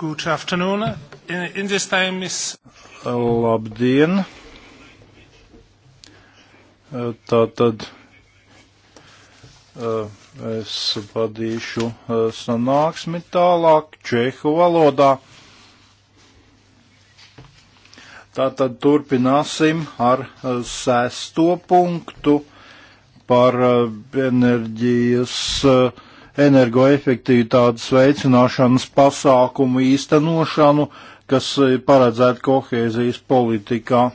Good afternoon. In this time is... Labdien! Tātad eh, es vadīšu eh, sanāksmi tālāk čehu valodā. Tātad turpināsim ar eh, sesto punktu par enerģijas uh, energoefektivitātes veicināšanas pasākumu īstenošanu, kas paredzēta kohēzijas politikā.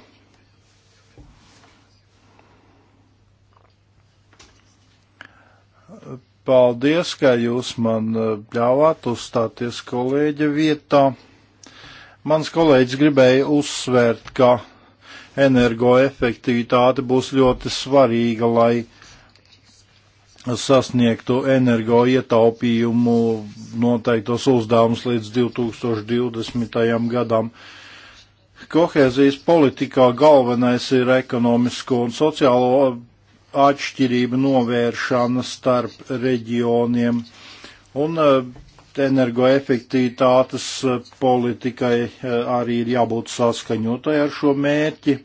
Paldies, ka jūs man eh, ļāvāt uzstāties kolēģa vietā. Mans kolēģis gribēja uzsvērt, ka energoefektivitāte būs ļoti svarīga, lai sasniegtu energoietaupījumu noteiktos uzdevumus līdz 2020. gadam. Kohēzijas politikā galvenais ir ekonomisko un sociālo atšķirību novēršana starp reģioniem un e, energoefektivitātes e, politikai e, arī ir jābūt saskaņotai ar šo mērķi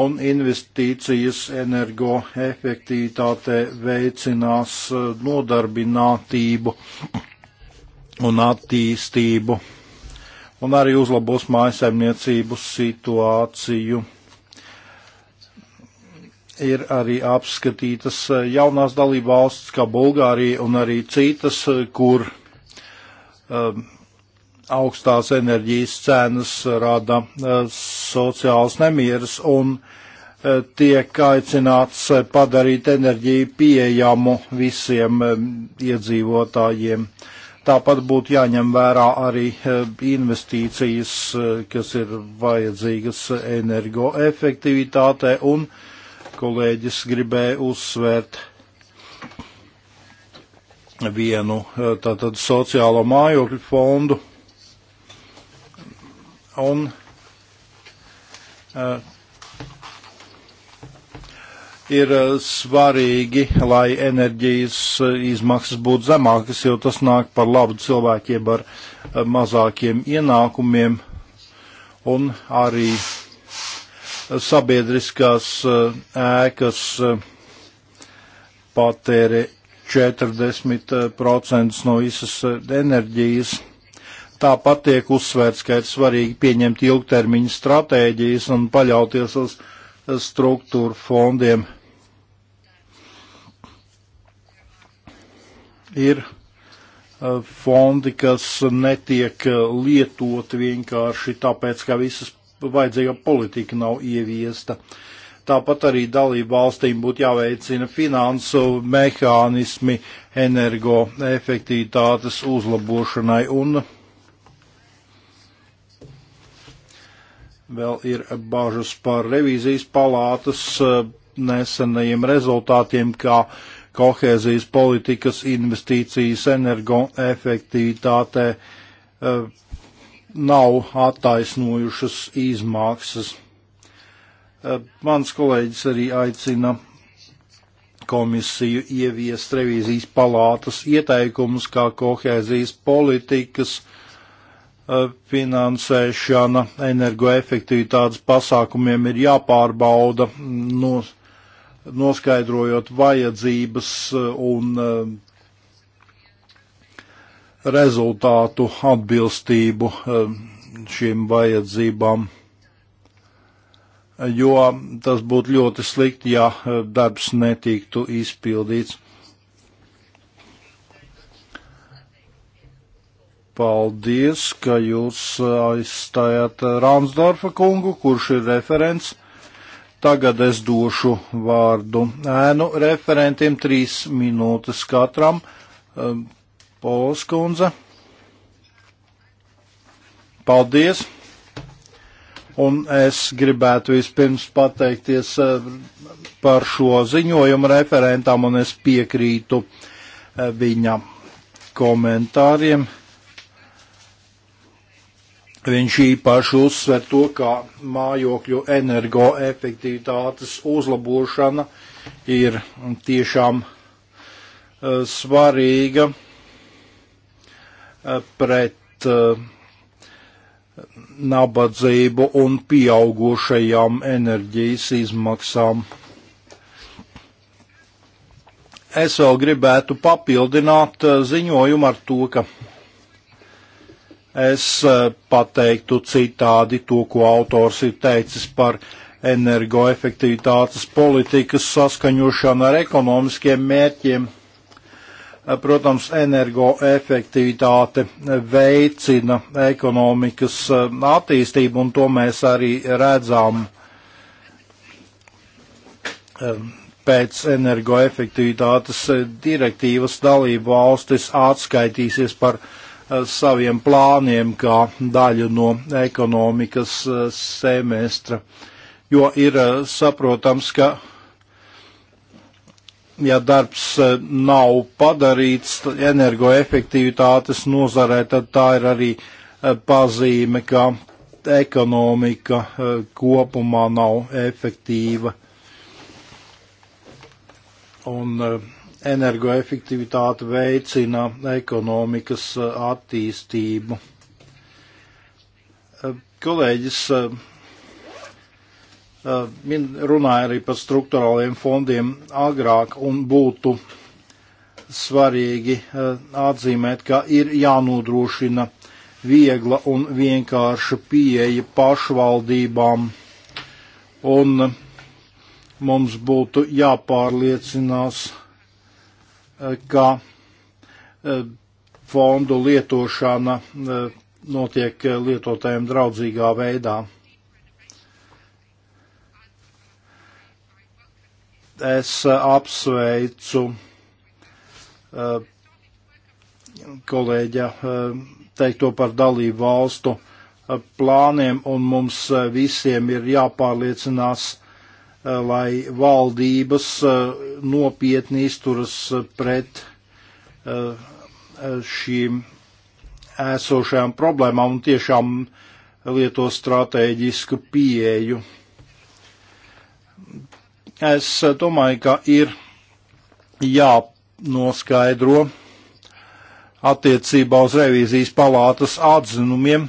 un investīcijas energoefektivitātē veicinās eh, nodarbinātību un attīstību un arī uzlabos mājasaimniecību situāciju. Ir arī apskatītas eh, jaunās dalībvalsts, kā Bulgārija un arī citas, eh, kur um, augstās enerģijas cenas rada e, sociāls nemieris un e, tiek aicināts e, padarīt enerģiju pieejamu visiem iedzīvotājiem. Tāpat būtu jāņem vērā arī investīcijas, kas ir vajadzīgas energoefektivitātē, un kolēģis gribēja uzsvērt vienu tātad sociālo mājokļu fondu Un uh, ir svarīgi, lai enerģijas izmaksas būtu zemākas, jo tas nāk par labu cilvēkiem ar mazākiem ienākumiem un arī sabiedriskās ēkas patērē 40% no visas enerģijas. Tāpat tiek uzsvērts, ka ir svarīgi pieņemt ilgtermiņa stratēģijas un paļauties uz struktūru fondiem. Ir fondi, kas netiek lietoti vienkārši tāpēc, ka visas vajadzīga politika nav ieviesta. Tāpat arī dalību valstīm būtu jāveicina finansu mehānismi energoefektivitātes uzlabošanai un Vēl ir bažas par revīzijas palātas eh, nesenajiem rezultātiem, kā kohēzijas politikas investīcijas energoefektivitātē eh, nav attaisnojušas izmaksas. Eh, mans kolēģis arī aicina komisiju ieviest revīzijas palātas ieteikumus, kā kohēzijas politikas uh, Eh, finansēšana energoefektivitātes pasākumiem ir jāpārbauda, mm, no, noskaidrojot vajadzības eh, un eh, rezultātu atbilstību šīm vajadzībām. Jo tas būtu ļoti slikti, ja darbs netiktu izpildīts. Paldies, ka jūs aizstājāt Rāmsdorfa kungu, kurš ir referents. Tagad es došu vārdu ēnu referentiem trīs minūtes katram. Pols kundze. Paldies! Un es gribētu vispirms pateikties eh, par šo ziņojumu referentam, un es piekrītu eh, viņa komentāriem Viņš īpaši uzsver to, ka mājokļu energoefektivitātes uzlabošana ir tiešām uh, svarīga uh, pret uh, nabadzību un pieaugušajām enerģijas izmaksām. Es vēl gribētu papildināt ziņojumu ar to, ka Es eh, pateiktu citādi to, ko autors ir teicis par energoefektivitātes politikas saskaņošanu ar ekonomiskiem mērķiem. Eh, protams, energoefektivitāte eh, veicina ekonomikas attīstību, un to mēs arī redzam pēc energoefektivitātes direktīvas dalību valstis atskaitīsies par uh, saviem plāniem kā daļu no ekonomikas eh, semestra, jo ir eh, saprotams, ka ja darbs eh, nav padarīts energoefektivitātes nozarē, tad tā ir arī pazīme, ka ekonomika kopumā nav efektīva. Un energoefektivitāte veicina ekonomikas eh, attīstību. Eh, kolēģis eh, runāja arī par struktūrāliem fondiem agrāk un būtu svarīgi atzīmēt, ka ir jānodrošina viegla un vienkārša pieeja pašvaldībām, un mums būtu jāpārliecinās, ka eh, fondu lietošana eh, notiek lietotājiem draudzīgā veidā. Es eh, apsveicu kolēģa teikto par dalību valstu plāniem, un mums visiem ir jāpārliecinās, Eh, lai valdības eh, nopietni izturas pret eh, šīm esošajām problēmām un tiešām lieto stratēģisku pieeju. Es domāju, ka ir jānoskaidro attiecībā uz revīzijas palātas atzinumiem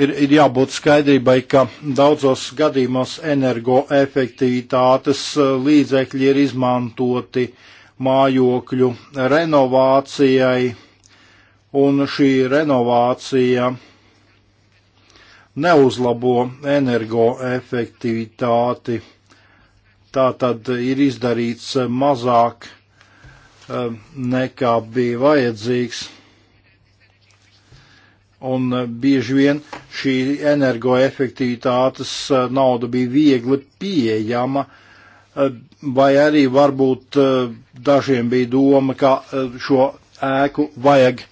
ir, ir jābūt skaidrībai, ka daudzos gadījumos energoefektivitātes eh, līdzekļi ir izmantoti mājokļu renovācijai, un šī renovācija neuzlabo energoefektivitāti. Tā tad ir izdarīts mazāk eh, nekā bija vajadzīgs un eh, bieži vien šī energoefektivitātes eh, nauda bija viegli pieejama, eh, vai arī varbūt dažiem bija doma, ka šo ēku vajag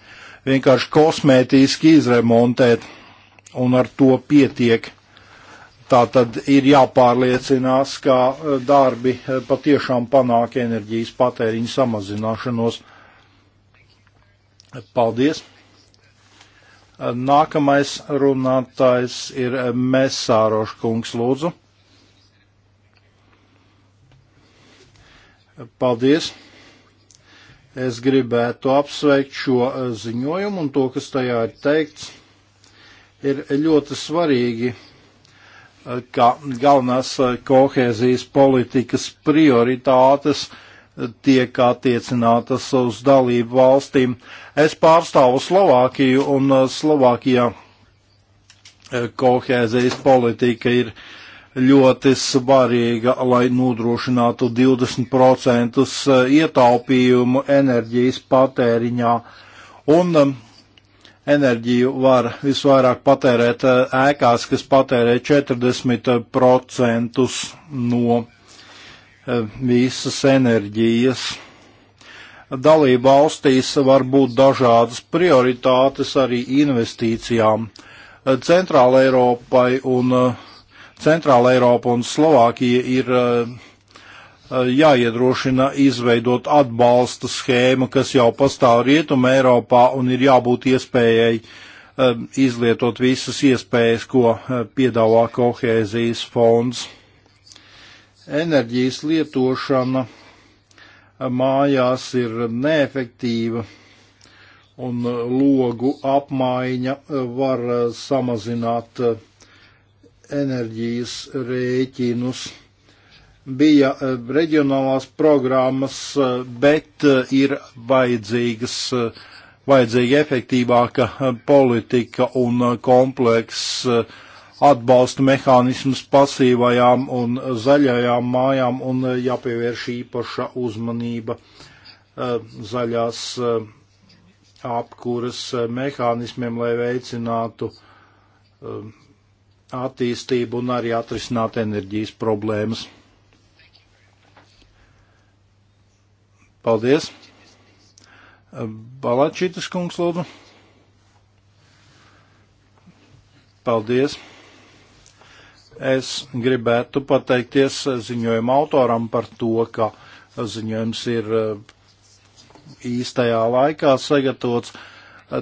vienkārši kosmētiski izremontēt un ar to pietiek. Tā tad ir jāpārliecinās, ka darbi patiešām panāk enerģijas patēriņu samazināšanos. Paldies! Nākamais runātājs ir Mesārošs kungs, lūdzu. Paldies! Es gribētu apsveikt šo eh, ziņojumu un to, kas tajā ir teikts. Ir ļoti svarīgi, eh, ka galvenās eh, kohēzijas politikas prioritātes uh, tiek attiecinātas uz dalību valstīm. Es pārstāvu Slovākiju un uh, Slovākijā uh, kohēzijas politika ir ļoti svarīga, lai nodrošinātu 20% uh, ietaupījumu enerģijas patēriņā. Un um, enerģiju var visvairāk patērēt ēkās, kas patērē 40% no Eh, visas enerģijas. Dalība valstīs var būt dažādas prioritātes arī investīcijām. Eh, Centrāla Eiropai un eh, Centrāla Eiropa un Slovākija ir jāiedrošina izveidot atbalsta schēmu, kas jau pastāv Rietuma Eiropā un ir jābūt iespējai izlietot visas iespējas, ko piedāvā kohēzijas fonds enerģijas lietošana mājās ir neefektīva un logu apmaiņa var samazināt enerģijas rēķinus. Bija reģionālās programmas, bet ir vajadzīgas, vajadzīga efektīvāka politika un komplekss atbalsta mehānismus pasīvajām un zaļajām mājām un eh, jāpievērš īpaša uzmanība eh, zaļās eh, apkūras mehānismiem, lai veicinātu attīstību un arī atrisināt enerģijas problēmas. Paldies! Balačītas kungs, lūdzu. Paldies! Es gribētu pateikties ziņojuma autoram par to, ka ziņojums ir eh, īstajā laikā sagatavots.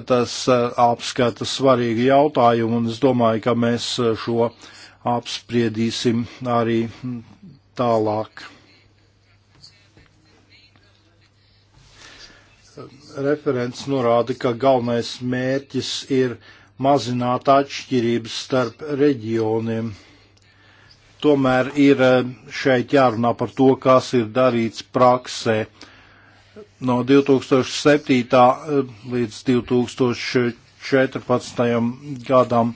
Tas eh, apskata svarīgi jautājumi, un es domāju, ka mēs eh, šo apspriedīsim arī tālāk. Referents norāda, ka galvenais mērķis ir mazināt atšķirības starp reģioniem. Tomēr ir eh, šeit jārunā par to, kas ir darīts praksē. No 2007. Eh, līdz 2014. gadam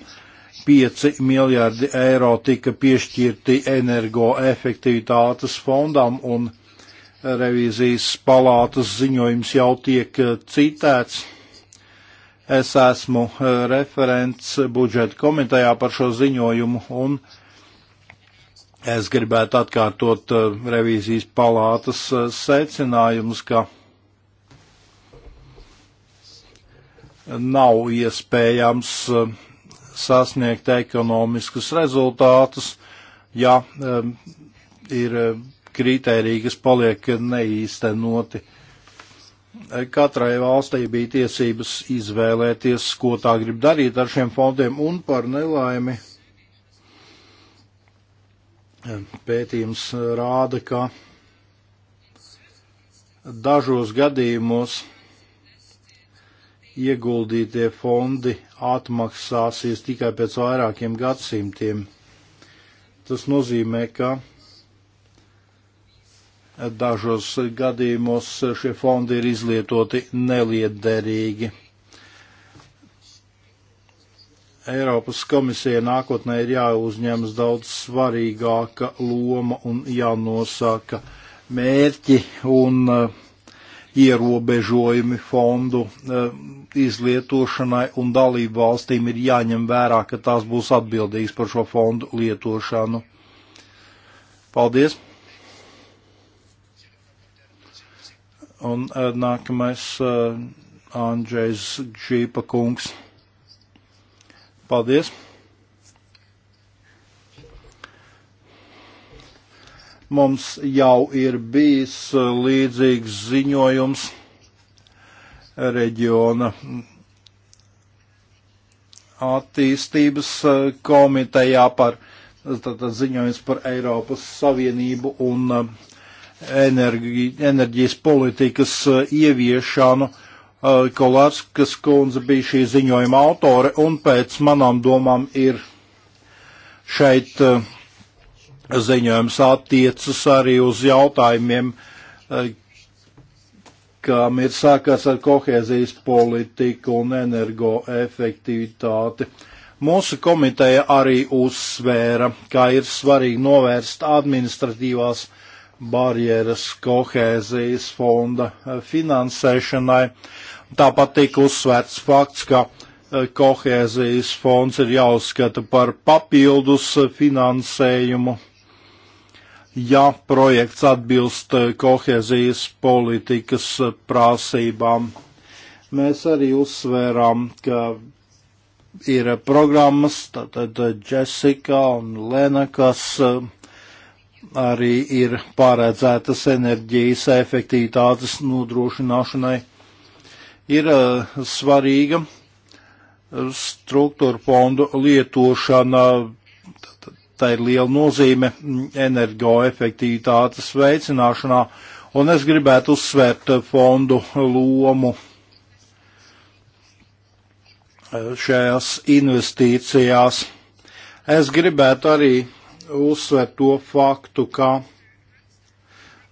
5 miljardi eiro tika piešķirti energoefektivitātes fondam un revīzijas palātas ziņojums jau tiek eh, citēts. Es esmu referents budžeta komitejā par šo ziņojumu un uh, Es gribētu atkārtot uh, revīzijas palātas uh, secinājumus, ka nav iespējams uh, sasniegt ekonomiskus rezultātus, ja um, ir kritēriji, kas paliek neīstenoti. Katrai valstī bija tiesības izvēlēties, ko tā grib darīt ar šiem fondiem un par nelaimi Pētījums rāda, ka dažos gadījumos ieguldītie fondi atmaksāsies tikai pēc vairākiem gadsimtiem. Tas nozīmē, ka dažos gadījumos šie fondi ir izlietoti neliederīgi. Eiropas komisija nākotnē ir jāuzņemas daudz svarīgāka loma un jānosaka mērķi un uh, ierobežojumi fondu uh, izlietošanai un dalību valstīm ir jāņem vērā, ka tās būs atbildīgas par šo fondu lietošanu. Paldies! Un uh, nākamais Andrzejs Čīpa kungs. Paldies! Mums jau ir bijis uh, līdzīgs ziņojums reģiona attīstības uh, komitejā par tātad ziņojums par Eiropas Savienību un uh, energi, enerģijas politikas ieviešanu. Eh, Kolārskas kundze bija šī ziņojuma autore, un pēc manām domām ir šeit eh, ziņojums attiecas arī uz jautājumiem, eh, kam ir sākās ar kohēzijas politiku un energoefektivitāti. Mūsu komiteja arī uzsvēra, ka ir svarīgi novērst administratīvās barjeras kohēzijas fonda finansēšanai. Uh, Tāpat tika uzsvērts fakts, ka e, kohēzijas fonds ir jāuzskata par papildus e, finansējumu, ja projekts atbilst e, kohēzijas politikas prasībām. Mēs arī uzsvērām, ka ir programmas, tātad Jessica un Lena, kas arī ir paredzētas enerģijas efektivitātes nodrošināšanai ir uh, svarīga uh, struktūra fondu lietošana. Tā ir liela nozīme mm, energoefektivitātes veicināšanā, un es gribētu uzsvērt uh, fondu lomu šajās investīcijās. Es gribētu arī uzsvērt to faktu, ka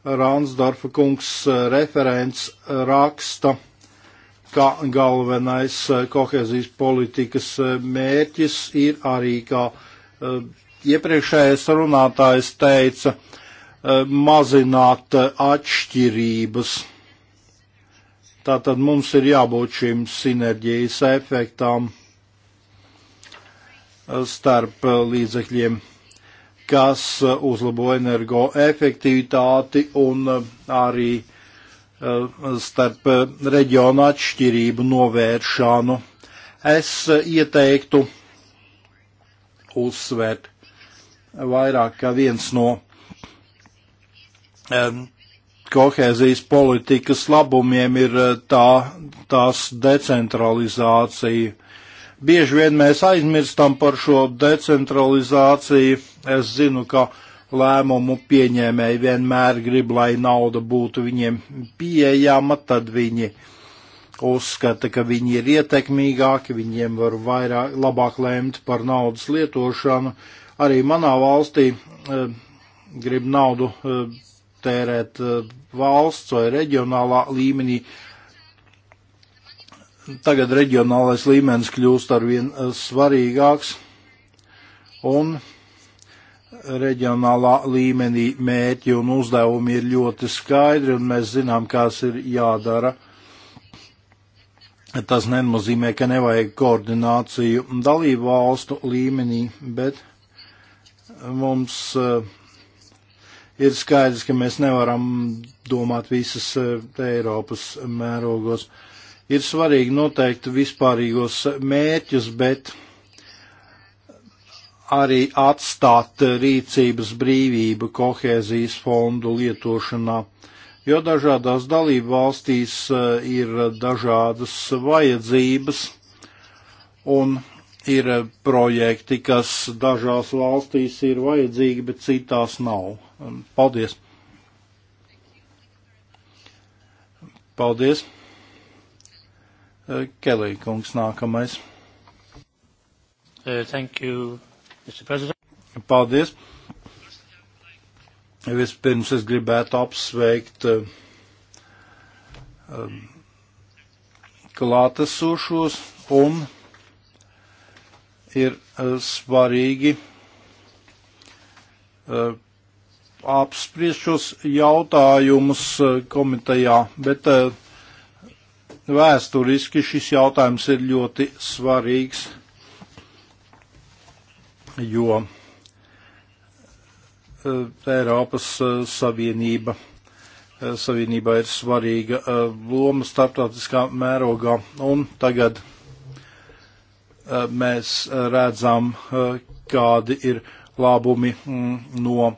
Rānsdorfa kungs referents raksta ka galvenais eh, kohēzijas politikas eh, mērķis ir arī, kā eh, iepriekšējais runātājs teica, mazināt atšķirības. Tātad mums ir jābūt šīm sinerģijas efektām starp līdzekļiem, kas uzlabo energoefektivitāti un arī Uh, starp uh, reģionu atšķirību novēršanu. Es uh, ieteiktu uzsvērt vairāk kā viens no um, kohēzijas politikas labumiem ir tā, tās decentralizācija. Bieži vien mēs aizmirstam par šo decentralizāciju. Es zinu, ka uh, lēmumu pieņēmēji vienmēr grib, lai nauda būtu viņiem pieejama, tad viņi uzskata, ka viņi ir ietekmīgāki, viņiem var vairāk, labāk lēmt par naudas lietošanu. Arī manā valstī e, grib naudu e, tērēt e, valsts vai reģionālā līmenī. Tagad reģionālais līmenis kļūst arvien e, svarīgāks. Un reģionālā līmenī mērķi un uzdevumi ir ļoti skaidri, un mēs zinām, kas ir jādara. Tas nenozīmē, ka nevajag koordināciju dalību valstu līmenī, bet mums eh, ir skaidrs, ka mēs nevaram domāt visas eh, Eiropas mērogos. Ir svarīgi noteikt vispārīgos mērķus, bet arī atstāt eh, rīcības brīvību kohēzijas fondu lietošanā, jo dažādās dalību valstīs eh, ir dažādas vajadzības un ir projekti, kas dažās valstīs ir vajadzīgi, bet citās nav. Paldies! Paldies! Eh, Kelī kungs nākamais. Uh, thank you. Paldies! Vispirms es gribētu apsveikt um, klātesošos un ir uh, svarīgi uh, apspriest šos jautājumus uh, komitejā, bet uh, vēsturiski šis jautājums ir ļoti svarīgs jo eh, Eiropas eh, Savienība, eh, Savienībā ir svarīga loma starptautiskā mērogā, un tagad mēs redzam, kādi ir labumi mm, no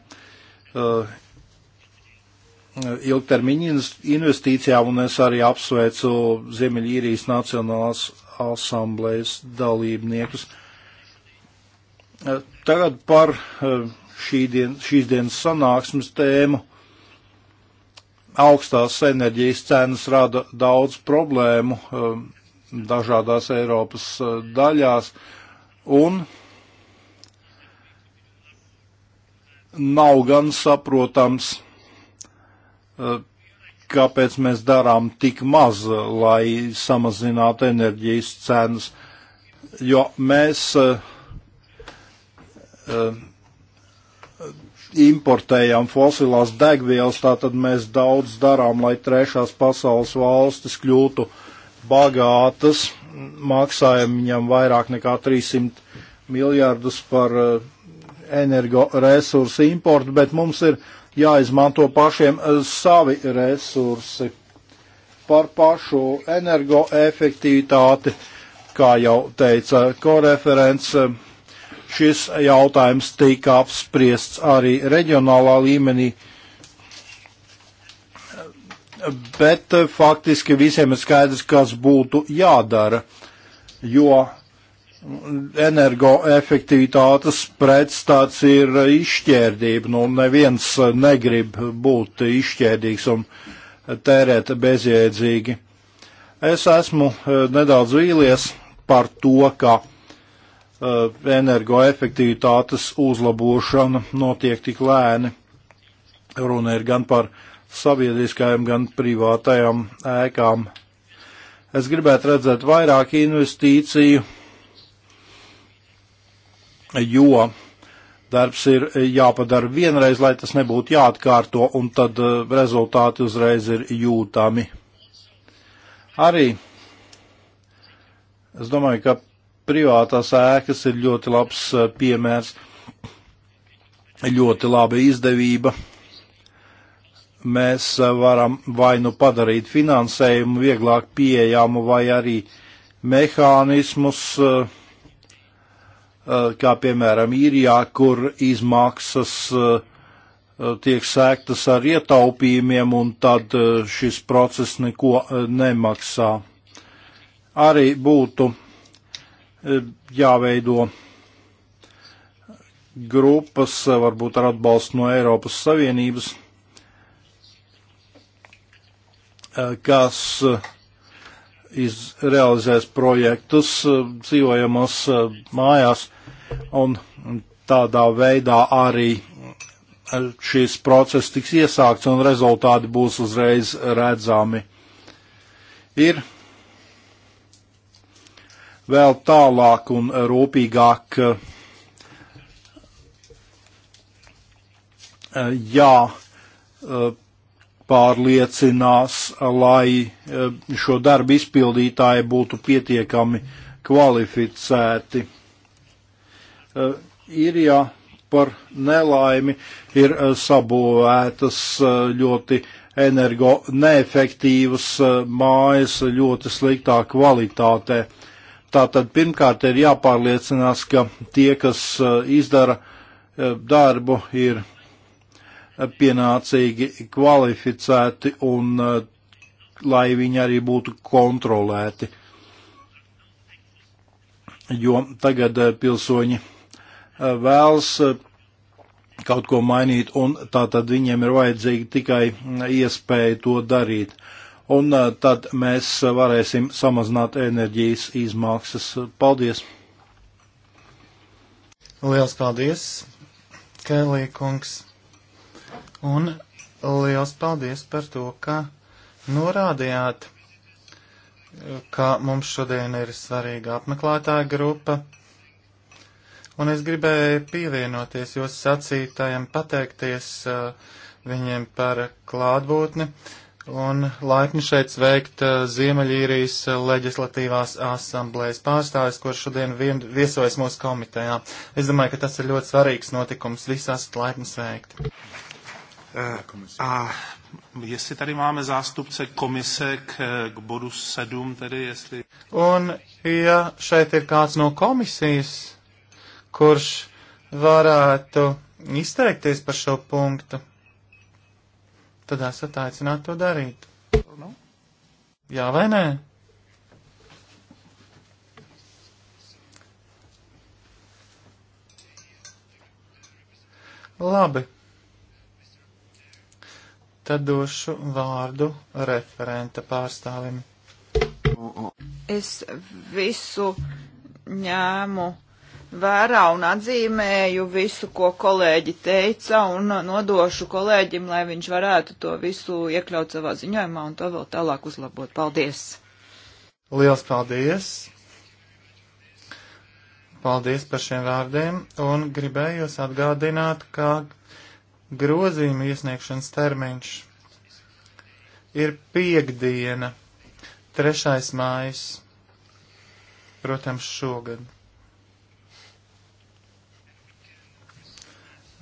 ilgtermiņa investīcijām, un es arī apsveicu Ziemeļīrijas Nacionālās asamblējas dalībniekus. Uh, Eh, tagad par eh, šī dien, šīs dienas sanāksmes tēmu. Augstās enerģijas cenas rada daudz problēmu eh, dažādās Eiropas daļās un nav gan saprotams, kāpēc mēs darām tik maz, lai samazinātu enerģijas cenas, jo mēs uh, Uh, importējam fosilās degvielas, tātad mēs daudz darām, lai trešās pasaules valstis kļūtu bagātas, maksājam viņam vairāk nekā 300 miljārdus par uh, energoresursu importu, bet mums ir jāizmanto pašiem uh, savi resursi par pašu energoefektivitāti, kā jau teica koreferents. Ko šis jautājums tika apspriests arī reģionālā līmenī, bet faktiski visiem ir skaidrs, kas būtu jādara, jo energoefektivitātes pretstats ir izšķērdība, nu neviens negrib būt izšķērdīgs un tērēt bezjēdzīgi. Es esmu eh, nedaudz vīlies par to, ka Eh, energoefektivitātes uzlabošana notiek tik lēni. Runa ir gan par sabiedriskajām, gan privātajām ēkām. Es gribētu redzēt vairāk investīciju, jo darbs ir jāpadara vienreiz, lai tas nebūtu jāatkārto, un tad eh, rezultāti uzreiz ir jūtami. Arī es domāju, ka privātās ēkas ir ļoti labs eh, piemērs, ļoti laba izdevība. Mēs eh, varam vai nu padarīt finansējumu vieglāk pieejamu, vai arī mehānismus, eh, kā piemēram īrijā, kur izmaksas tiek sēktas ar ietaupījumiem, un tad šis process neko nemaksā. Arī būtu Eh, jāveido grupas, eh, varbūt ar atbalstu no Eiropas Savienības, eh, kas izrealizēs projektus dzīvojamos mājās, un tādā veidā arī šis process tiks iesākts un rezultāti būs uzreiz redzami. Ir vēl tālāk un rūpīgāk jāpārliecinās, lai šo darbu izpildītāji būtu pietiekami kvalificēti. Ir jā, par nelaimi ir sabūvētas ļoti energo neefektīvas mājas ļoti sliktā kvalitātē. Uh, Tātad pirmkārt ir jāpārliecinās, ka tie, kas e, izdara e, darbu, ir e, pienācīgi kvalificēti un lai viņi arī būtu kontrolēti. Jo tagad pilsoņi vēlas kaut ko mainīt, un tā tad viņiem ir vajadzīga tikai iespēja to darīt un tad mēs varēsim samazināt enerģijas izmaksas. Paldies! Liels paldies, Kēlī kungs! Un liels paldies par to, ka norādījāt, ka mums šodien ir svarīga apmeklētāja grupa. Un es gribēju pievienoties jūsu sacītājiem, pateikties uh, viņiem par klātbūtni. Uh, un laipni šeit sveikt uh, Ziemeļīrijas uh, leģislatīvās asamblējas pārstāvis, kurš šodien vien, viesojas mūsu komitejā. Es domāju, ka tas ir ļoti svarīgs notikums. Visi esat laipni sveikti. Eh, a jestli tady máme zástupce komise k, eh, k bodu 7, tedy jestli... Un ja šeit ir kāds no komisijas, kurš varētu izteikties par šo punktu tad esat aicināti to darīt. Nu? Jā vai nē? Labi. Tad došu vārdu referenta pārstāvim. Es visu ņēmu vērā un atzīmēju visu, ko kolēģi teica, un nodošu kolēģim, lai viņš varētu to visu iekļaut savā ziņojumā un to vēl tālāk uzlabot. Paldies! Liels paldies! Paldies par šiem vārdiem, un gribējos atgādināt, ka grozījuma iesniegšanas termiņš ir piekdiena, trešais mājas, protams, šogad.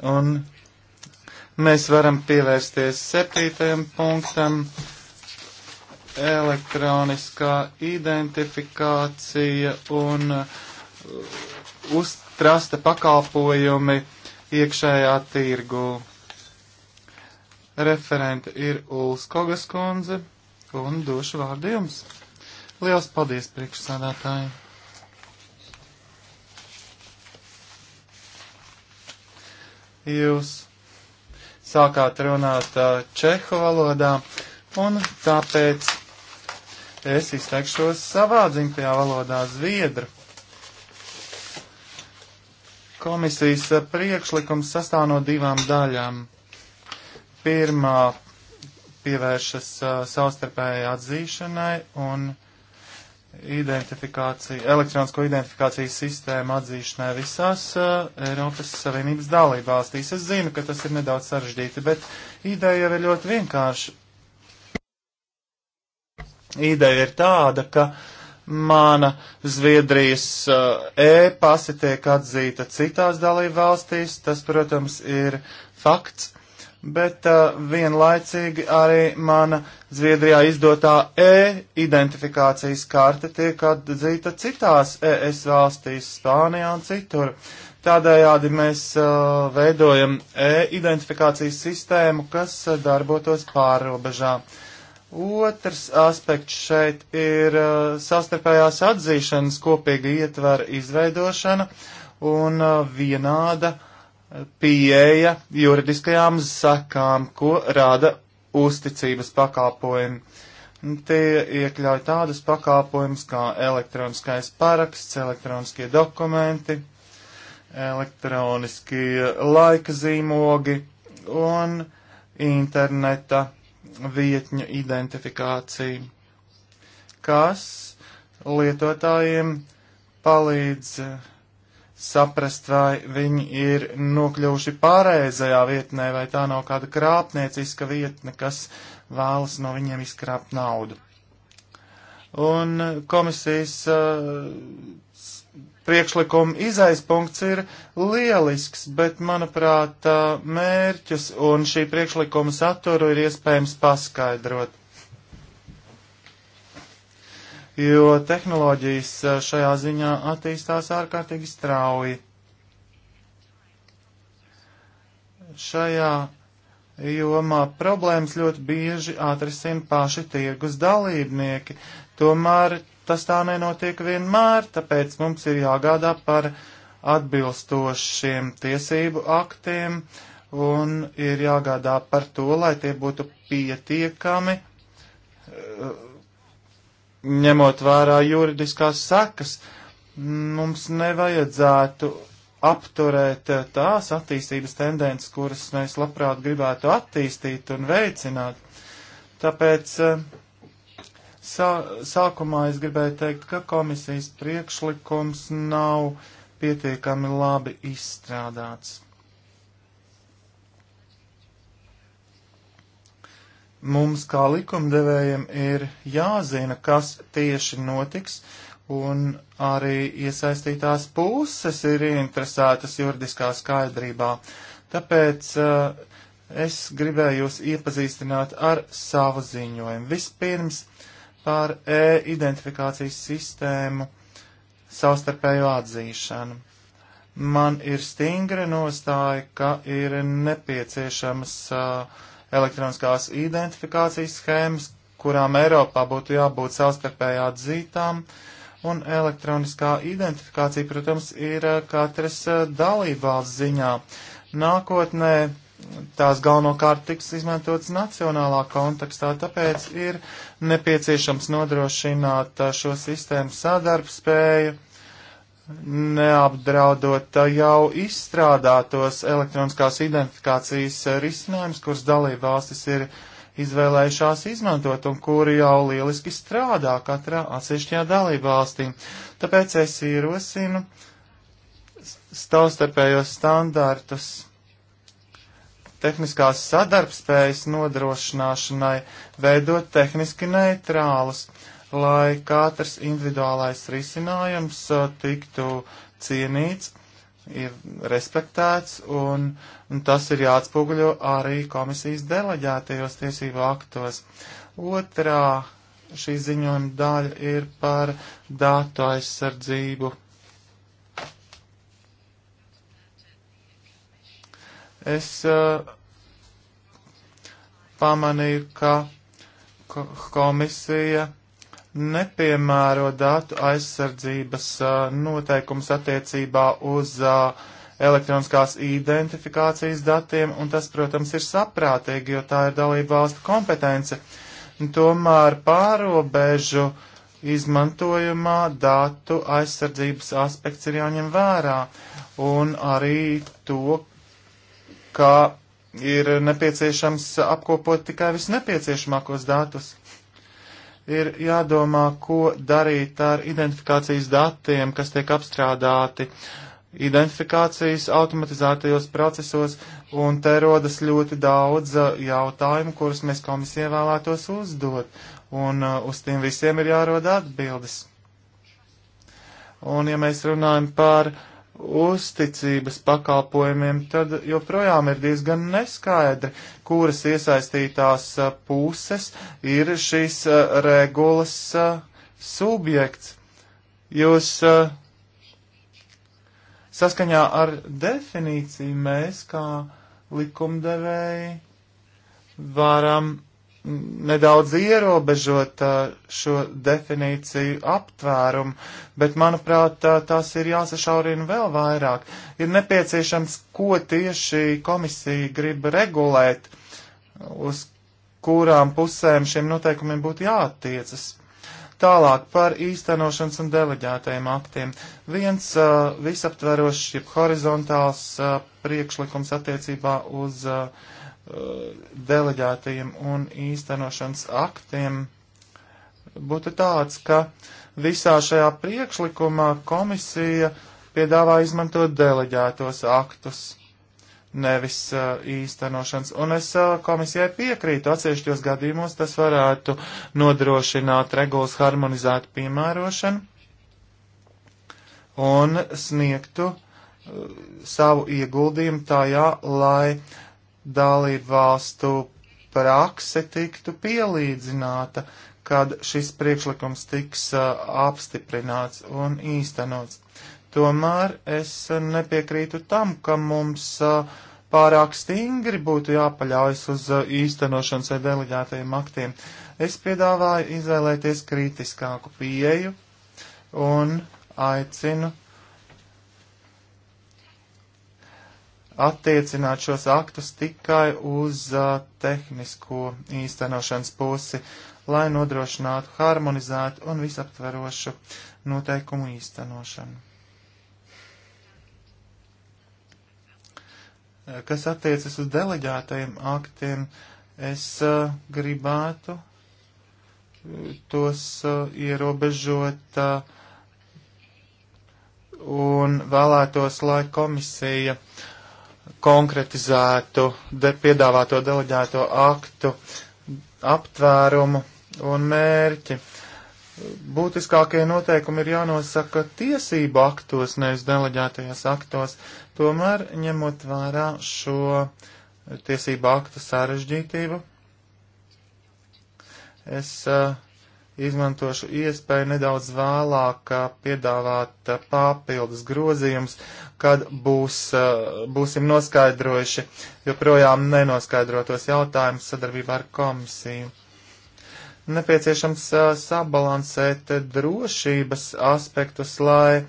Un mēs varam pievērsties septītajam punktam - elektroniskā identifikācija un uh, uztrasta pakalpojumi iekšējā tirgu. Referente ir Ulas Kogas kundze un došu vārdu jums. Liels paldies priekšsādātājiem! jūs sākāt runāt uh, čehu valodā, un tāpēc es izteikšos savā dzimtajā valodā zviedru. Komisijas uh, priekšlikums sastāv no divām daļām. Pirmā pievēršas uh, savstarpēji atzīšanai un uh, identifikāciju, elektronisko identifikācijas sistēmu atzīšanai visās uh, Eiropas Savienības dalībvalstīs. Es zinu, ka tas ir nedaudz sarežģīti, bet ideja jau ir ļoti vienkārša. Ideja ir tāda, ka mana Zviedrijas uh, e-pasi tiek atzīta citās dalībvalstīs. Tas, protams, ir fakts bet uh, vienlaicīgi arī mana Zviedrijā izdotā e-identifikācijas karte tiek atzīta citās ES valstīs, Spānijā un citur. Tādējādi mēs uh, veidojam e-identifikācijas sistēmu, kas uh, darbotos pārrobežā. Otrs aspekts šeit ir uh, sastarpējās atzīšanas kopīga ietvera izveidošana un uh, vienāda uh, pieeja juridiskajām sakām, ko rada uzticības pakalpojumi. Tie iekļauj tādus pakalpojumus kā elektroniskais paraksts, elektroniskie dokumenti, elektroniskie laika zīmogi un interneta vietņu identifikācija, kas lietotājiem palīdz saprast, vai viņi ir nokļuvuši pārējā vietnē, vai tā nav kāda krāpnieciska vietne, kas vēlas no viņiem izkrāpt naudu. Un komisijas uh, priekšlikuma izaizpunkts ir lielisks, bet, manuprāt, eh, mērķus un šī priekšlikuma saturu ir iespējams paskaidrot jo tehnoloģijas eh, šajā ziņā attīstās ārkārtīgi strauji. Šajā jomā problēmas ļoti bieži atrisina paši tirgus dalībnieki, tomēr tas tā nenotiek vienmēr, tāpēc mums ir jāgādā par atbilstošiem tiesību aktiem un ir jāgādā par to, lai tie būtu pietiekami eh, ņemot vērā juridiskās sekas, mums nevajadzētu apturēt eh, tās attīstības tendences, kuras mēs labprāt gribētu attīstīt un veicināt. Tāpēc eh, sā, sākumā es gribēju teikt, ka komisijas priekšlikums nav pietiekami labi izstrādāts. mums kā likumdevējiem ir jāzina, kas tieši notiks, un arī iesaistītās puses ir ieinteresētas juridiskā skaidrībā. Tāpēc uh, es gribēju jūs iepazīstināt ar savu ziņojumu. Vispirms par e-identifikācijas sistēmu savstarpēju atzīšanu. Man ir stingra nostāja, ka ir nepieciešamas uh, elektroniskās identifikācijas schēmas, kurām Eiropā būtu jābūt savstarpējā atzītām, un elektroniskā identifikācija, protams, ir eh, katras eh, dalībvalsts ziņā. Nākotnē tās galvenokārt tiks izmantotas nacionālā kontekstā, tāpēc ir nepieciešams nodrošināt eh, šo sistēmu sadarbspēju neapdraudot jau izstrādātos elektroniskās identifikācijas risinājumus, kurus dalība valstis ir izvēlējušās izmantot un kuri jau lieliski strādā katrā atsevišķajā dalība valstī. Tāpēc es ierosinu staustarpējos standartus tehniskās sadarbspējas nodrošināšanai, veidot tehniski neitrālus. Uh, lai katrs individuālais risinājums uh, tiktu cienīts, ir respektēts, un, un tas ir jāatspoguļo arī komisijas deleģētajos tiesību aktos. Otrā šī ziņojuma daļa ir par datu aizsardzību. Es uh, pamanīju, ka komisija nepiemēro datu aizsardzības noteikums attiecībā uz elektroniskās identifikācijas datiem, un tas, protams, ir saprātīgi, jo tā ir dalība valstu kompetence. Tomēr pārobežu izmantojumā datu aizsardzības aspekts ir jāņem vērā, un arī to, ka ir nepieciešams apkopot tikai visnepieciešamākos datus ir jādomā, ko darīt ar identifikācijas datiem, kas tiek apstrādāti identifikācijas automatizētajos procesos, un te rodas ļoti daudz uh, jautājumu, kurus mēs komisijai vēlētos uzdot, un uh, uz tiem visiem ir jāroda atbildes. Un ja mēs runājam par uh, uzticības pakalpojumiem, tad joprojām ir diezgan neskaidri, kuras iesaistītās puses ir šīs regulas subjekts. Jūs saskaņā ar definīciju mēs kā likumdevēji varam nedaudz ierobežot uh, šo definīciju aptvērumu, bet, manuprāt, tās ir jāsašaurina vēl vairāk. Ir nepieciešams, ko tieši komisija grib regulēt, uz kurām pusēm šiem noteikumiem būtu jāattiecas. Tālāk par īstenošanas un deleģētajiem aktiem. Viens uh, visaptverošs, jeb horizontāls uh, priekšlikums attiecībā uz uh, deleģētajiem un īstenošanas aktiem būtu tāds, ka visā šajā priekšlikumā komisija piedāvā izmantot deleģētos aktus, nevis uh, īstenošanas. Un es uh, komisijai piekrītu, atsevišķos gadījumos tas varētu nodrošināt regulas harmonizētu piemērošanu un sniegtu uh, savu ieguldījumu tajā, lai uh, dalību valstu prakse tiktu pielīdzināta, kad šis priekšlikums tiks uh, apstiprināts un īstenots. Tomēr es nepiekrītu tam, ka mums uh, pārāk stingri būtu jāpaļaujas uz uh, īstenošanas vai deleģētajiem aktiem. Es piedāvāju izvēlēties kritiskāku pieeju un aicinu attiecināt šos aktus tikai uz uh, tehnisko īstenošanas pusi, lai nodrošinātu harmonizētu un visaptverošu noteikumu īstenošanu. Kas attiecas uz deleģētajiem aktiem, es uh, gribētu tos uh, ierobežot uh, un vēlētos, lai komisija uh, konkretizētu de piedāvāto deleģēto aktu aptvērumu un mērķi. Būtiskākie noteikumi ir jānosaka tiesību aktos, nevis deleģētajos aktos, tomēr ņemot vērā šo tiesību aktu sarežģītību. Es uh, izmantošu iespēju nedaudz vēlāk eh, piedāvāt eh, papildus grozījumus, kad būs, eh, būsim noskaidrojuši joprojām nenoskaidrotos jautājumus sadarbībā ar komisiju. Nepieciešams eh, sabalansēt drošības aspektus, lai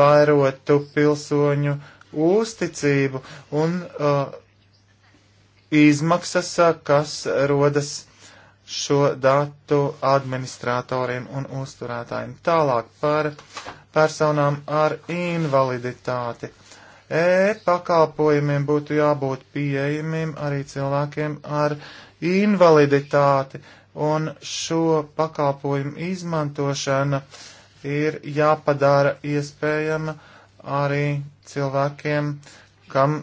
vairotu pilsoņu uzticību un uh, izmaksas, kas rodas šo datu administratoriem un uzturētājiem. Tālāk par personām ar invaliditāti. E-pakalpojumiem būtu jābūt pieejamiem arī cilvēkiem ar invaliditāti, un šo pakalpojumu izmantošana ir jāpadara iespējama arī cilvēkiem, kam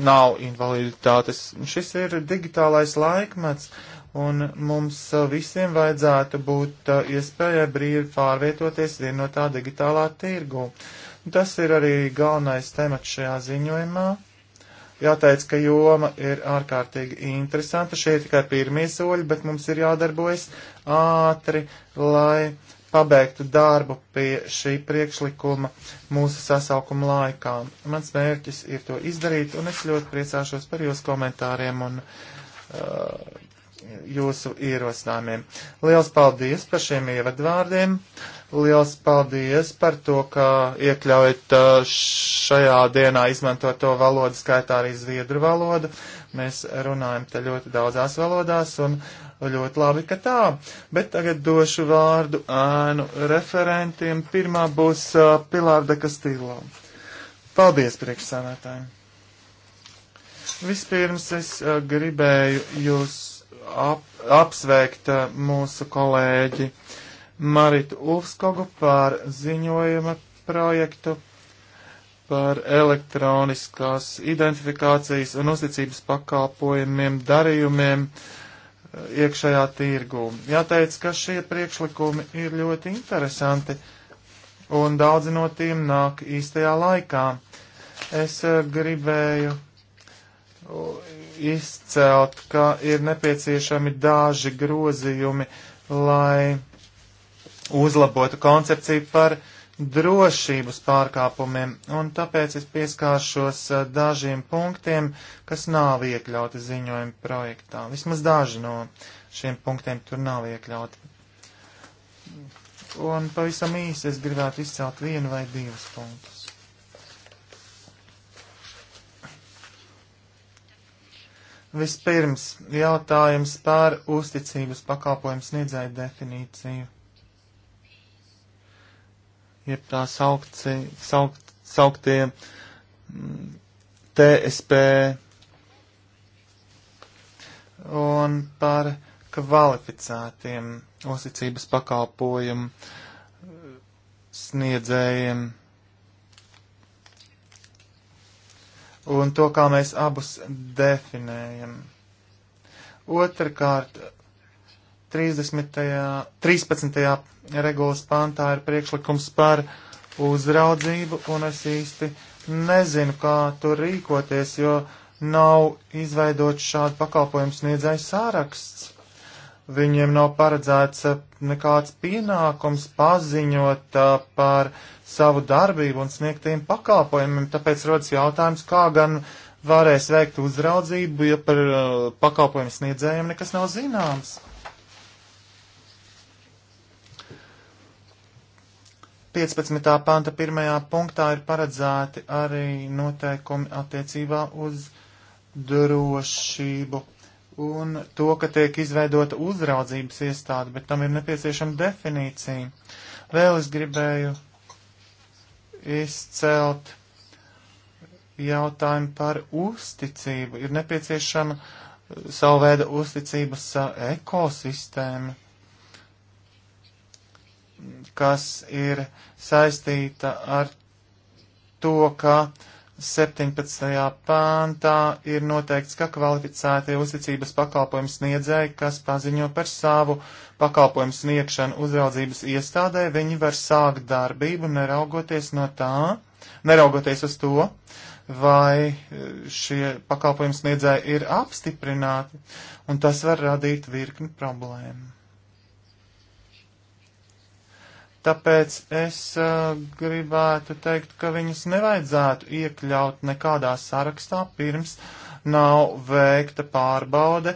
nav invaliditātes. Šis ir digitālais laikmets, un mums eh, visiem vajadzētu būt eh, iespējai brīvi pārvietoties vienotā no digitālā tirgu. Tas ir arī galvenais temats šajā ziņojumā. Jāteic, ka joma ir ārkārtīgi interesanta. Šie ir tikai pirmie soļi, bet mums ir jādarbojas ātri, lai pabeigtu darbu pie šī priekšlikuma mūsu sasaukuma laikā. Mans mērķis ir to izdarīt, un es ļoti priecāšos par jūsu komentāriem un uh, jūsu ierosinājumiem. Liels paldies par šiem ievadvārdiem. Liels paldies par to, ka iekļaujat uh, šajā dienā izmantoto valodu skaitā arī zviedru valodu. Mēs runājam te ļoti daudzās valodās un ļoti labi, ka tā. Bet tagad došu vārdu ēnu referentiem. Pirmā būs uh, Pilārda Kastīlo. Paldies priekšsēdētājiem. Vispirms es uh, gribēju jūs ap, apsveikt eh, mūsu kolēģi Maritu Uvskogu par ziņojuma projektu par elektroniskās identifikācijas un uzticības pakalpojumiem darījumiem eh, iekšējā tirgū. Jāteic, ka šie priekšlikumi ir ļoti interesanti un daudzi no tiem nāk īstajā laikā. Es eh, gribēju izcelt, ka ir nepieciešami daži grozījumi, lai uzlabotu koncepciju par drošības pārkāpumiem, un tāpēc es pieskāršos eh, dažiem punktiem, kas nav iekļauti ziņojuma projektā. Vismaz daži no šiem punktiem tur nav iekļauti. Un pavisam īsi es gribētu izcelt vienu vai divus punktus. Vispirms jautājums par uzticības pakalpojumu sniedzēju definīciju. Ir tā saukti, saukt, sauktie mm, TSP un par kvalificētiem uzticības pakalpojumu sniedzējiem. un to, kā mēs abus definējam. Otrakārt, 30. 13. regulas pāntā ir priekšlikums par uzraudzību, un es īsti nezinu, kā tur rīkoties, jo nav izveidots šādu pakalpojumu sniedzēju sāraksts viņiem nav paredzēts eh, nekāds pienākums paziņot eh, par savu darbību un sniegtiem pakalpojumiem. Tāpēc rodas jautājums, kā gan varēs veikt uzraudzību, ja par eh, pakalpojumu sniedzējiem nekas nav zināms. Piecpadsmitā panta pirmajā punktā ir paredzēti arī noteikumi attiecībā uz drošību un to, ka tiek izveidota uzraudzības iestāde, bet tam ir nepieciešama definīcija. Vēl es gribēju izcelt jautājumu par uzticību. Ir nepieciešama savu veidu uzticības ekosistēma, kas ir saistīta ar to, ka uh, 17. pāntā ir noteikts, ka kvalificētie uzticības pakalpojumu sniedzēji, kas paziņo par savu pakalpojumu sniegšanu uzraudzības iestādē, viņi var sākt darbību neraugoties no tā, neraugoties uz to, vai e, šie pakalpojumu sniedzēji ir apstiprināti, un tas var radīt virkni problēmu. Tāpēc es uh, gribētu teikt, ka viņus nevajadzētu iekļaut nekādā sarakstā pirms nav veikta pārbaude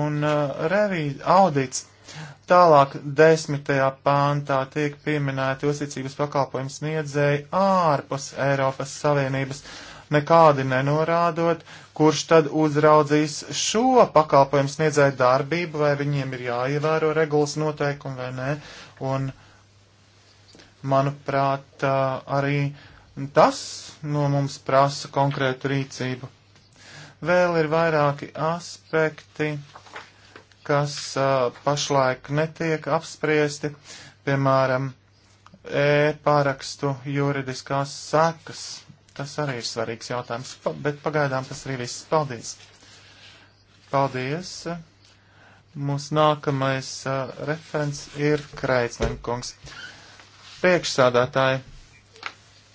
un uh, revīz, audits. Tālāk desmitajā pāntā tiek pieminēti uzticības pakalpojums sniedzēji ārpus Eiropas Savienības, nekādi nenorādot, kurš tad uzraudzīs šo pakalpojumu sniedzēju darbību, vai viņiem ir jāievēro regulas noteikumi vai nē. Un, uh, manuprāt, arī tas no mums prasa konkrētu rīcību. Vēl ir vairāki aspekti, kas pašlaik netiek apspriesti, piemēram, e-pārakstu juridiskās sekas. Tas arī ir svarīgs jautājums, bet pagaidām tas arī viss. Paldies! Paldies! Mūsu nākamais uh, referents ir Kreitsmenkungs. kungs priekšsādātāji,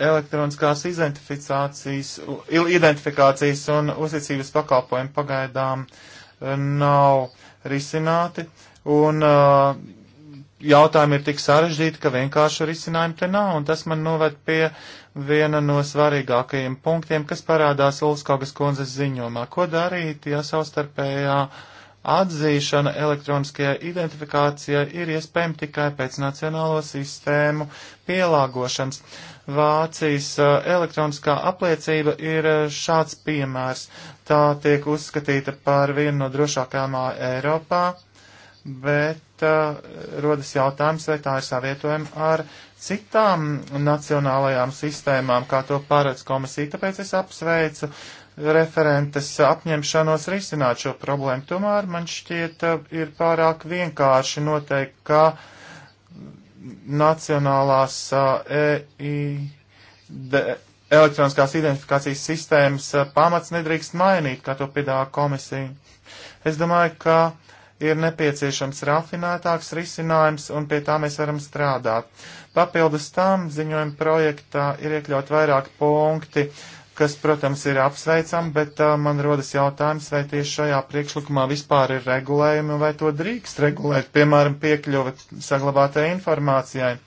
elektroniskās identifikācijas, identifikācijas un uzticības pakalpojumi pagaidām eh, nav risināti, un uh, jautājumi ir tik sarežģīti, ka vienkārši risinājumu te nav, un tas man noved pie viena no svarīgākajiem punktiem, kas parādās Ulskogas kundzes ziņomā. Ko darīt, ja savstarpējā uh, Atzīšana elektroniskajai identifikācijai ir iespējama tikai pēc nacionālo sistēmu pielāgošanas. Vācijas elektroniskā apliecība ir šāds piemērs. Tā tiek uzskatīta par vienu no drošākajām Eiropā, bet uh, rodas jautājums, vai tā ir savietojama ar citām nacionālajām sistēmām, kā to paredz komisija. Tāpēc es apsveicu referentes apņemšanos risināt šo problēmu. Tomēr man šķiet, ir pārāk vienkārši noteikt, ka nacionālās EID, elektroniskās identifikācijas sistēmas pamats nedrīkst mainīt, kā to piedāvā komisija. Es domāju, ka ir nepieciešams rafinētāks risinājums, un pie tā mēs varam strādāt. Papildus tam ziņojuma projektā ir iekļaut vairāk punkti, uh, kas, protams, ir apsveicam, bet uh, man rodas jautājums, vai tieši šajā priekšlikumā vispār ir regulējumi, vai to drīkst regulēt, piemēram, piekļuva saglabātai informācijai.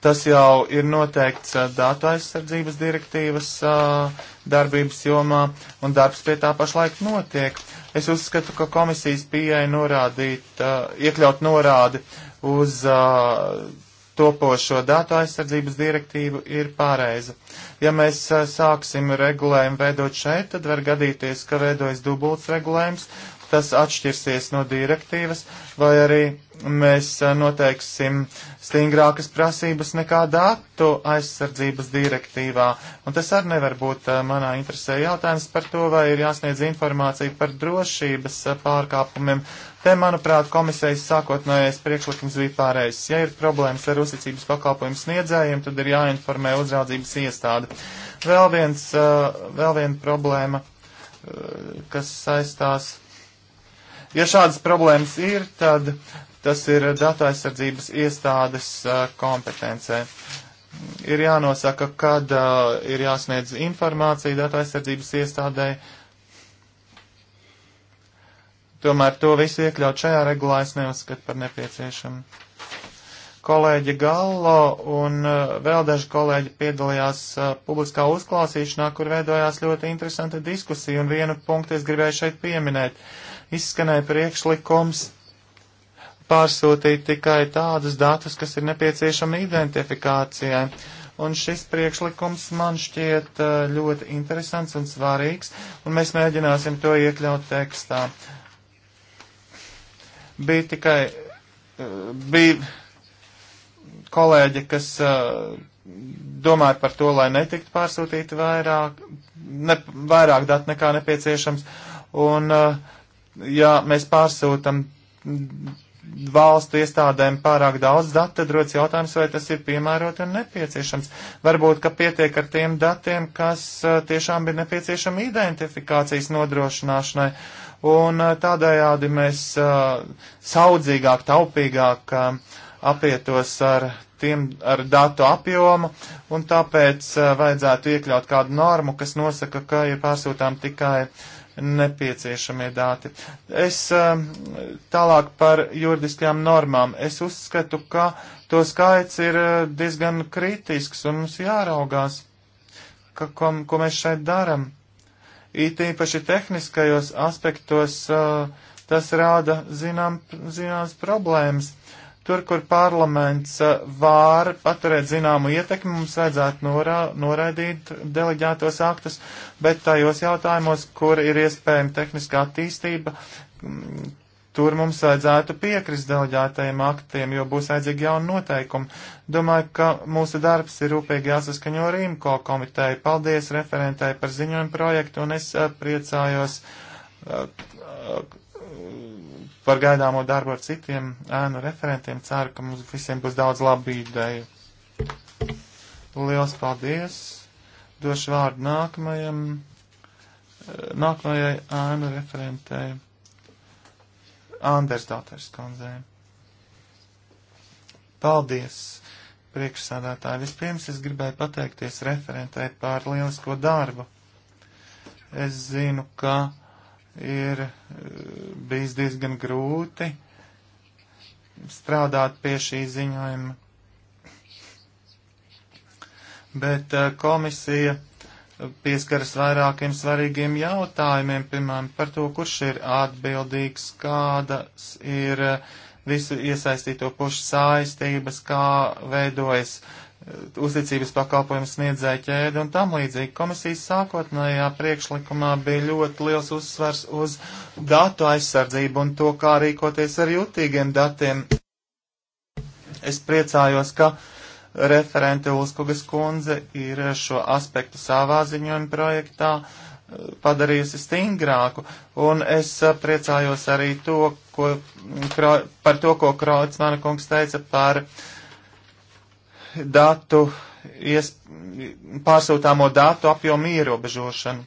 Tas jau ir noteikts uh, datu aizsardzības direktīvas uh, darbības jomā, un darbs pie tā pašlaik notiek. Es uzskatu, ka komisijas pieeja norādīt, uh, iekļaut norādi uz uh, topošo datu aizsardzības direktīvu ir pareiza. Ja mēs sāksim regulējumu veidot šeit, tad var gadīties, ka veidojas dubults regulējums, tas atšķirsies no direktīvas, vai arī mēs noteiksim stingrākas prasības nekā datu aizsardzības direktīvā. Un tas arī nevar būt manā interesē jautājums par to, vai ir jāsniedz informācija par drošības pārkāpumiem. Te, manuprāt, komisijas sākotnējais priekšlikums bija pārējais. Ja ir problēmas ar uzticības pakalpojumu sniedzējiem, tad ir jāinformē uzraudzības iestāde. Vēl, viens, vēl viena problēma, kas saistās Ja šādas problēmas ir, tad tas ir datu aizsardzības iestādes kompetencē. Ir jānosaka, kad uh, ir jāsniedz informācija datu aizsardzības iestādē. Tomēr to visu iekļaut šajā regulā es neuzskatu par nepieciešamu. Kolēģi Gallo un uh, vēl daži kolēģi piedalījās uh, publiskā uzklausīšanā, kur veidojās ļoti interesanta diskusija, un vienu punktu es gribēju šeit pieminēt. Uh, izskanēja priekšlikums pārsūtīt tikai tādus datus, kas ir nepieciešami identifikācijai. Un šis priekšlikums man šķiet eh, ļoti interesants un svarīgs, un mēs mēģināsim to iekļaut tekstā. Bija tikai, eh, bija kolēģi, kas eh, domāja par to, lai netiktu pārsūtīti vairāk, ne, vairāk datu nekā nepieciešams, un uh, ja mēs pārsūtam valstu iestādēm pārāk daudz datu, tad rodas jautājums, vai tas ir piemērot un nepieciešams. Varbūt, ka pietiek ar tiem datiem, kas eh, tiešām ir nepieciešami identifikācijas nodrošināšanai. Un eh, tādējādi mēs eh, saudzīgāk, taupīgāk apietos ar tiem ar datu apjomu, un tāpēc vajadzētu iekļaut kādu normu, kas nosaka, ka ir pārsūtām tikai uh, nepieciešamie dati. Es um, tālāk par juridiskajām normām. Es uzskatu, ka to skaits ir uh, diezgan kritisks un mums jāraugās, ka, ko, ko mēs šeit daram. It īpaši tehniskajos aspektos uh, tas rāda zinām, zināmas problēmas Tur, kur parlaments eh, var paturēt zināmu ietekmi, mums vajadzētu norā, noraidīt deleģētos aktus, bet tajos jautājumos, kur ir iespējama tehniska attīstība, tur mums vajadzētu piekrist deleģētajiem aktiem, jo būs vajadzīgi jauni noteikumi. Domāju, ka mūsu darbs ir rūpīgi jāsaskaņo Rīmko komiteju. Paldies referentē par ziņojumu projektu un es eh, priecājos eh, par gaidāmo darbu ar citiem ēnu referentiem. Ceru, ka mums visiem būs daudz labu ideju. Lielas paldies! Došu vārdu nākamajam, nākamajai ēnu referentei. Anders Dāters kundzei. Paldies, priekšsādātāji. Vispirms es gribēju pateikties referentei par lielisko darbu. Es zinu, ka ir eh, bijis diezgan grūti strādāt pie šī ziņojuma. Bet eh, komisija pieskaras vairākiem svarīgiem jautājumiem, piemēram, par to, kurš ir atbildīgs, kādas ir eh, visu iesaistīto pušu saistības, kā veidojas uh, uzticības pakalpojumu sniedzēja ķēdi un tam līdzīgi. Komisijas sākotnējā priekšlikumā bija ļoti liels uzsvers uz datu aizsardzību un to, kā rīkoties ar jutīgiem datiem. Es priecājos, ka referente Ulskugas kundze ir šo aspektu savā ziņojuma projektā eh, padarījusi stingrāku, un es eh, priecājos arī to, ko, par to, ko Krauts mana kungs teica par uh, datu, ies, pārsūtāmo datu apjomu ierobežošanu.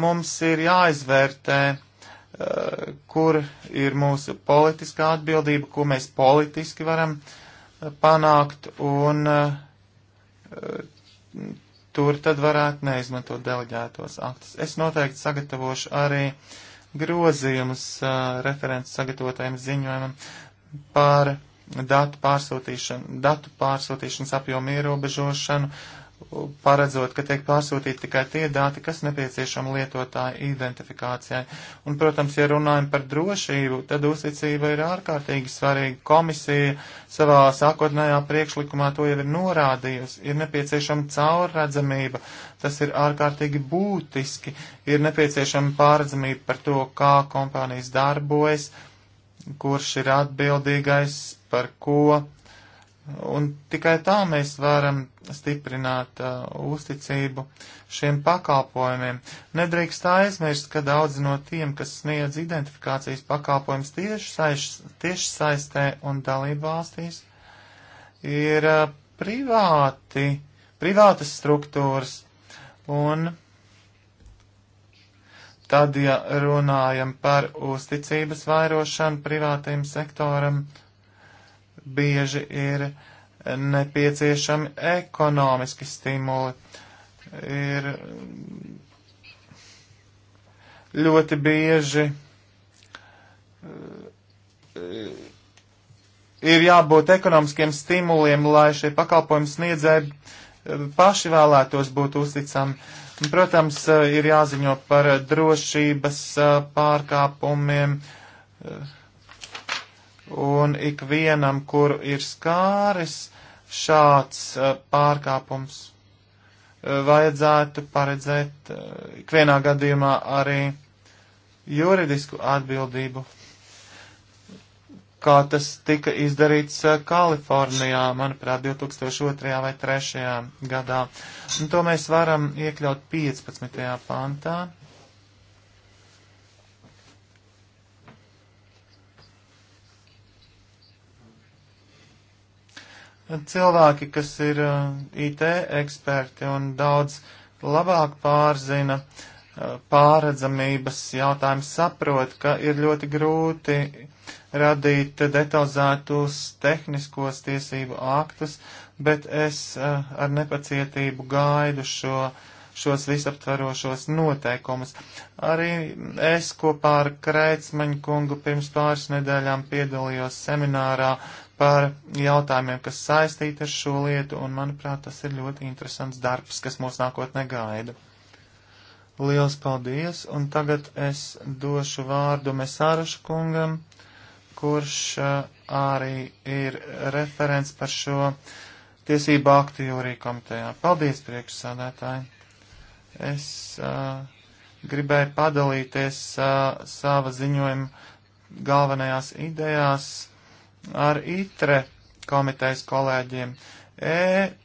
Mums ir jāizvērtē, eh, kur ir mūsu politiskā atbildība, ko mēs politiski varam eh, panākt, un eh, tur tad varētu neizmantot deleģētos aktus. Es noteikti sagatavošu arī grozījumus referents sagatavotajiem ziņojumam par datu, pārsūtīšanu, datu pārsūtīšanas apjomu ierobežošanu, paredzot, ka tiek pārsūtīti tikai tie dati, kas nepieciešami lietotāja identifikācijai. Un, protams, ja runājam par drošību, tad uzticība ir ārkārtīgi svarīga. Komisija savā sākotnējā priekšlikumā to jau ir norādījusi. Ir nepieciešama caurredzamība, tas ir ārkārtīgi būtiski. Ir nepieciešama pārredzamība par to, kā kompānijas darbojas, kurš ir atbildīgais par ko, un tikai tā mēs varam stiprināt uh, uzticību šiem pakalpojumiem. Nedrīkst aizmirst, ka daudzi no tiem, kas sniedz identifikācijas pakalpojums tieši, saiš, tieši saistē un dalību valstīs, ir uh, privāti, privātas struktūras, un tad, ja runājam par uzticības vairošanu privātajam sektoram, uh, bieži ir nepieciešami ekonomiski stimuli. Ir ļoti bieži eh, ir jābūt ekonomiskiem stimuliem, lai šie pakalpojumi sniedzēji eh, paši vēlētos būt uzticami. Protams, eh, ir jāziņo par drošības pārkāpumiem. Uh, un ikvienam, kuru ir skāris šāds eh, pārkāpums, eh, vajadzētu paredzēt eh, ikvienā gadījumā arī juridisku atbildību, kā tas tika izdarīts Kalifornijā, manuprāt, 2002. vai 2003. gadā. Un to mēs varam iekļaut 15. pantā, cilvēki, kas ir eh, IT eksperti un daudz labāk pārzina eh, pāredzamības jautājums, saprot, ka ir ļoti grūti radīt detalizētus tehniskos tiesību aktus, bet es eh, ar nepacietību gaidu šo šos visaptverošos noteikumus. Arī es kopā ar Kreitsmaņu kungu pirms pāris nedēļām piedalījos seminārā par jautājumiem, kas saistīti ar šo lietu, un, manuprāt, tas ir ļoti interesants darbs, kas mūs nākotnē gaida. Liels paldies, un tagad es došu vārdu Mesārašu kungam, kurš uh, arī ir referents par šo tiesību aktu jūrī komitejā. Paldies, priekšsādātāji! Es uh, gribēju padalīties uh, sava ziņojuma galvenajās idejās ar ITRE komitejas kolēģiem. E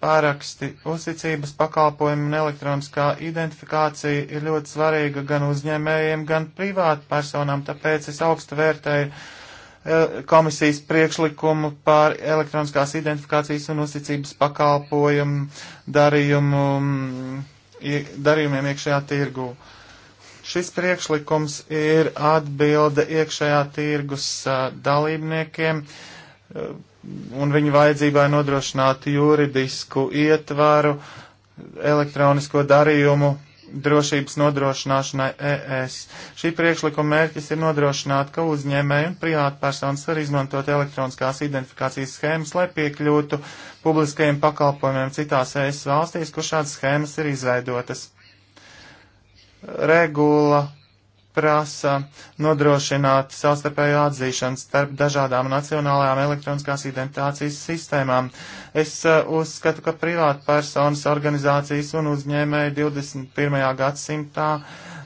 paraksti, uzticības pakalpojumi un elektroniskā identifikācija ir ļoti svarīga gan uzņēmējiem, gan privātpersonām, tāpēc es augstu vērtēju e, komisijas priekšlikumu par elektroniskās identifikācijas un uzticības pakalpojumu darījumu, mm, darījumiem iekšējā tirgū. Uh, Šis priekšlikums ir atbilde iekšējā tirgus dalībniekiem un viņu vajadzībai nodrošināt juridisku ietvaru elektronisko darījumu drošības nodrošināšanai ES. Šī priekšlikuma mērķis ir nodrošināt, ka uzņēmēji un privātpersonas var izmantot elektroniskās identifikācijas schēmas, lai piekļūtu publiskajiem pakalpojumiem citās ES valstīs, kur šādas schēmas ir izveidotas regula prasa nodrošināt savstarpēju atzīšanu starp dažādām nacionālajām elektroniskās identitācijas sistēmām. Es uh, uzskatu, ka privāta personas organizācijas un uzņēmēji 21. gadsimtā uh,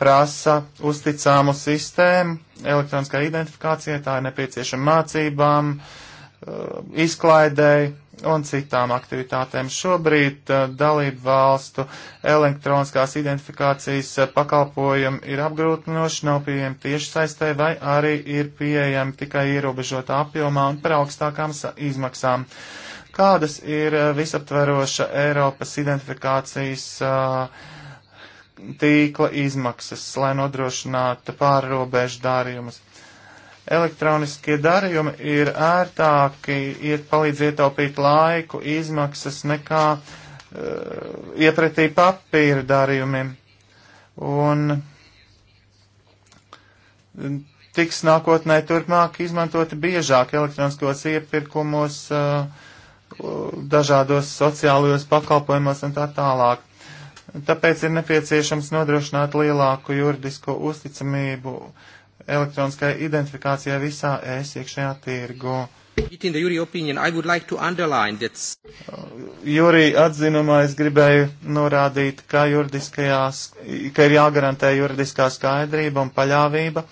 prasa uzticāmu sistēmu elektroniskai identifikācijai, tā ir nepieciešama mācībām, uh, izklaidēji un citām aktivitātēm. Šobrīd eh, dalību valstu elektroniskās identifikācijas eh, pakalpojumi ir apgrūtinoši, nav pieejami tieši saistē vai arī ir pieejami tikai ierobežotā apjomā un par augstākām izmaksām. Kādas ir eh, visaptveroša Eiropas identifikācijas tīkla izmaksas, lai nodrošinātu pārrobežu dārījumus? Elektroniskie darījumi ir ērtāki, iet palīdz ietaupīt laiku, izmaksas nekā uh, iepratī papīra darījumiem. Un eh, tiks nākotnē turpmāk izmantoti biežāk elektroniskos iepirkumos, uh, dažādos sociālajos pakalpojumos un tā tālāk. Tāpēc ir nepieciešams nodrošināt lielāku juridisko uzticamību uh, elektroniskai identifikācijai visā ES iekšējā tirgu. Like Jurī atzinumā es gribēju norādīt, ka, ka ir jāgarantē juridiskā skaidrība un paļāvība,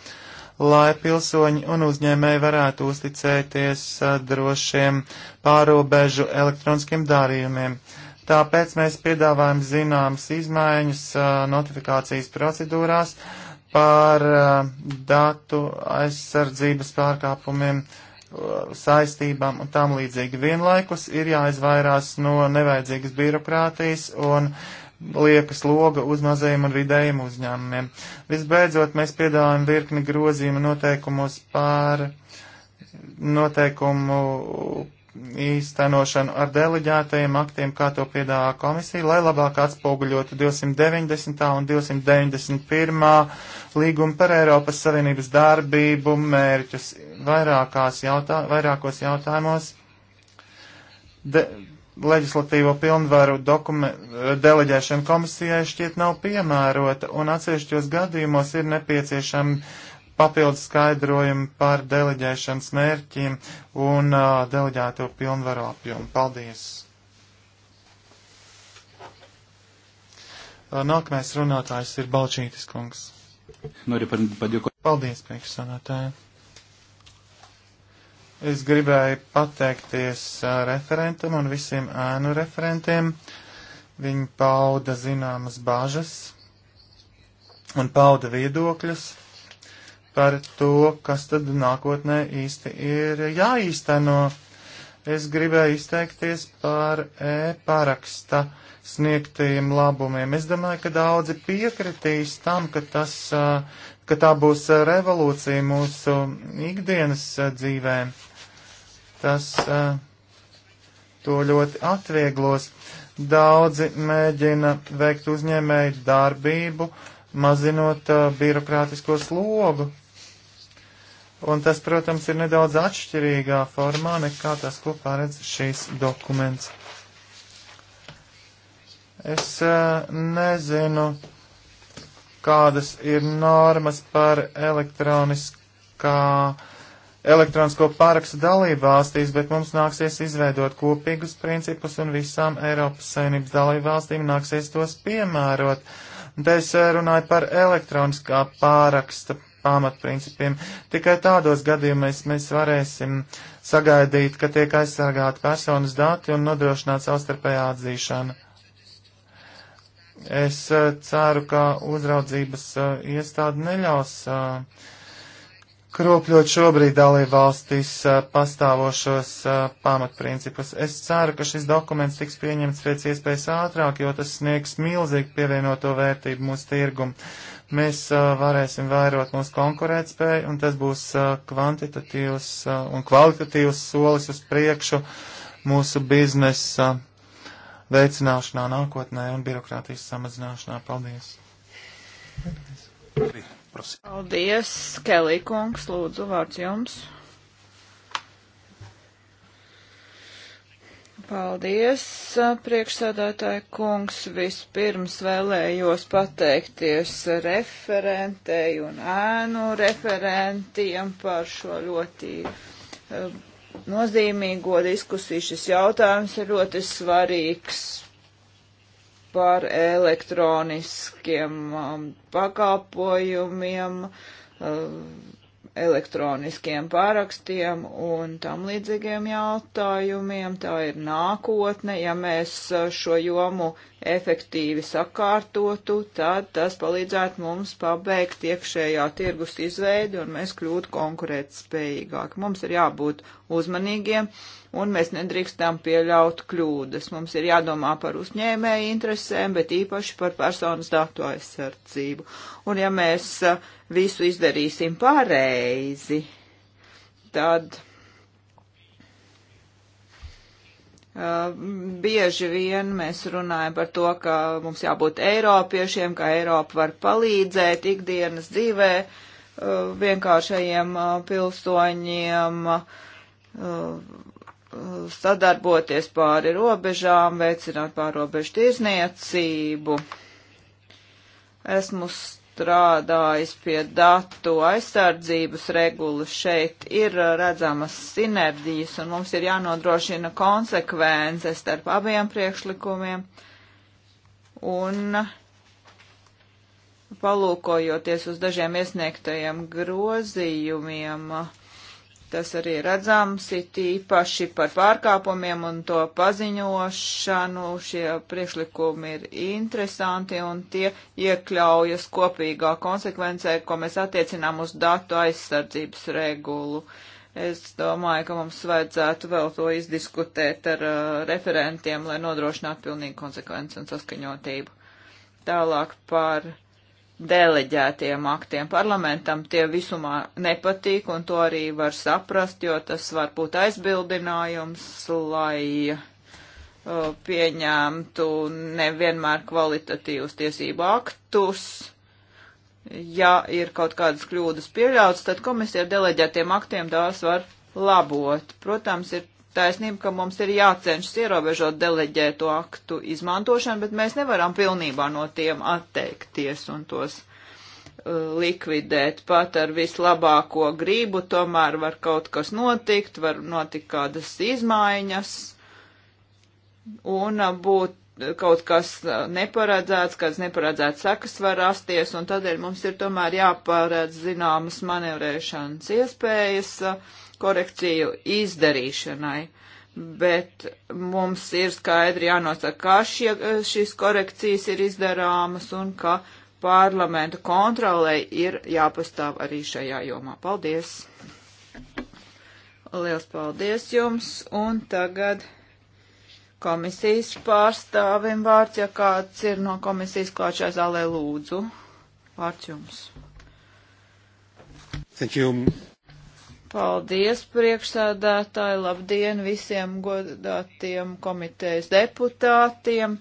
lai pilsoņi un uzņēmēji varētu uzticēties drošiem pārobežu elektroniskiem darījumiem. Tāpēc mēs piedāvājam zināmas izmaiņas notifikācijas procedūrās. Uh, par uh, datu aizsardzības pārkāpumiem, uh, saistībām un tam līdzīgi. Vienlaikus ir jāizvairās no nevajadzīgas birokrātijas un liekas loga uz mazajiem un vidējiem uzņēmumiem. Visbeidzot, mēs piedāvājam virkni grozījumu noteikumos par noteikumu īstenošanu ar deleģētajiem aktiem, kā to piedāvā komisija, lai labāk atspoguļotu 290. un 291. līgumu par Eiropas Savienības darbību mērķus jautā, vairākos jautājumos. De, leģislatīvo pilnvaru deleģēšana komisijai šķiet nav piemērota, un atsevišķos gadījumos ir nepieciešami papildus skaidrojumi par deleģēšanas mērķiem un uh, deleģēto pilnvaru apjomu. Paldies! Nākamais runātājs ir Balčītis kungs. Nu, Paldies, priekšsanātāji. Es gribēju pateikties referentam un visiem ēnu referentiem. Viņi pauda zināmas bažas un pauda viedokļus par to, kas tad nākotnē īsti ir jāīsteno. Es gribēju izteikties par e-paraksta sniegtajiem labumiem. Es domāju, ka daudzi piekritīs tam, ka, tas, ka tā būs revolūcija mūsu ikdienas dzīvē. Tas to ļoti atvieglos. Daudzi mēģina veikt uzņēmēju darbību, mazinot uh, birokrātisko slogu. Un tas, protams, ir nedaudz atšķirīgā formā nekā tas, ko paredz šīs dokuments. Es eh, nezinu, kādas ir normas par elektroniskā, elektronisko parakstu dalību valstīs, bet mums nāksies izveidot kopīgus principus un visām Eiropas saimnības dalību valstīm nāksies tos piemērot. Te es eh, runāju par elektroniskā pāraksta pamatprincipiem. Tikai tādos gadījumos mēs varēsim sagaidīt, ka tiek aizsargāti personas dati un nodrošināt savstarpējā atzīšana. Es eh, ceru, ka uzraudzības eh, iestāde neļaus eh, kropļot šobrīd dalībvalstīs pastāvošos pamatprincipus. Es ceru, ka šis dokuments tiks pieņemts pēc iespējas ātrāk, jo tas sniegs milzīgi pievienoto vērtību mūsu tirgumu mēs uh, varēsim vērot mūsu konkurētspēju, un tas būs uh, kvantitatīvs uh, un kvalitatīvs solis uz priekšu mūsu biznesa veicināšanā nākotnē un birokrātijas samazināšanā. Paldies! Paldies, Kelī kungs, lūdzu, vārds jums. Paldies, priekšsādātāji kungs. Vispirms vēlējos pateikties referentei un ēnu referentiem par šo ļoti uh, nozīmīgo diskusiju. Šis jautājums ir ļoti svarīgs par elektroniskiem um, pakalpojumiem. Uh, elektroniskiem pārakstiem un tam līdzīgiem jautājumiem. Tā ir nākotne. Ja mēs e, šo jomu efektīvi sakārtotu, tad tas palīdzētu mums pabeigt iekšējā tirgus izveidi un mēs kļūtu konkurētspējīgāki. Mums ir jābūt uzmanīgiem un mēs nedrīkstam pieļaut kļūdas. Mums ir jādomā par uzņēmēju interesēm, bet īpaši par personas datu aizsardzību. Un ja mēs uh, visu izdarīsim pareizi, tad uh, bieži vien mēs runājam par to, ka mums jābūt Eiropiešiem, ka Eiropa var palīdzēt ikdienas dzīvē uh, vienkāršajiem uh, pilsoņiem sadarboties pāri robežām, veicināt pārobežu tirzniecību. Esmu strādājis pie datu aizsardzības regulas. Šeit ir uh, redzamas sinerģijas un mums ir jānodrošina konsekvences starp abiem priekšlikumiem. Un palūkojoties uz dažiem iesniegtajiem grozījumiem, uh, Tas arī redzams, it īpaši par pārkāpumiem un to paziņošanu. Šie priekšlikumi ir interesanti un tie iekļaujas kopīgā konsekvencē, ko mēs attiecinām uz datu aizsardzības regulu. Es domāju, ka mums vajadzētu vēl to izdiskutēt ar uh, referentiem, lai nodrošinātu pilnīgu konsekvenci un saskaņotību. Tālāk par deleģētiem aktiem. Parlamentam tie visumā nepatīk, un to arī var saprast, jo tas var būt aizbildinājums, lai uh, pieņemtu nevienmēr kvalitatīvus tiesību aktus. Ja ir kaut kādas kļūdas pieļautas, tad komisija ar deleģētiem aktiem tās var labot. Protams, ir taisnība, ka mums ir jācenšas ierobežot deleģēto aktu izmantošanu, bet mēs nevaram pilnībā no tiem atteikties un tos uh, likvidēt. Pat ar vislabāko gribu tomēr var kaut kas notikt, var notikt kādas izmaiņas un uh, būt uh, kaut kas uh, neparedzēts, kāds neparedzēts sekas var rasties, un tādēļ mums ir tomēr jāpārēdz zināmas manevrēšanas iespējas, uh, korekciju izdarīšanai, bet mums ir skaidri jānosaka, kā šie, šīs korekcijas ir izdarāmas un ka parlamenta kontrolē ir jāpastāv arī šajā jomā. Paldies! Liels paldies jums! Un tagad komisijas pārstāvim vārds, ja kāds ir no komisijas klāt šajā zālē, lūdzu. Vārds jums. Thank you, Paldies priekšsādātāji, labdien visiem godātiem komitejas deputātiem.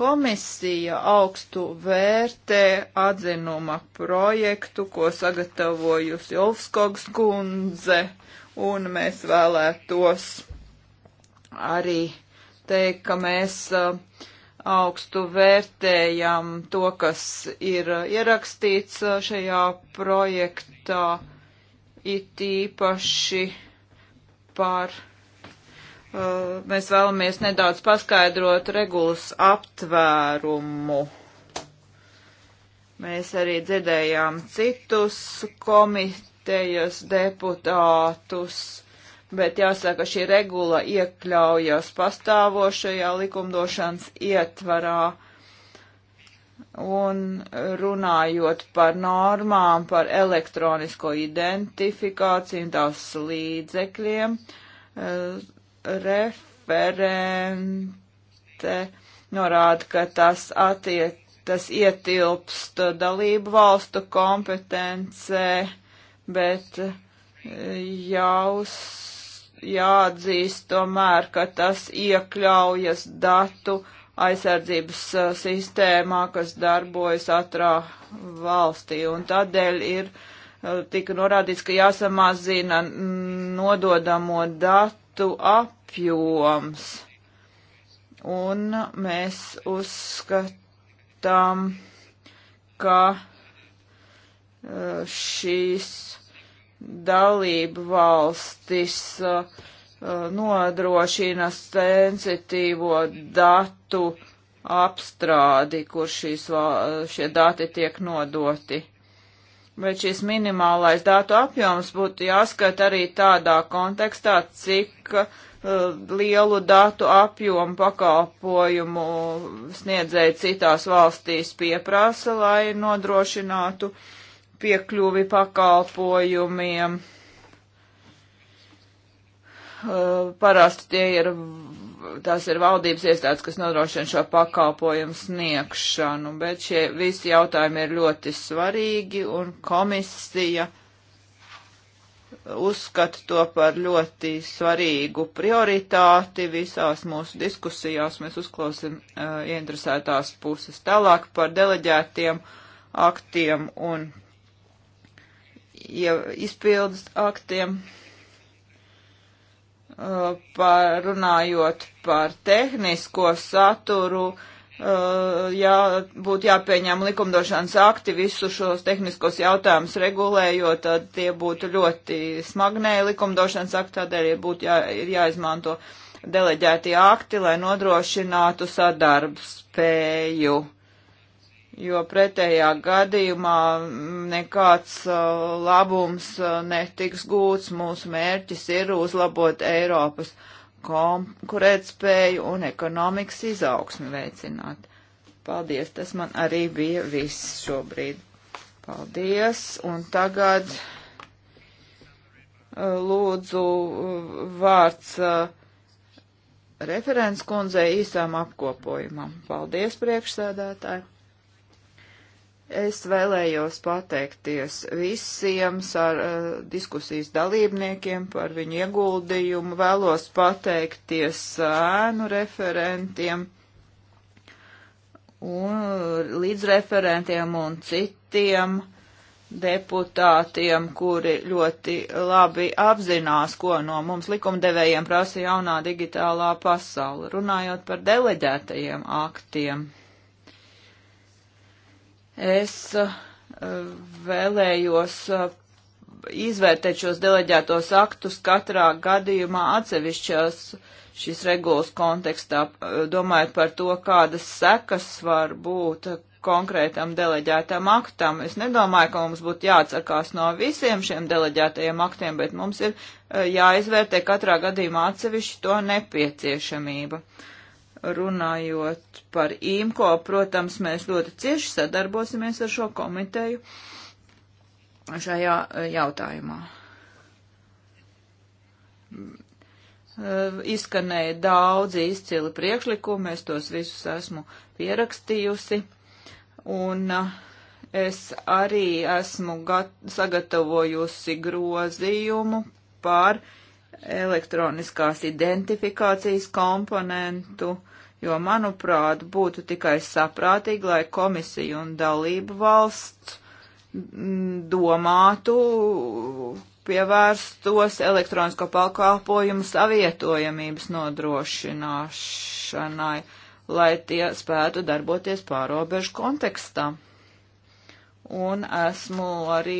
Komisija augstu vērtē atzinuma projektu, ko sagatavojusi Olfskogs kundze, un mēs vēlētos arī teikt, ka mēs uh, augstu vērtējam to, kas ir ierakstīts uh, šajā projektā it īpaši par. Uh, mēs vēlamies nedaudz paskaidrot regulas aptvērumu. Mēs arī dzirdējām citus komitejas deputātus, bet jāsaka, šī regula iekļaujas pastāvošajā likumdošanas ietvarā Un runājot par normām, par elektronisko identifikāciju un tās līdzekļiem, eh, referente norāda, ka tas attiec, tas ietilpst dalību valstu kompetencē, bet eh, jaus, jāatzīst tomēr, ka tas iekļaujas datu aizsardzības sistēmā, kas darbojas atrā valstī. Un tādēļ ir tika norādīts, ka jāsamazina nododamo datu apjoms. Un mēs uzskatām, ka šīs dalību valstis uh, Uh, nodrošina sensitīvo datu apstrādi, kur šīs, šie dati tiek nodoti. Bet šis minimālais datu apjoms būtu jāskat arī tādā kontekstā, cik uh, lielu datu apjomu pakalpojumu sniedzēji citās valstīs pieprasa, lai nodrošinātu piekļuvi pakalpojumiem. Uh, Eh, parasti tie ir, tās ir valdības iestādes, kas nodrošina šo pakalpojumu sniegšanu, bet šie visi jautājumi ir ļoti svarīgi un komisija uzskata to par ļoti svarīgu prioritāti visās mūsu diskusijās. Mēs uzklausim uh, eh, interesētās puses tālāk par deleģētiem aktiem un ja, izpildes aktiem. Uh, par, runājot par tehnisko saturu, eh, jā, būtu jāpieņem likumdošanas akti visus šos tehniskos jautājumus regulējot, tad tie būtu ļoti smagnēji likumdošanas akti, tādēļ būtu jā, ir jāizmanto deleģētie akti, lai nodrošinātu sadarbspēju. spēju jo pretējā gadījumā nekāds uh, labums uh, netiks gūts. Mūsu mērķis ir uzlabot Eiropas konkurētspēju un ekonomikas izaugsmi veicināt. Paldies, tas man arī bija viss šobrīd. Paldies, un tagad uh, lūdzu vārds referents kundzei īsām apkopojumam. Paldies, priekšsēdētāji! Es vēlējos pateikties visiem sar, eh, diskusijas dalībniekiem par viņu ieguldījumu, vēlos pateikties ēnu referentiem un līdzreferentiem un citiem deputātiem, kuri ļoti labi apzinās, ko no mums likumdevējiem prasa jaunā digitālā pasaule, runājot par deleģētajiem aktiem Es eh, vēlējos eh, izvērtēt šos deleģētos aktus katrā gadījumā atsevišķās šīs regulas kontekstā, eh, domājot par to, kādas sekas var būt konkrētam deleģētam aktam. Es nedomāju, ka mums būtu jāatsakās no visiem šiem deleģētajiem aktiem, bet mums ir jāizvērtē katrā gadījumā atsevišķi to nepieciešamība. Uh, runājot par IMCO, protams, mēs ļoti cieši sadarbosimies ar šo komiteju šajā e, jautājumā. E, izskanēja daudzi izcili priekšlikumi, es tos visus esmu pierakstījusi, un e, es arī esmu sagatavojusi grozījumu par elektroniskās identifikācijas komponentu uh, jo, manuprāt, būtu tikai saprātīgi, lai komisija un dalību valsts mm, domātu, pievērstos elektronisko pakalpojumu savietojamības nodrošināšanai, lai tie spētu darboties pārobežu kontekstā. Un esmu arī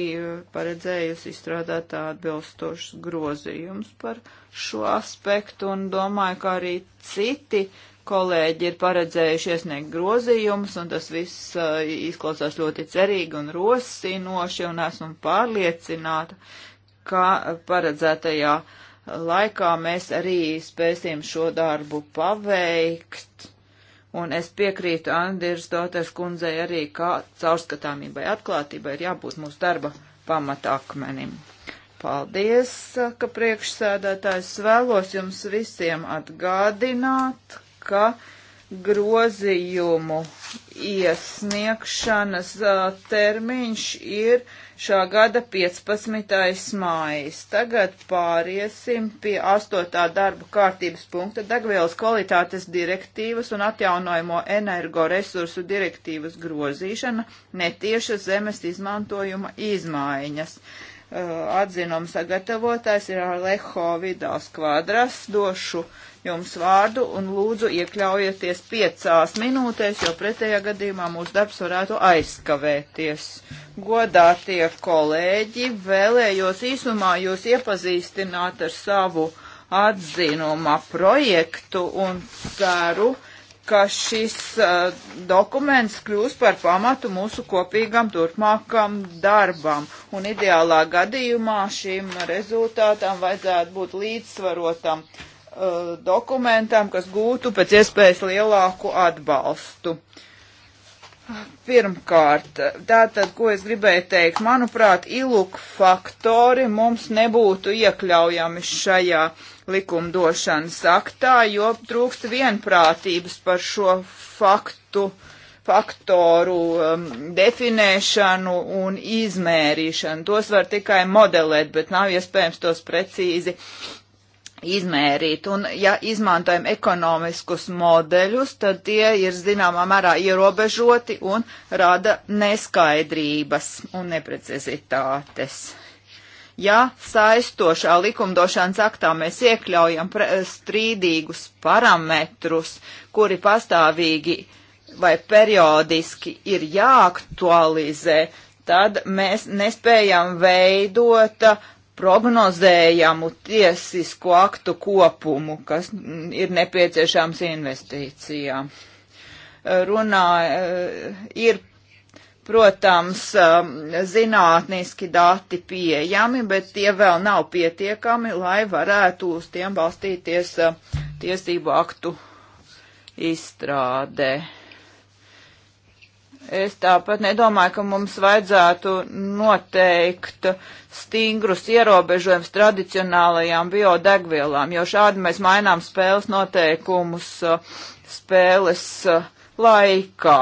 paredzējusi izstrādāt atbilstošus grozījumus par šo aspektu un domāju, ka arī citi uh, kolēģi ir paredzējuši iesniegt grozījumus, un tas viss uh, izklausās ļoti cerīgi un rosinoši, un esmu pārliecināta, ka paredzētajā laikā mēs arī spēsim šo darbu paveikt. Un es piekrītu Andrius Doters kundzei arī, kā caurskatāmībai atklātībai ir jābūt mūsu darba pamatakmenim. Paldies, ka priekšsēdētājs vēlos jums visiem atgādināt, ka grozījumu iesniegšanas termiņš ir šā gada 15. mājas. Tagad pāriesim pie 8. darba kārtības punkta degvielas kvalitātes direktīvas un atjaunojamo energoresursu direktīvas grozīšana netieša zemes izmantojuma izmaiņas. Atzinums sagatavotājs ir Alejo Vidals kvadras došu. Uh, jums vārdu un lūdzu iekļaujieties piecās minūtēs, jo pretējā gadījumā mūsu darbs varētu aizskavēties. Godātie kolēģi, vēlējos īsumā jūs iepazīstināt ar savu atzinuma projektu un ceru, ka šis uh, dokuments kļūs par pamatu mūsu kopīgam turpmākam darbam. Un ideālā gadījumā šim rezultātam vajadzētu būt līdzsvarotam uh, dokumentam, kas gūtu pēc iespējas lielāku atbalstu. Pirmkārt, tātad, ko es gribēju teikt, manuprāt, ilūk faktori mums nebūtu iekļaujami šajā likumdošanas aktā, jo trūkst vienprātības par šo faktu, faktoru um, definēšanu un izmērīšanu. Tos var tikai modelēt, bet nav iespējams tos precīzi izmērīt. Un, ja izmantojam ekonomiskus modeļus, tad tie ir zināmā mērā ierobežoti un rada neskaidrības un neprecizitātes. Ja saistošā likumdošanas aktā mēs iekļaujam strīdīgus parametrus, kuri pastāvīgi vai periodiski ir jāaktualizē, tad mēs nespējam veidot uh, prognozējamu tiesisko aktu kopumu, kas ir nepieciešams investīcijām. Runā eh, ir, protams, eh, zinātniski dati pieejami, bet tie vēl nav pietiekami, lai varētu uz tiem balstīties eh, tiesību aktu izstrādē Es tāpat nedomāju, ka mums vajadzētu noteikt stingrus ierobežojumus tradicionālajām biodegvielām, jo šādi mēs mainām spēles noteikumus uh, spēles uh, laikā.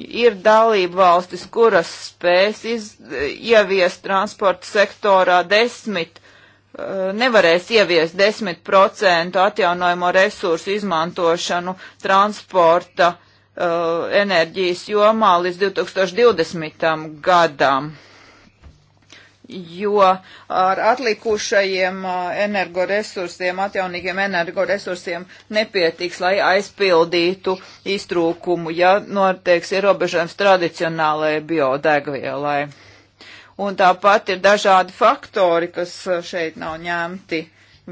Ir dalība valstis, kuras spēs iz, ieviest transporta sektorā desmit uh, nevarēs ieviest 10% atjaunojamo resursu izmantošanu transporta Uh, enerģijas jomā līdz 2020. gadam, jo ar atlikušajiem uh, energoresursiem, atjaunīgiem energoresursiem nepietiks, lai aizpildītu iztrūkumu, ja noteiks ierobežojums tradicionālajai biodegvielai. Un tāpat ir dažādi faktori, kas uh, šeit nav ņemti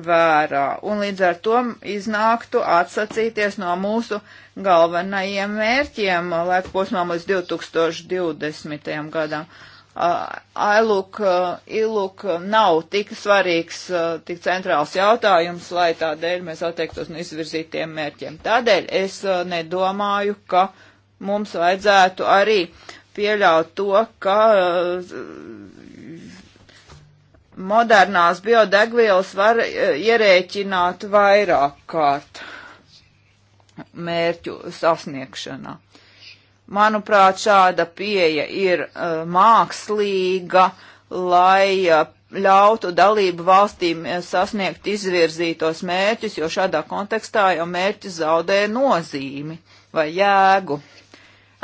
vērā. Un līdz ar to iznāktu atsacīties no mūsu galvenajiem mērķiem laika posmām līdz 2020. gadam. Ailuk, iluk nav tik svarīgs, tik centrāls jautājums, lai tādēļ mēs atteiktos no izvirzītiem mērķiem. Tādēļ es nedomāju, ka mums vajadzētu arī pieļaut to, ka modernās biodegvielas var e, ierēķināt vairāk kārt mērķu sasniegšanā. Manuprāt, šāda pieeja ir uh, mākslīga, lai uh, ļautu dalību valstīm sasniegt izvirzītos mērķus, jo šādā kontekstā jau mērķi zaudē nozīmi vai jēgu.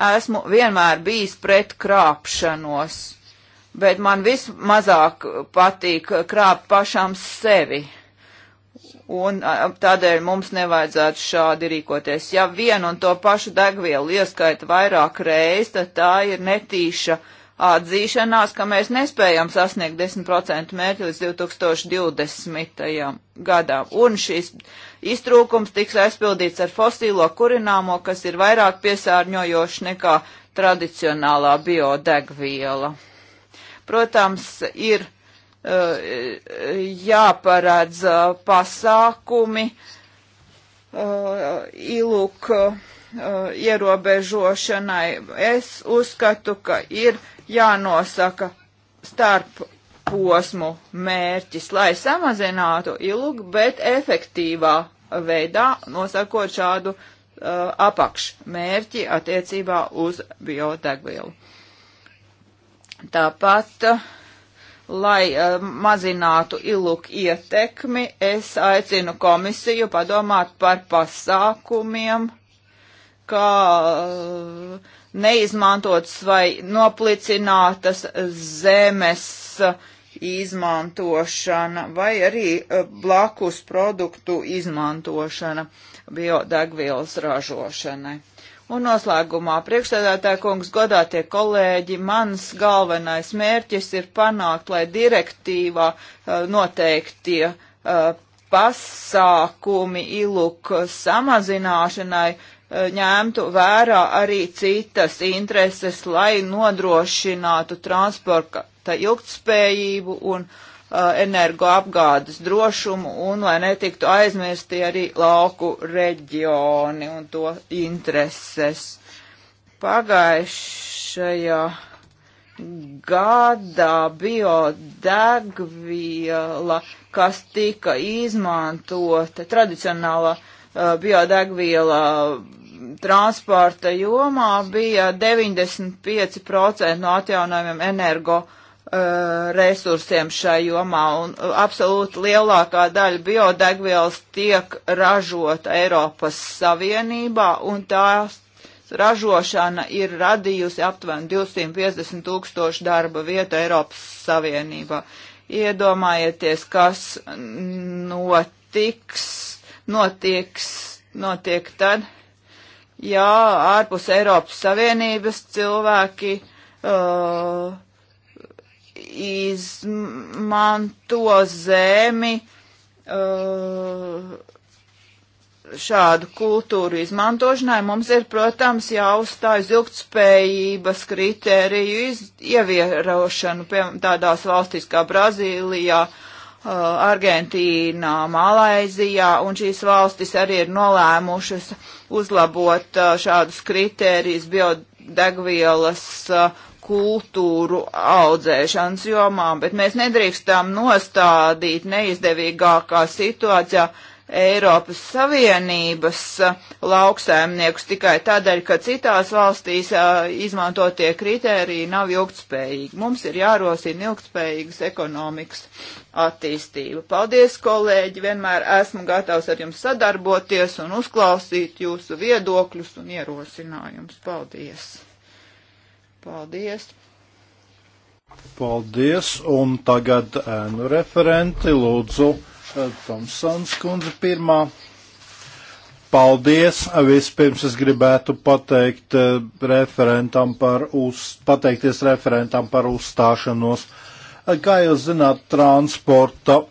Esmu vienmēr bijis pret krāpšanos bet man vismazāk patīk krāpt pašam sevi. Un tādēļ mums nevajadzētu šādi rīkoties. Ja vienu un to pašu degvielu ieskaita vairāk reiz, tad tā ir netīša atzīšanās, ka mēs nespējam sasniegt 10% mērķi līdz 2020. gadam. Un šis iztrūkums tiks aizpildīts ar fosīlo kurināmo, kas ir vairāk piesārņojoši nekā tradicionālā biodegviela. Protams, ir eh, jāparedz eh, pasākumi eh, ilūk ierobežošanai. Es uzskatu, ka ir jānosaka starp posmu mērķis, lai samazinātu ilūk, bet efektīvā veidā nosakot šādu apakšmērķi attiecībā uz biodegvielu. Tāpat, eh, lai eh, mazinātu ilūku ietekmi, es aicinu komisiju padomāt par pasākumiem, kā eh, neizmantotas vai noplicinātas zemes izmantošana vai arī blakus produktu izmantošana biodegvielas ražošanai. Un noslēgumā priekšstādātāja kungs godā tie kolēģi, mans galvenais mērķis ir panākt, lai direktīvā eh, noteiktie eh, pasākumi iluk samazināšanai eh, ņemtu vērā arī citas intereses, lai nodrošinātu transporta ilgtspējību un uh, Uh, energoapgādes drošumu un lai netiktu aizmirsti arī lauku reģioni un to intereses. Pagājušajā gadā biodegviela, kas tika izmantota tradicionālā uh, biodegviela transporta jomā, bija 95% no atjaunojumiem energo uh, Uh, resursiem šai jomā, un uh, absolūti lielākā daļa biodegvielas tiek ražota Eiropas Savienībā, un tās ražošana ir radījusi aptuveni 250 tūkstošu darba vietu Eiropas Savienībā. Iedomājieties, kas notiks, notiks, notiek tad, ja ārpus Eiropas Savienības cilvēki uh, izmanto zemi uh, šādu kultūru izmantošanai. Mums ir, protams, jāuzstāj ilgtspējības kritēriju ievierošanu tādās valstīs kā Brazīlijā, uh, Argentīnā, Malaizijā, un šīs valstis arī ir nolēmušas uzlabot uh, šādus kritērijus biodegvielas kultūru audzēšanas jomā, bet mēs nedrīkstam nostādīt neizdevīgākā situācijā Eiropas Savienības uh, lauksaimniekus tikai tādēļ, ka citās valstīs uh, izmantotie kritēriji nav ilgtspējīgi. Mums ir jārosina ilgtspējīgas ekonomikas attīstība. Paldies, kolēģi! Vienmēr esmu gatavs ar jums sadarboties un uzklausīt jūsu viedokļus un ierosinājumus. Paldies! Paldies! Paldies, un tagad ēnu referenti lūdzu eh, Tomsons kundze pirmā. Paldies! Vispirms es gribētu pateikt eh, referentam par uz, pateikties referentam par uzstāšanos. Eh, Kā jūs zināt, transporta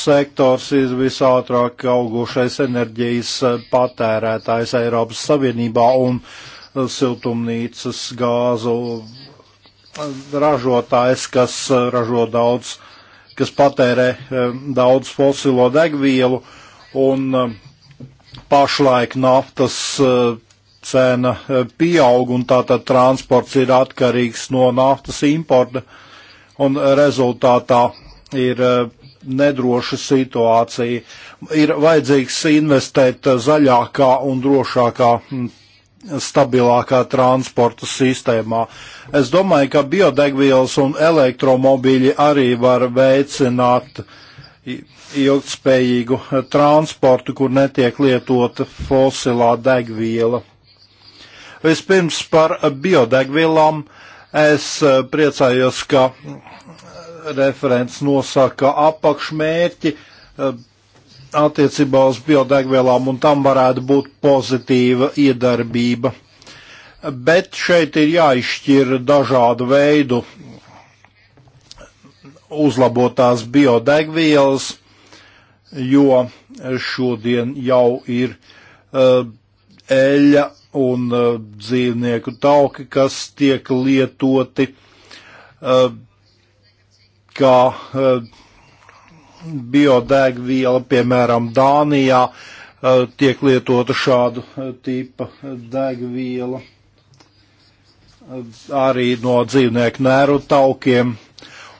sektors ir visātrāk augušais enerģijas patērētājs Eiropas Savienībā un uh, siltumnīcas gāzu ražotājs, kas eh, ražo daudz, kas patērē eh, daudz fosilo degvielu, un eh, pašlaik naftas cena pieaug, un tātad transports ir atkarīgs no naftas importa, un rezultātā ir nedroša situācija. Ir vajadzīgs investēt zaļākā un drošākā hm, stabilākā transporta sistēmā. Es domāju, ka biodegvielas un elektromobīļi arī var veicināt ilgspējīgu transportu, kur netiek lietota fosilā degviela. Vispirms par biodegvielām es e, priecājos, ka referents nosaka apakšmērķi e, attiecībā uz biodegvielām, un tam varētu būt pozitīva iedarbība. Bet šeit ir jāizšķir dažādu veidu uzlabotās biodegvielas, jo šodien jau ir uh, eļa un uh, dzīvnieku tauki, kas tiek lietoti uh, kā uh, biodegviela, piemēram, Dānijā eh, tiek lietota šādu eh, tipa degviela eh, arī no dzīvnieku nēru taukiem.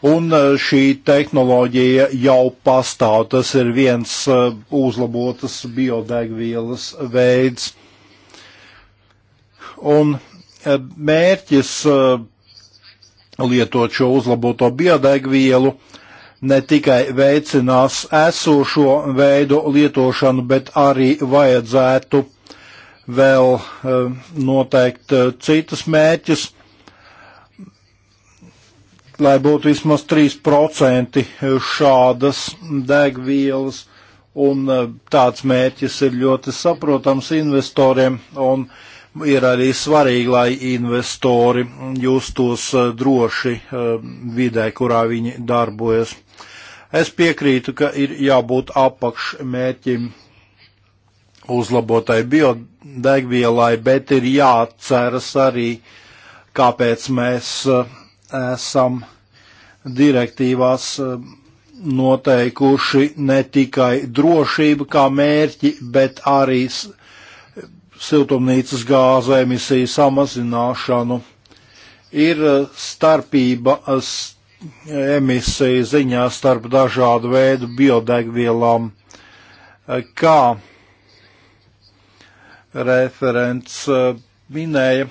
Un šī tehnoloģija jau pastāv. Tas ir viens uzlabotas biodegvielas veids. Un mērķis lietot šo uzlaboto biodegvielu ne tikai veicinās esošo veidu lietošanu, bet arī vajadzētu vēl eh, noteikt eh, citus mērķus, lai būtu vismaz 3% šādas degvielas, un eh, tāds mērķis ir ļoti saprotams investoriem, un ir arī svarīgi, lai investori justos droši vidē, kurā viņi darbojas. Es piekrītu, ka ir jābūt apakšmērķim uzlabotai biodegvielai, bet ir jāatceras arī, kāpēc mēs eh, esam direktīvās eh, noteikuši ne tikai drošību kā mērķi, bet arī siltumnīcas gāzu emisiju samazināšanu. Ir eh, starpība emisiju ziņā starp dažādu veidu biodegvielām, kā referents eh, minēja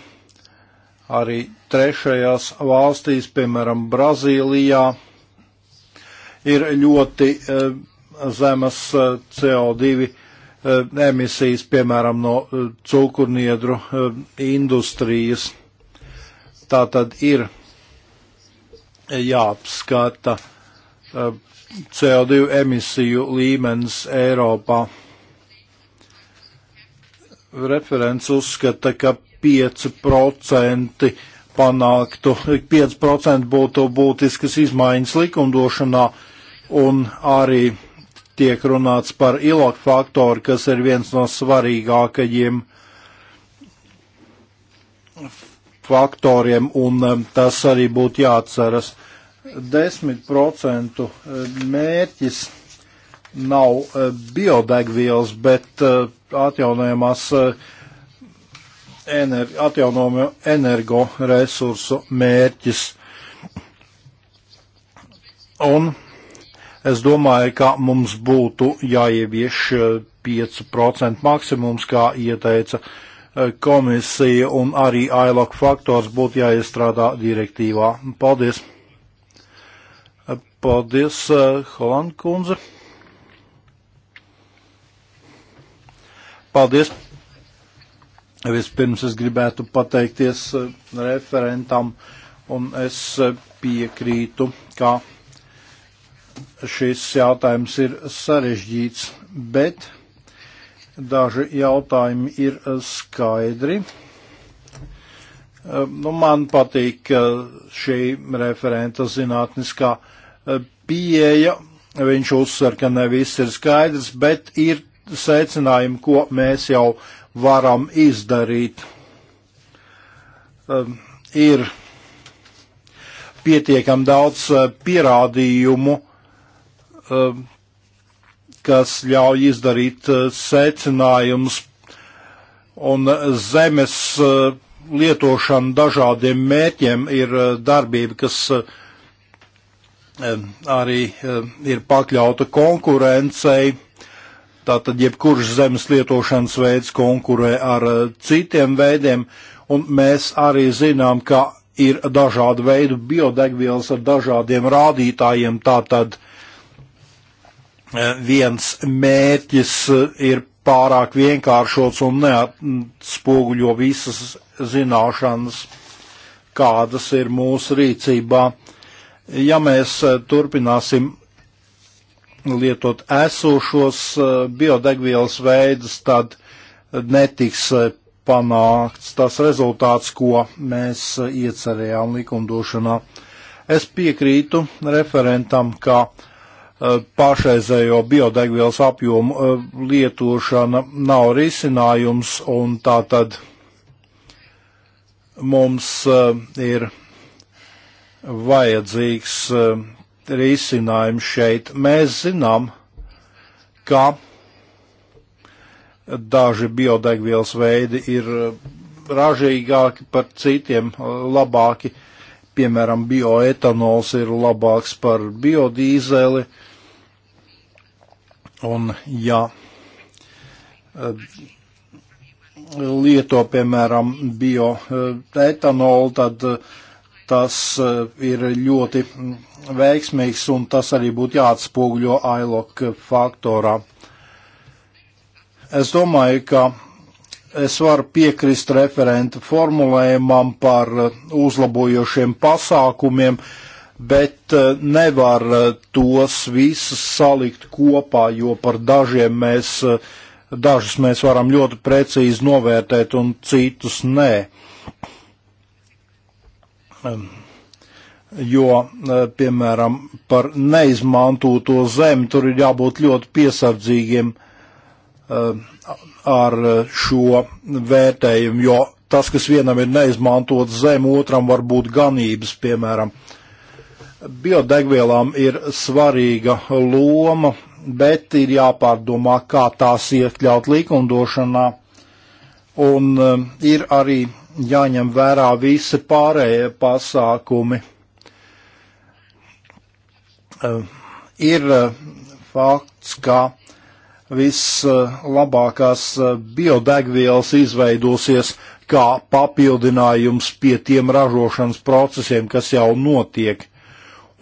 arī trešajās valstīs, piemēram, Brazīlijā, ir ļoti eh, zemas eh, CO2 emisijas, piemēram, no cukurniedru industrijas. Tā tad ir jāapskata eh, CO2 emisiju līmenis Eiropā. Referents uzskata, ka 5% panāktu, 5% būtu būtiskas izmaiņas likumdošanā un arī tiek runāts par ilok faktoru, kas ir viens no svarīgākajiem faktoriem, un um, tas arī būtu jāatceras. 10% uh, mērķis nav uh, biodegvielas, bet uh, atjaunojamās ener, atjaunojumu energoresursu mērķis. Un es domāju, ka mums būtu jāievieš 5% maksimums, kā ieteica uh, komisija un arī ILOC faktors būtu jāiestrādā direktīvā. Paldies! Paldies, eh, Holanda kundze! Paldies! Vispirms es gribētu pateikties eh, referentam, un es eh, piekrītu, ka šis jautājums ir sarežģīts, bet Daži jautājumi ir eh, skaidri. Eh, nu, man patīk eh, šī referenta zinātniskā pieeja. Viņš uzsver, ka ne viss ir skaidrs, bet ir secinājumi, ko mēs jau varam izdarīt. Ir pietiekam daudz pierādījumu kas ļauj izdarīt eh, secinājumus un eh, zemes eh, lietošana dažādiem mērķiem ir darbība, kas arī ir pakļauta konkurencei. Tātad jebkurš zemes lietošanas veids konkurē ar citiem veidiem, un mēs arī zinām, ka ir dažādi veidi biodegvielas ar dažādiem rādītājiem, tātad uh, viens mērķis ir pārāk vienkāršots un neatspoguļo visas zināšanas, kādas ir mūsu rīcībā. Ja mēs eh, turpināsim lietot esošos eh, biodegvielas veidus, tad netiks eh, panākts tas rezultāts, ko mēs iecerējām likumdošanā. Es piekrītu referentam, ka uh, Eh, pašreizējo biodegvielas apjomu eh, lietošana nav risinājums, un tā tad mums eh, ir vajadzīgs risinājums šeit. Mēs zinām, ka daži biodegvielas veidi ir ražīgāki par citiem, labāki piemēram, bioetanols ir labāks par biodīzeli. Un, ja eh, lieto, piemēram, bioetanolu, tad eh, tas eh, ir ļoti veiksmīgs un tas arī būtu jāatspūgļo ILOC faktorā. Es domāju, ka es varu piekrist referentu formulējumam par eh, uzlabojošiem pasākumiem, bet eh, nevar eh, tos visus salikt kopā, jo par dažiem mēs, dažus mēs varam ļoti precīzi novērtēt un citus nē. Ehm, jo, piemēram, par neizmantoto zemi tur ir jābūt ļoti piesardzīgiem ehm, ar eh, šo vērtējumu, jo tas, kas vienam ir neizmantots zem, otram var būt ganības, piemēram. Biodegvielām ir svarīga loma, bet ir jāpārdomā, kā tās iekļaut likumdošanā, un eh, ir arī jāņem vērā visi pārējie pasākumi. Eh, ir fakts, ka vislabākās eh, biodegvielas izveidosies kā papildinājums pie tiem ražošanas procesiem, kas jau notiek.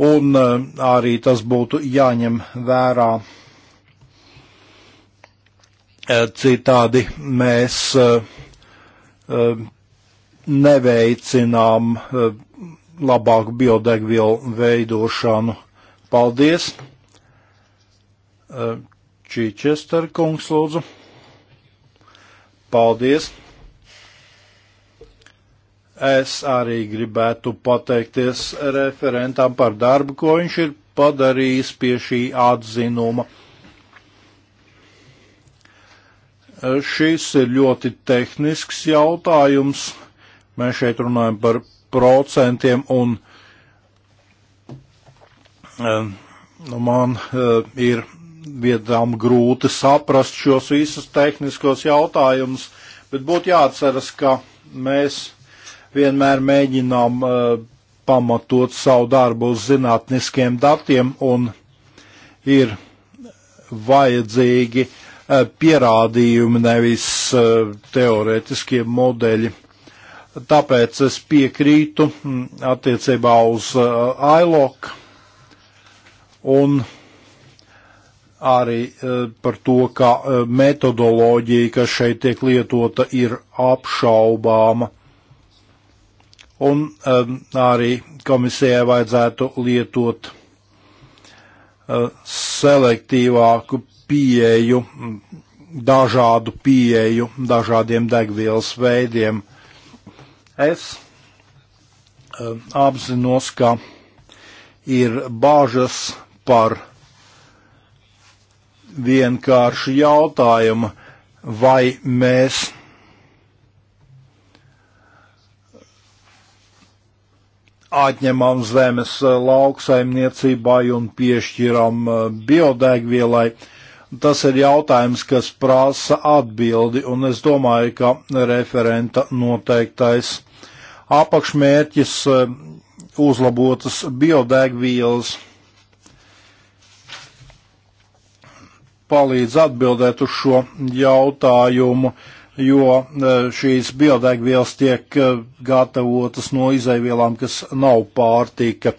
Un eh, arī tas būtu jāņem vērā. Eh, citādi mēs neveicinām labāku biodegvielu veidošanu. Paldies! Čičester kungs lūdzu. Paldies! Es arī gribētu pateikties referentam par darbu, ko viņš ir padarījis pie šī atzinuma. Šis ir ļoti tehnisks jautājums. Mēs šeit runājam par procentiem un eh, nu, man eh, ir viedām grūti saprast šos visus tehniskos jautājumus, bet būtu jāatceras, ka mēs vienmēr mēģinām uh, pamatot savu darbu uz zinātniskiem datiem un ir vajadzīgi uh, pierādījumi, nevis uh, teorētiskie modeļi. Tāpēc es piekrītu mm, attiecībā uz uh, ILOC un uh, arī eh, par to, ka eh, metodoloģija, kas šeit tiek lietota, ir apšaubāma. Un eh, arī komisijai vajadzētu lietot selektīvāku pieeju, dažādu pieeju, dažādiem degvielas veidiem. Es apzinos, ka ir bāžas par vienkāršu jautājumu, vai mēs atņemam zemes eh, lauksaimniecībai un piešķiram eh, biodegvielai. Tas ir jautājums, kas prasa atbildi, un es domāju, ka referenta noteiktais apakšmērķis eh, uzlabotas biodegvielas palīdz atbildēt uz šo jautājumu, jo e, šīs biodegvielas tiek e, gatavotas no izaivielām, kas nav pārtika.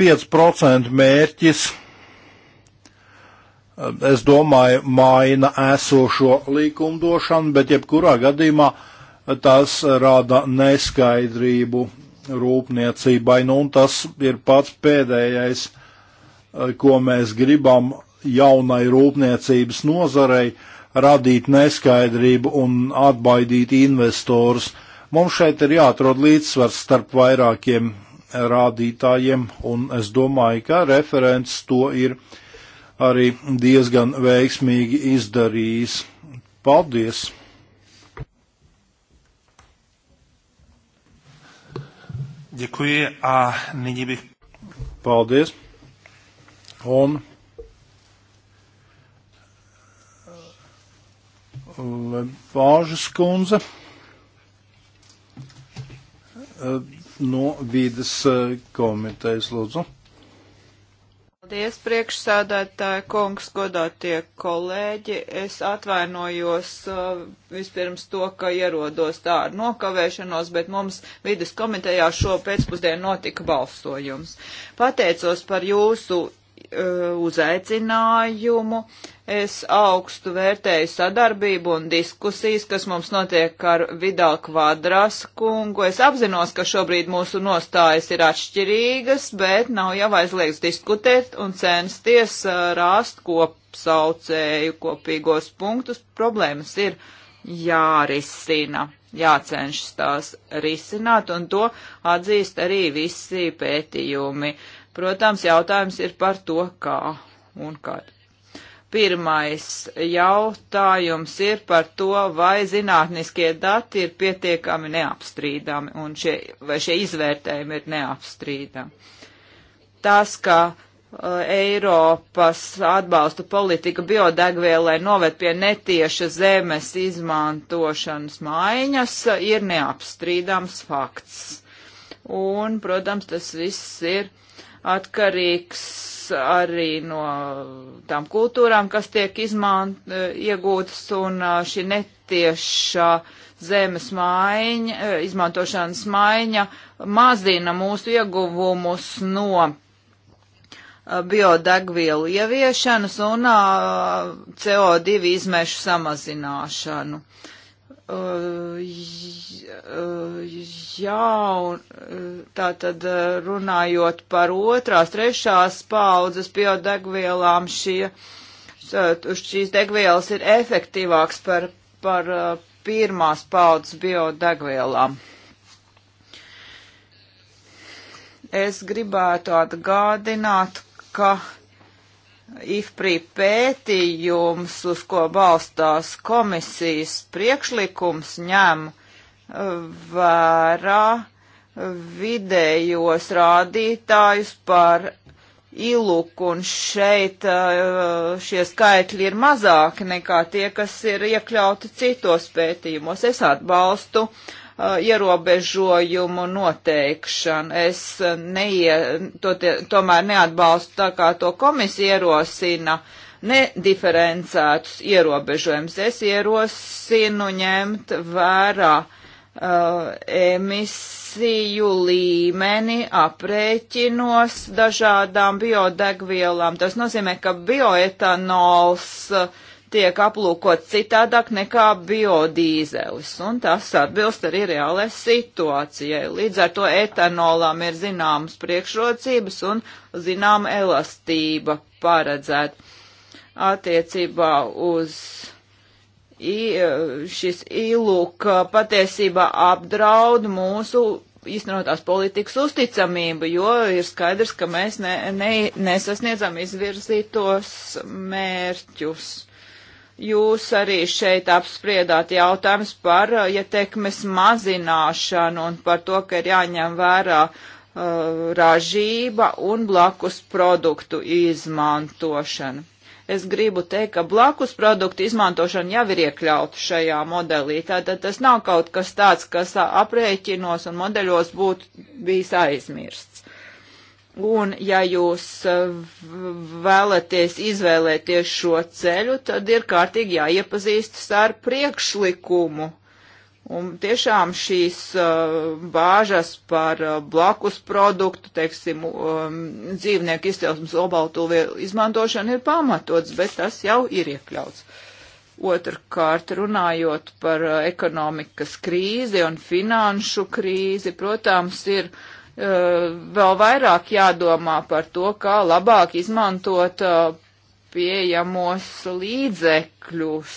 5% mērķis, e, es domāju, maina esošo likumdošanu, bet jebkurā gadījumā tas rada neskaidrību rūpniecībai. Nu, un tas ir pats pēdējais, ko mēs gribam jaunai rūpniecības nozarei radīt neskaidrību un atbaidīt investors. Mums šeit ir jāatrod līdzsvars starp vairākiem rādītājiem, un es domāju, ka referents to ir arī diezgan veiksmīgi izdarījis. Paldies! Děkuji a nyní bych. Paldies. Un Lebāžas kundze e, no vīdes e, komitejas lūdzu. Paldies, priekšsādātāja kungs, godātie kolēģi. Es atvainojos uh, vispirms to, ka ierodos tā ar nokavēšanos, bet mums vidas komitejā šo pēcpusdienu notika balsojums. Pateicos par jūsu Eh, uzaicinājumu. Es augstu vērtēju sadarbību un diskusijas, kas mums notiek ar Vidal Kvadras kungu. Es apzinos, ka šobrīd mūsu nostājas ir atšķirīgas, bet nav jau aizliegts diskutēt un censties eh, rāst kopsaucēju kopīgos punktus. Problēmas ir jārisina, jācenšas tās risināt, un to atzīst arī visi pētījumi. Uh, Protams, jautājums ir par to, kā un kad. Pirmais jautājums ir par to, vai zinātniskie dati ir pietiekami neapstrīdami un šie, vai šie izvērtējumi ir neapstrīdami. Tas, ka uh, Eiropas atbalsta politika biodegvielai noved pie netieša zemes izmantošanas maiņas, ir neapstrīdams fakts. Un, protams, tas viss ir atkarīgs arī no tām kultūrām, kas tiek izmant, e, iegūtas, un e, šī netiešā zemes maiņa, e, izmantošanas maiņa mazina mūsu ieguvumus no biodegvielu ieviešanas un CO2 izmešu samazināšanu. Uh, jaun, tā tad runājot par otrās, trešās paudzes biodegvielām, šie, šīs degvielas ir efektīvāks par, par pirmās paudzes biodegvielām. Es gribētu atgādināt, ka IFPRI pētījums, uz ko balstās komisijas priekšlikums, ņem uh, vērā vidējos rādītājus par iluku, un šeit uh, šie skaitļi ir mazāki nekā tie, kas ir iekļauti citos pētījumos. Es atbalstu uh, Uh, ierobežojumu noteikšanu. Es neie, to tie, tomēr neatbalstu tā kā to komisija ierosina nediferencētus ierobežojumus. Es ierosinu ņemt vērā uh, emisiju līmeni aprēķinos dažādām biodegvielām. Tas nozīmē, ka bioetanols uh, tiek aplūkots citādāk nekā biodīzelis, un tas atbilst arī reālai situācijai. Līdz ar to etanolām ir zināmas priekšrocības un zināma elastība paredzēt attiecībā uz I, šis ilūk patiesībā apdraud mūsu īstenotās politikas uzticamību, jo ir skaidrs, ka mēs ne, ne, nesasniedzam izvirzītos mērķus. Jūs arī šeit apspriedāt jautājums par uh, ietekmes ja mazināšanu un par to, ka ir jāņem vērā uh, ražība un blakus produktu izmantošana. Es gribu teikt, ka blakus produktu izmantošana jau ir iekļauta šajā modelī. Tātad tas nav kaut kas tāds, kas aprēķinos un modeļos būtu bijis aizmirsts. Un, ja jūs eh, vēlaties izvēlēties šo ceļu, tad ir kārtīgi jāiepazīstas ar priekšlikumu. Un tiešām šīs eh, bāžas par eh, blakus produktu, teiksim, um, dzīvnieku izcelsmes obaltūvielu izmantošanu ir pamatots, bet tas jau ir iekļauts. Otrkārt, runājot par ekonomikas krīzi un finanšu krīzi, protams, ir uh, Eh, vēl vairāk jādomā par to, kā labāk izmantot eh, pieejamos līdzekļus.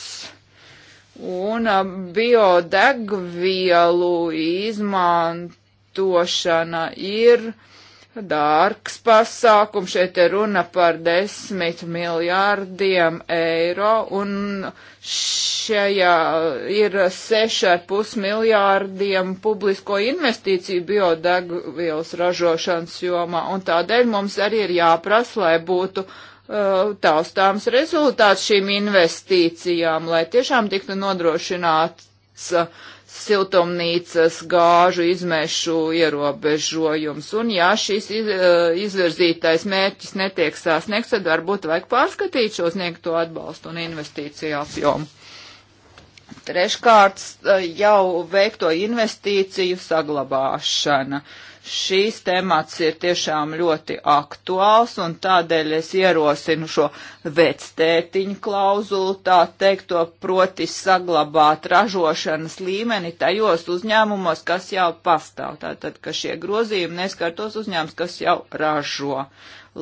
Un eh, biodegvielu izmantošana ir uh, dārgs pasākums. Šeit ir runa par desmit miljārdiem eiro, un šajā ir seši ar pus miljārdiem publisko investīciju biodegvielas ražošanas jomā, un tādēļ mums arī ir jāprasa, lai būtu uh, taustāms rezultāts šīm investīcijām, lai tiešām tiktu nodrošināts uh, siltumnīcas gāžu izmešu ierobežojums. Un ja šis iz, e, izvirzītais mērķis netiek sasniegts, tad varbūt vajag pārskatīt šo sniegto atbalstu un investīciju apjomu. Treškārt, e, jau veikto investīciju saglabāšana. Uh, šīs temats ir tiešām ļoti aktuāls, un tādēļ es ierosinu šo vectētiņu klauzulu, tā teikto, proti saglabāt ražošanas līmeni tajos uzņēmumos, kas jau pastāv. Tātad, ka šie grozījumi neskartos uzņēmums, kas jau ražo.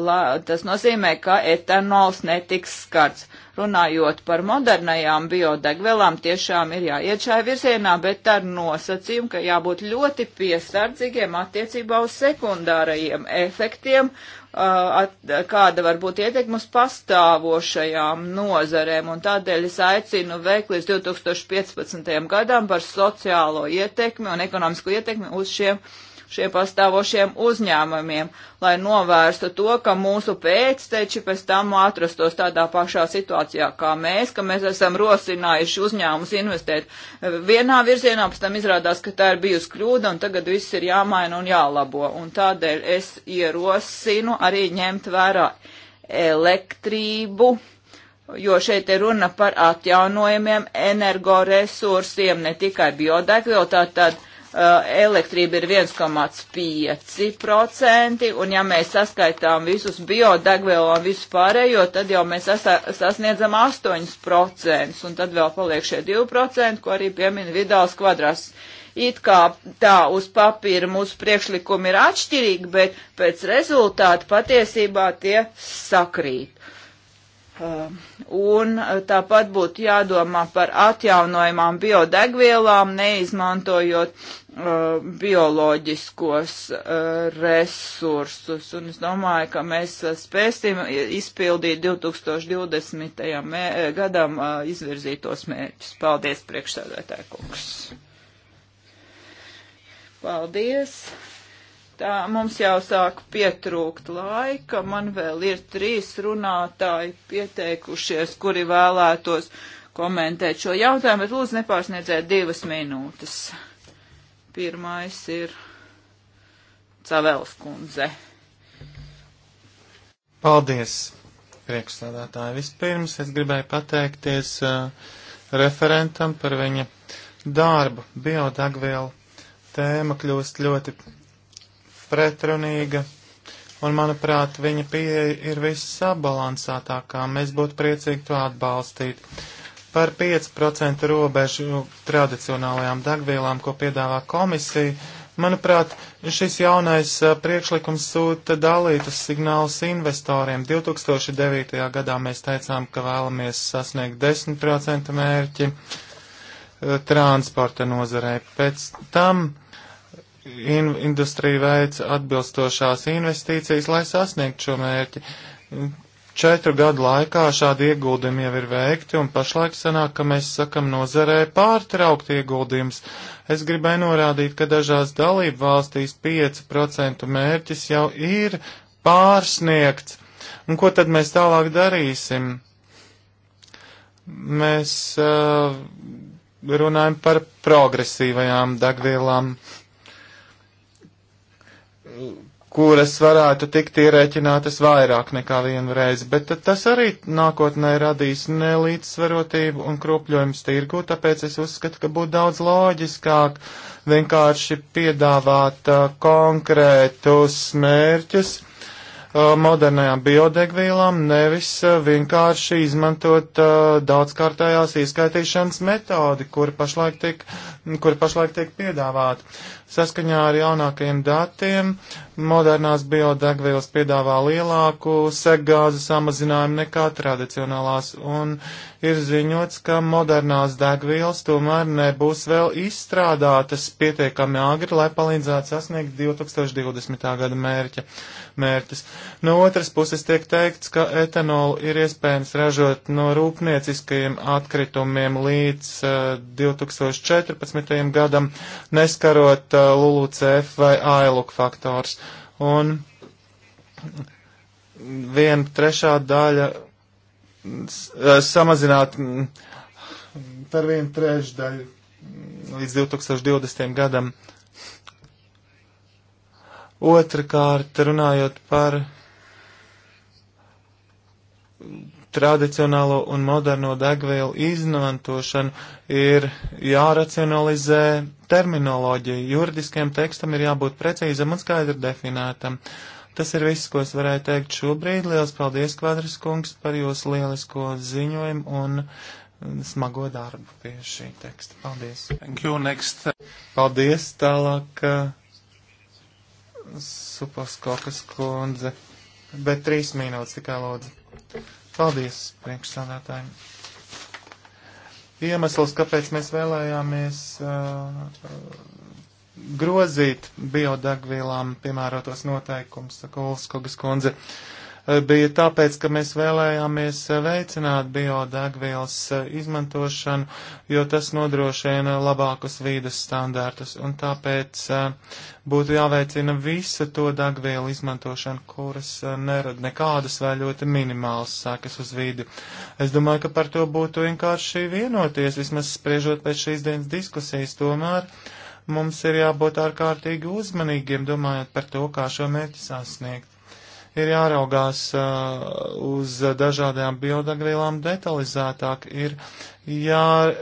La, tas nozīmē, ka etanols netiks skarts runājot par modernajām biodegvielām, tiešām ir jāiet šajā virzienā, bet ar nosacījumu, ka jābūt ļoti piesardzīgiem attiecībā uz sekundārajiem efektiem, uh, at, kāda var būt ietekme uz pastāvošajām nozarēm, un tādēļ es aicinu veikt līdz 2015. gadam par sociālo ietekmi un ekonomisko ietekmi uz šiem šiem pastāvošiem uzņēmumiem, lai novērstu to, ka mūsu pēcteči pēc tam atrastos tādā pašā situācijā kā mēs, ka mēs esam rosinājuši uzņēmumus investēt vienā virzienā, pēc tam izrādās, ka tā ir bijusi kļūda un tagad viss ir jāmaina un jālabo. Un tādēļ es ierosinu arī ņemt vērā elektrību jo šeit ir runa par atjaunojumiem energoresursiem, ne tikai biodegvielu, tātad Eh, elektrība ir 1,5%, un ja mēs saskaitām visus biodegvielu un visu pārējo, tad jau mēs sasniedzam 8%, un tad vēl paliek šie 2%, ko arī piemina Vidāls kvadrās. It kā tā uz papīra mūsu priekšlikumi ir atšķirīgi, bet pēc rezultāta patiesībā tie sakrīt. Uh, un uh, tāpat būtu jādomā par atjaunojumām biodegvielām, neizmantojot uh, bioloģiskos uh, resursus. Un es domāju, ka mēs uh, spēsim izpildīt 2020. Mē, gadam uh, izvirzītos mērķus. Paldies, priekšsēdētāj kungs. Paldies. Tā, mums jau sāk pietrūkt laika, man vēl ir trīs runātāji pieteikušies, kuri vēlētos komentēt šo jautājumu, bet lūdzu nepārsniedziet divas minūtes. Pirmais ir Cavels kundze. Paldies, priekšstādātāji. Vispirms es gribēju pateikties uh, referentam par viņa darbu. Biodegvielu tēma kļūst ļoti pretrunīga, un, manuprāt, viņa pieeja ir vissabalansētākā. Mēs būtu priecīgi to atbalstīt. Par 5% robežu tradicionālajām degvielām, ko piedāvā komisija, manuprāt, šis jaunais eh, priekšlikums sūta dalītus signālus investoriem. 2009. gadā mēs teicām, ka vēlamies sasniegt 10% mērķi eh, transporta nozarē. Pēc tam in industrija veic atbilstošās investīcijas, lai sasniegtu šo mērķi. Četru gadu laikā šādi ieguldījumi jau ir veikti, un pašlaik sanāk, ka mēs sakam nozarē pārtraukt ieguldījumus. Es gribēju norādīt, ka dažās dalību valstīs 5% mērķis jau ir pārsniegts. Un ko tad mēs tālāk darīsim? Mēs uh, runājam par progresīvajām degvielām. Uh, kuras varētu tikt ierēķinātas vairāk nekā vienu reizi, bet tas arī nākotnē radīs nelīdzsvarotību un kropļojumus tirgu, tāpēc es uzskatu, ka būtu daudz loģiskāk vienkārši piedāvāt uh, konkrētus mērķus uh, modernajām biodegvīlām, nevis uh, vienkārši izmantot uh, daudzkārtējās izskaitīšanas metodi, kur pašlaik tiek, kur pašlaik tiek piedāvāt. Saskaņā ar jaunākajiem datiem modernās biodegvielas piedāvā lielāku segāzu samazinājumu nekā tradicionālās, un ir ziņots, ka modernās degvielas tomēr nebūs vēl izstrādātas pietiekami agri, lai palīdzētu sasniegt 2020. gada mērķa, mērķis. No otras puses tiek teikts, ka etanolu ir iespējams ražot no rūpnieciskajiem atkritumiem līdz uh, eh, 2014. gadam, neskarot uh, LULUCF vai AILUK faktors. Un viena trešā daļa uh, samazināt mm, par vienu trešdaļu līdz 2020. gadam. Otrakārt, runājot par tradicionālo un moderno degvielu izmantošanu, ir jāracionalizē terminoloģiju. Juridiskajam tekstam ir jābūt precīzam un skaidri definētam. Tas ir viss, ko es varēju teikt šobrīd. Lielas paldies, Kvadris kungs, par jūsu lielisko ziņojumu un smago darbu pie šī teksta. Paldies. Thank you, next. Paldies, tālāk. Supaskokas kundze, bet trīs minūtes tikai lūdzu. Paldies priekšsādātājiem iemesls, kāpēc mēs vēlējāmies uh, grozīt biodegvielām piemērotos noteikums, saka Ulskogas kundze. Uh, bija tāpēc, ka mēs vēlējāmies veicināt biodegvielas izmantošanu, jo tas nodrošina labākus vīdes standārtus, un tāpēc eh, būtu jāveicina visa to degvielu izmantošana, kuras eh, nerada nekādas vai ļoti minimālas sākas uz vīdi. Es domāju, ka par to būtu vienkārši vienoties, vismaz spriežot pēc šīs dienas diskusijas, tomēr mums ir jābūt ārkārtīgi uzmanīgiem, domājot par to, kā šo mērķi sasniegt ir jāraugās uh, uz dažādajām biodegvielām detalizētāk, ir jā,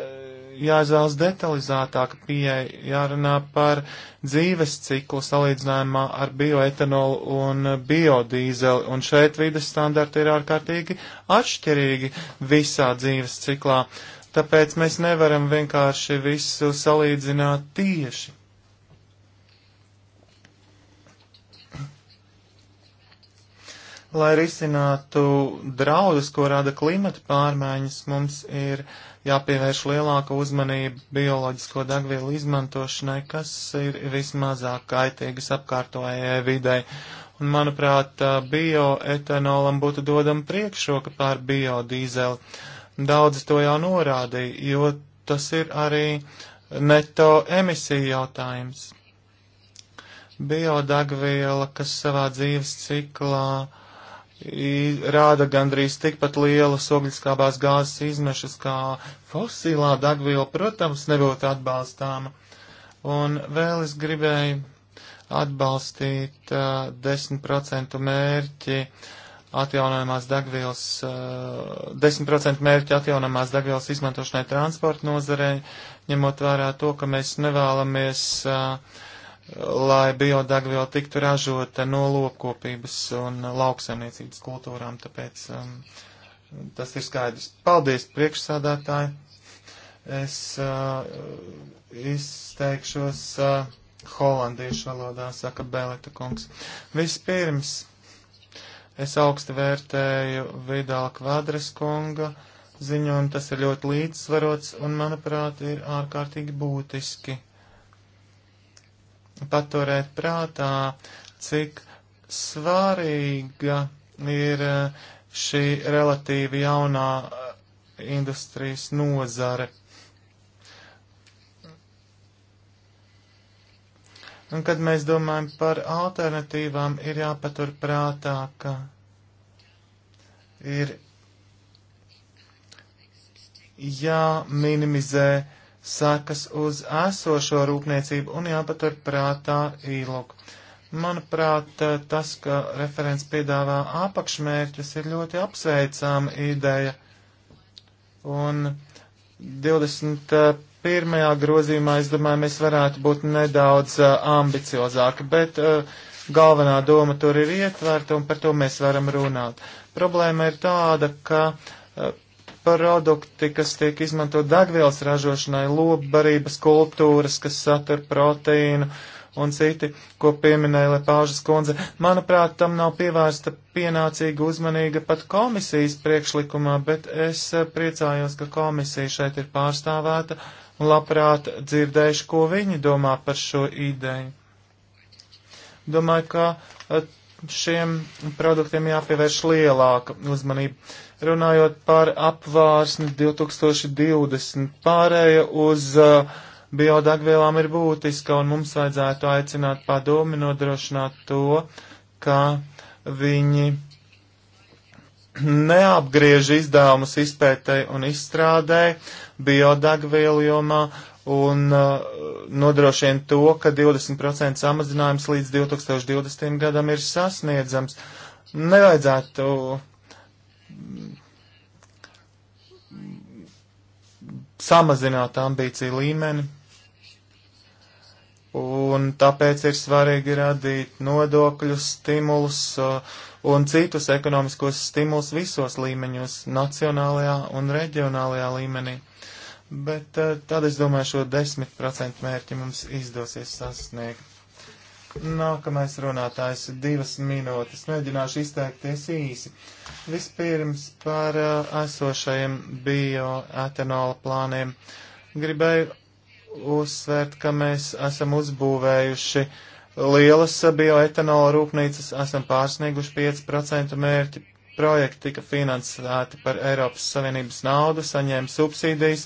jāizvēlas detalizētāk pieeja, jārunā par dzīves ciklu salīdzinājumā ar bioetanolu un biodīzeli, un šeit vides standarti ir ārkārtīgi atšķirīgi visā dzīves ciklā, tāpēc mēs nevaram vienkārši visu salīdzināt tieši. Lai risinātu draudus, ko rada klimata pārmaiņas, mums ir jāpievērš lielāka uzmanība bioloģisko degvielu izmantošanai, kas ir vismazāk kaitīgas apkārtojai videi. Un, manuprāt, bioetanolam būtu dodama priekšroka pār biodīzeli. Daudzi to jau norādīja, jo tas ir arī neto emisiju jautājums. Biodagviela, kas savā dzīves ciklā rāda gandrīz tikpat lielas ogļskābās gāzes izmešas kā fosilā degviela, protams, nebūtu atbalstāma. Un vēl es gribēju atbalstīt uh, 10% mērķi atjaunojamās degvielas, uh, 10% mērķi atjaunojamās degvielas izmantošanai transporta nozarei, ņemot vērā to, ka mēs nevēlamies uh, lai biodegviela tiktu ražota no lopkopības un lauksaimniecības kultūrām, tāpēc um, tas ir skaidrs. Paldies, priekšsādātāji! Es uh, izteikšos uh, holandiešu valodā, saka Bēleta kungs. Vispirms es augstu vērtēju Vidāla kvadras kunga ziņu, un tas ir ļoti līdzsvarots un, manuprāt, ir ārkārtīgi būtiski paturēt prātā, cik svarīga ir eh, šī relatīvi jaunā eh, industrijas nozare. Un kad mēs domājam par alternatīvām, ir jāpatur prātā, ka ir jāminimizē sekas uz esošo rūpniecību un jāpatur prātā īluk. Manuprāt, tas, ka referents piedāvā apakšmērķus, ir ļoti apsveicama ideja. Un 21. grozījumā, es domāju, mēs varētu būt nedaudz ambiciozāki, bet uh, galvenā doma tur ir ietverta un par to mēs varam runāt. Problēma ir tāda, ka uh, produkti, kas tiek izmantot degvielas ražošanai, lopbarības kultūras, kas satur proteīnu un citi, ko pieminēja Lepāžas kundze. Manuprāt, tam nav pievērsta pienācīga uzmanīga pat komisijas priekšlikumā, bet es eh, priecājos, ka komisija šeit ir pārstāvēta un labprāt dzirdēšu, ko viņi domā par šo ideju. Domāju, ka eh, šiem produktiem jāpievērš lielāka uzmanība. Runājot par apvārsni 2020, pārēja uz uh, biodegvielām ir būtiska, un mums vajadzētu aicināt padomi nodrošināt to, ka viņi neapgriež izdevumus izpētēji un izstrādēji biodegvielu jomā un uh, nodrošina to, ka 20% samazinājums līdz 2020. gadam ir sasniedzams. Nevajadzētu samazināt ambīciju līmeni, un tāpēc ir svarīgi radīt nodokļu stimulus uh, un citus ekonomiskos stimulus visos līmeņos - nacionālajā un reģionālajā līmenī. Bet uh, tad es domāju, šo 10% mērķi mums izdosies sasniegt. Nākamais runātājs - divas minūtes. Mēģināšu izteikties īsi. Vispirms par uh, esošajiem bioetanola plāniem. Gribēju uzsvērt, ka mēs esam uzbūvējuši lielas bioetanola rūpnīcas, esam pārsnieguši 5% mērķi. Projekti tika finansēti par Eiropas Savienības naudu, saņēma subsīdijas,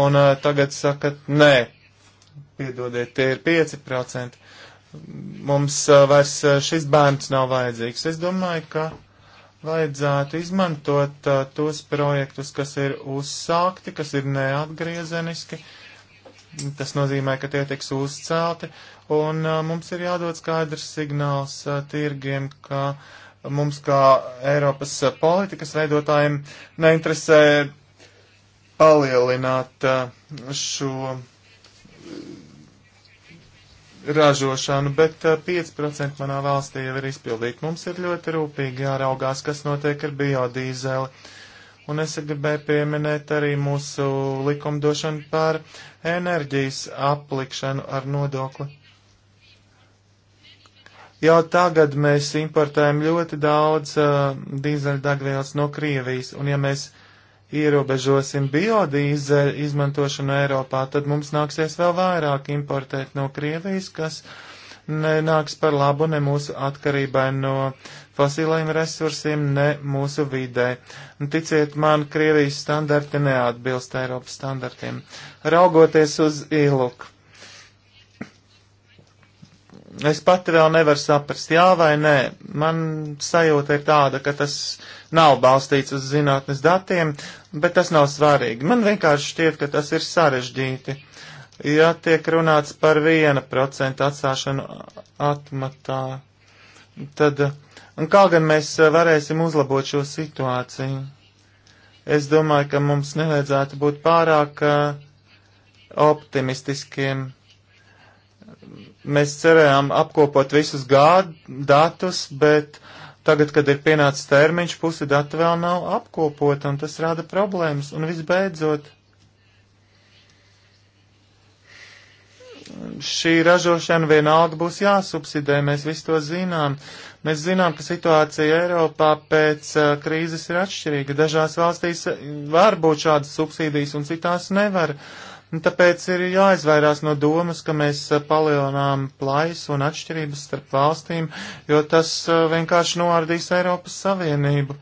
un uh, tagad sakat, nē, piedodiet, tie ir 5% mums vairs šis bērns nav vajadzīgs. Es domāju, ka vajadzētu izmantot uh, tos projektus, kas ir uzsākti, kas ir neatgriezeniski. Tas nozīmē, ka tie tiks uzcelti, un uh, mums ir jādod skaidrs signāls uh, tirgiem, ka mums kā Eiropas politikas veidotājiem neinteresē palielināt šo ražošanu, bet 5% eh, manā valstī jau ir izpildīti. Mums ir ļoti rūpīgi jāraugās, kas notiek ar biodīzeli. Un es gribēju pieminēt arī mūsu likumdošanu par enerģijas aplikšanu ar nodokli. Jau tagad mēs importējam ļoti daudz uh, eh, dīzeļdagvielas no Krievijas, un ja mēs ierobežosim biodīzeļu izmantošanu Eiropā, tad mums nāksies vēl vairāk importēt no Krievijas, kas nenāks par labu ne mūsu atkarībai no fosilajiem resursiem, ne mūsu vidē. Un ticiet man, Krievijas standarti neatbilst Eiropas standartiem. Raugoties uz ILUK, es pati vēl nevaru saprast, jā vai nē. Man sajūta ir tāda, ka tas nav balstīts uz zinātnes datiem, bet tas nav svarīgi. Man vienkārši šķiet, ka tas ir sarežģīti. Ja tiek runāts par viena procenta atstāšanu atmatā, tad kā gan mēs varēsim uzlabot šo situāciju? Es domāju, ka mums nevajadzētu būt pārāk eh, optimistiskiem mēs cerējām apkopot visus gādu datus, bet tagad, kad ir pienācis termiņš, pusi datu vēl nav apkopot, un tas rada problēmas. Un visbeidzot, šī ražošana vienalga būs jāsubsidē, mēs visu to zinām. Mēs zinām, ka situācija Eiropā pēc uh, krīzes ir atšķirīga. Dažās valstīs var būt šādas subsīdijas un citās nevar. Uh, Nu, tāpēc ir jāizvairās no domas, ka mēs eh, palielinām plaisu un atšķirības starp valstīm, jo tas eh, vienkārši noārdīs Eiropas Savienību.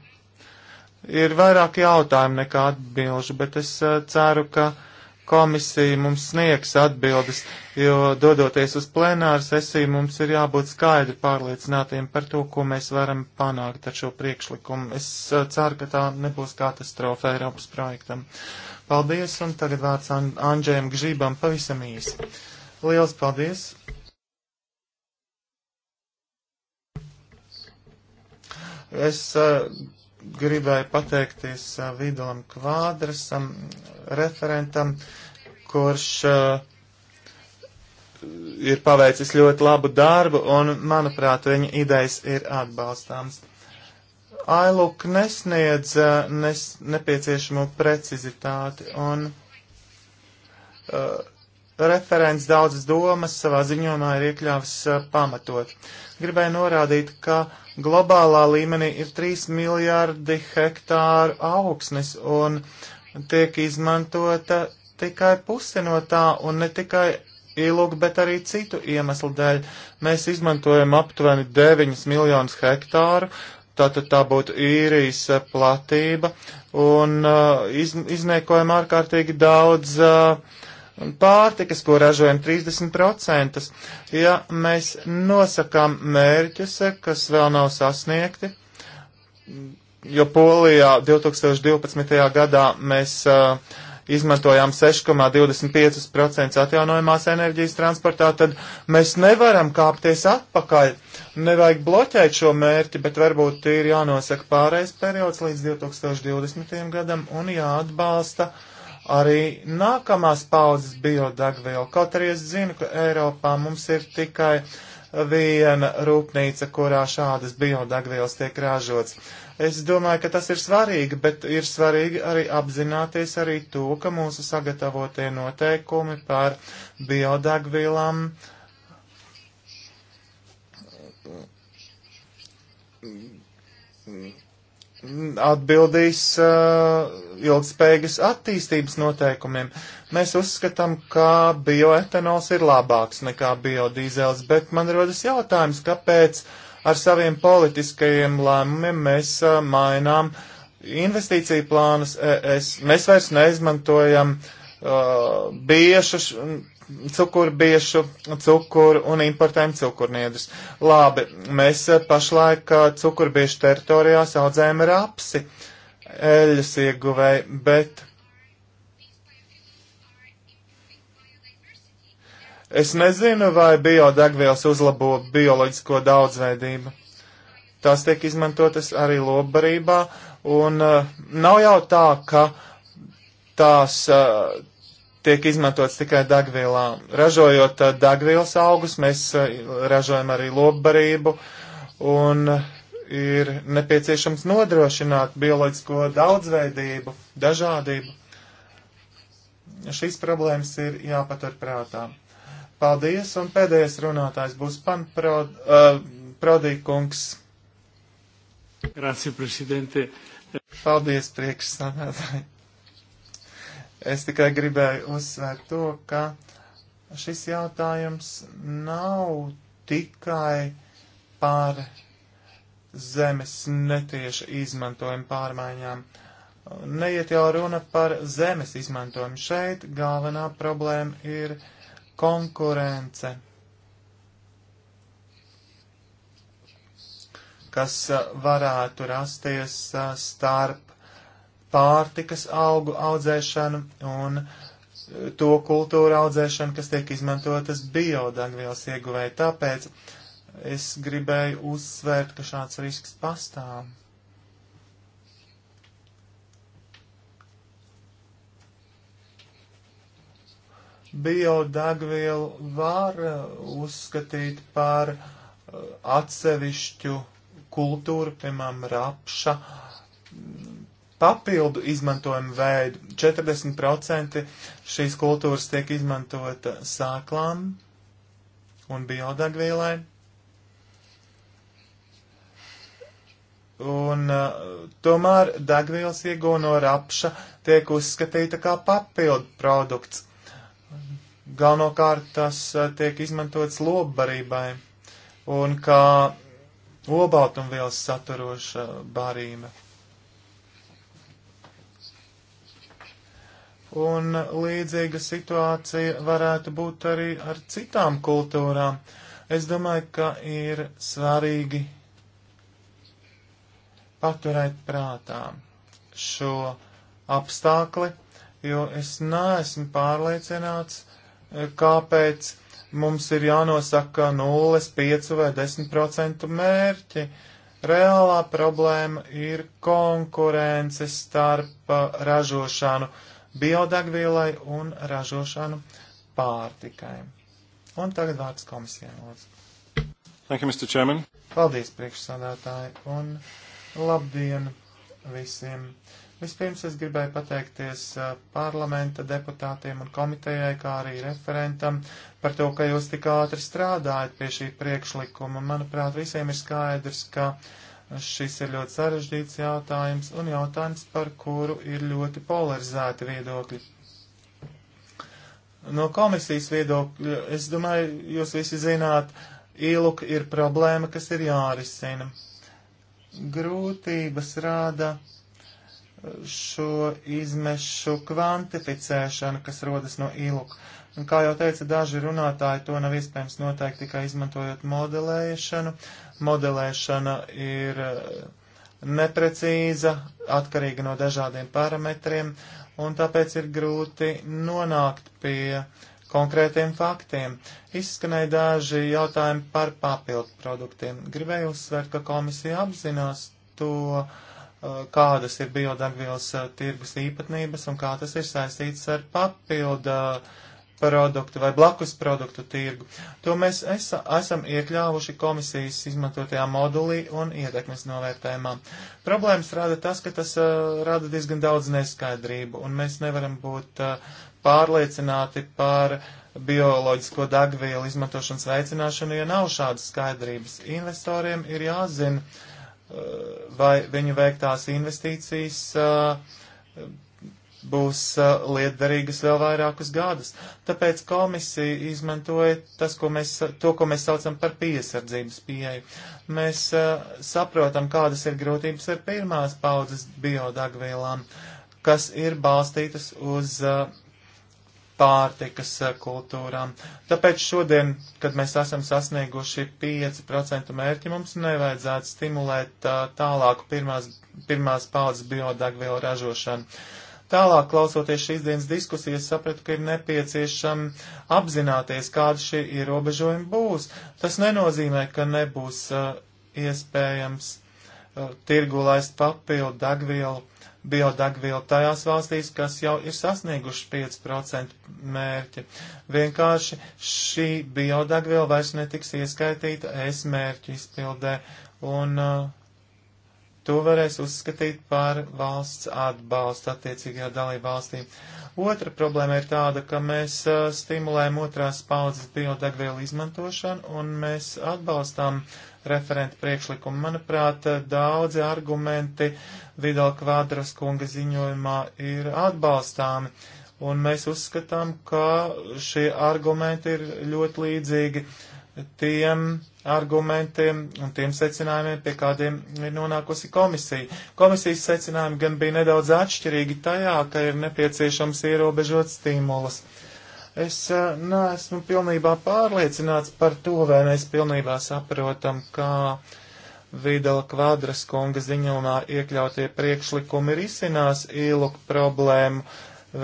Ir vairāk jautājumu nekā atbilžu, bet es eh, ceru, ka komisija mums sniegs atbildes, jo dodoties uz plenāru sesiju mums ir jābūt skaidri pārliecinātiem par to, ko mēs varam panākt ar šo priekšlikumu. Es ceru, ka tā nebūs katastrofa Eiropas projektam. Paldies, un tagad vārds Andžējam Gžībam pavisam īsi. Liels paldies! Es uh, gribēju pateikties uh, eh, Vidalam Kvādrasam, referentam, kurš uh, ir paveicis ļoti labu darbu, un, manuprāt, viņa idejas ir atbalstāmas. Ailuk nesniedz uh, nes, nepieciešamo precizitāti, un uh, referents daudzas domas savā ziņojumā ir iekļāvis uh, pamatot. Gribēju norādīt, ka globālā līmenī ir 3 miljārdi hektāru augsnes, un tiek izmantota tikai puse no tā, un ne tikai ielūk, bet arī citu iemeslu dēļ. Mēs izmantojam aptuveni 9 miljonus hektāru, Tātad tā būtu īrijas eh, platība un eh, iz, izniekojam ārkārtīgi daudz eh, pārtikas, ko ražojam 30%. Ja mēs nosakām mērķus, kas vēl nav sasniegti, jo Polijā 2012. gadā mēs uh, izmantojām 6,25% atjaunojumās enerģijas transportā, tad mēs nevaram kāpties atpakaļ. Nevajag bloķēt šo mērķi, bet varbūt ir jānosaka pārējais periods līdz 2020. gadam un jāatbalsta arī nākamās paudzes biodegvielu. Kaut arī es zinu, ka Eiropā mums ir tikai viena rūpnīca, kurā šādas biodegvielas tiek ražots. Es domāju, ka tas ir svarīgi, bet ir svarīgi arī apzināties arī to, ka mūsu sagatavotie noteikumi par biodagvielām atbildīs uh, ilgspējīgas attīstības noteikumiem. Mēs uzskatām, ka bioetanols ir labāks nekā biodīzels, bet man rodas jautājums, kāpēc uh, ar saviem politiskajiem lēmumiem mēs uh, mainām investīciju plānus. Es, mēs vairs neizmantojam uh, biešu, cukuru biešu, cukuru un importējam cukurniedus. Labi, mēs uh, pašlaik uh, cukuru biešu teritorijās audzējam rapsi eļas ieguvēji, bet Es nezinu, vai biodegvielas uzlabo bioloģisko daudzveidību. Tās tiek izmantotas arī lobbarībā, un uh, nav jau tā, ka tās uh, tiek izmantotas tikai degvielā. Ražojot uh, degvielas augus, mēs uh, ražojam arī lobbarību, un uh, ir nepieciešams nodrošināt bioloģisko daudzveidību, dažādību. Šīs problēmas ir jāpatur prātā. Paldies, un pēdējais runātājs būs pan prod, uh, Prodīkungs. Grācija, prezidente. Paldies, priekšsādātāji. Es tikai gribēju uzsvērt to, ka šis jautājums nav tikai par zemes netieša izmantojuma pārmaiņām. Neiet jau runa par zemes izmantojumu. Šeit galvenā problēma ir konkurence, kas varētu rasties starp pārtikas augu audzēšanu un e, to kultūru audzēšanu, kas tiek izmantotas biodagvielas ieguvēja. Tāpēc es gribēju uzsvērt, ka šāds risks pastāv. biodegvielu var eh, uzskatīt par eh, atsevišķu kultūru, piemēram, rapša papildu izmantojumu veidu. 40% šīs kultūras tiek izmantota sēklām un biodegvielai. Un uh, tomēr degvielas iegūno rapša tiek uzskatīta kā papildu produkts galvenokārt tas eh, tiek izmantots lobbarībai un kā obaltumvielas saturoša barība. Un līdzīga situācija varētu būt arī ar citām kultūrām. Es domāju, ka ir svarīgi paturēt prātā šo apstākli, jo es neesmu pārliecināts, kāpēc mums ir jānosaka 0,5 vai 10% mērķi. Reālā problēma ir konkurence starp uh, ražošanu biodegvielai un ražošanu pārtikai. Un tagad vārds komisijai, lūdzu. Thank you, Mr. Chairman. Paldies, priekšsādātāji, un labdien visiem! Uh, Vispirms es gribēju pateikties parlamenta deputātiem un komitejai, kā arī referentam par to, ka jūs tik ātri strādājat pie šī priekšlikuma. Manuprāt, visiem ir skaidrs, ka šis ir ļoti sarežģīts jautājums un jautājums, par kuru ir ļoti polarizēti viedokļi. No komisijas viedokļa, es domāju, jūs visi zināt, īluk ir problēma, kas ir jārisina. Grūtības rāda šo izmešu kvantificēšanu, kas rodas no ILUK. Un, kā jau teica daži runātāji, to nav iespējams noteikt tikai izmantojot modelēšanu. Modelēšana ir eh, neprecīza, atkarīga no dažādiem parametriem, un tāpēc ir grūti nonākt pie konkrētiem faktiem. Izskanēja daži jautājumi par papildu produktiem. Gribēju uzsvērt, ka komisija apzinās to, uh, Uh, kādas ir biodegvielas uh, tirgus īpatnības un kā tas ir saistīts ar papildu produktu vai blakus produktu tirgu. To mēs esa, esam iekļāvuši komisijas izmantotajā modulī un ietekmes novērtējumā. Problēmas rada tas, ka tas uh, rada diezgan daudz neskaidrību, un mēs nevaram būt uh, pārliecināti par bioloģisko dagvielu izmantošanas veicināšanu, ja nav šādas skaidrības. Investoriem ir jāzina, Eh, vai viņu veiktās investīcijas eh, būs eh, lietderīgas vēl vairākus gadus. Tāpēc komisija izmantoja tas, ko mēs, to, ko mēs saucam par piesardzības pieeju. Mēs saprotam, kādas ir grūtības ar pirmās paudzes biodagvielām, kas ir balstītas uz pārtikas eh, kultūrām. Tāpēc šodien, kad mēs esam sasnieguši 5% mērķi, mums nevajadzētu stimulēt uh, tālāku pirmās, pirmās paudzes biodegvielu ražošanu. Tālāk, klausoties šīs dienas diskusijas, sapratu, ka ir nepieciešama apzināties, kāda šī ierobežojuma būs. Tas nenozīmē, ka nebūs uh, iespējams uh, tirgu laist papildu degvielu biodegvielu tajās valstīs, kas jau ir sasnieguši 5% mērķi. Vienkārši šī biodegviela vairs netiks ieskaitīta es mērķu izpildē, un uh, to varēs uzskatīt par valsts atbalstu attiecīgajā dalība valstī. Otra problēma ir tāda, ka mēs uh, stimulējam otrās paudzes biodegvielu izmantošanu, un mēs atbalstām uh, referenta priekšlikumu. Manuprāt, daudzi argumenti Vidal Kvadras kunga ziņojumā ir atbalstāmi, un mēs uzskatām, ka šie argumenti ir ļoti līdzīgi tiem argumentiem un tiem secinājumiem, pie kādiem ir nonākusi komisija. Komisijas secinājumi gan bija nedaudz atšķirīgi tajā, ka ir nepieciešams ierobežot stimulus. Uh, Es neesmu pilnībā pārliecināts par to, vai mēs pilnībā saprotam, kā Vidala kvadras kunga ziņumā iekļautie priekšlikumi risinās īluku problēmu,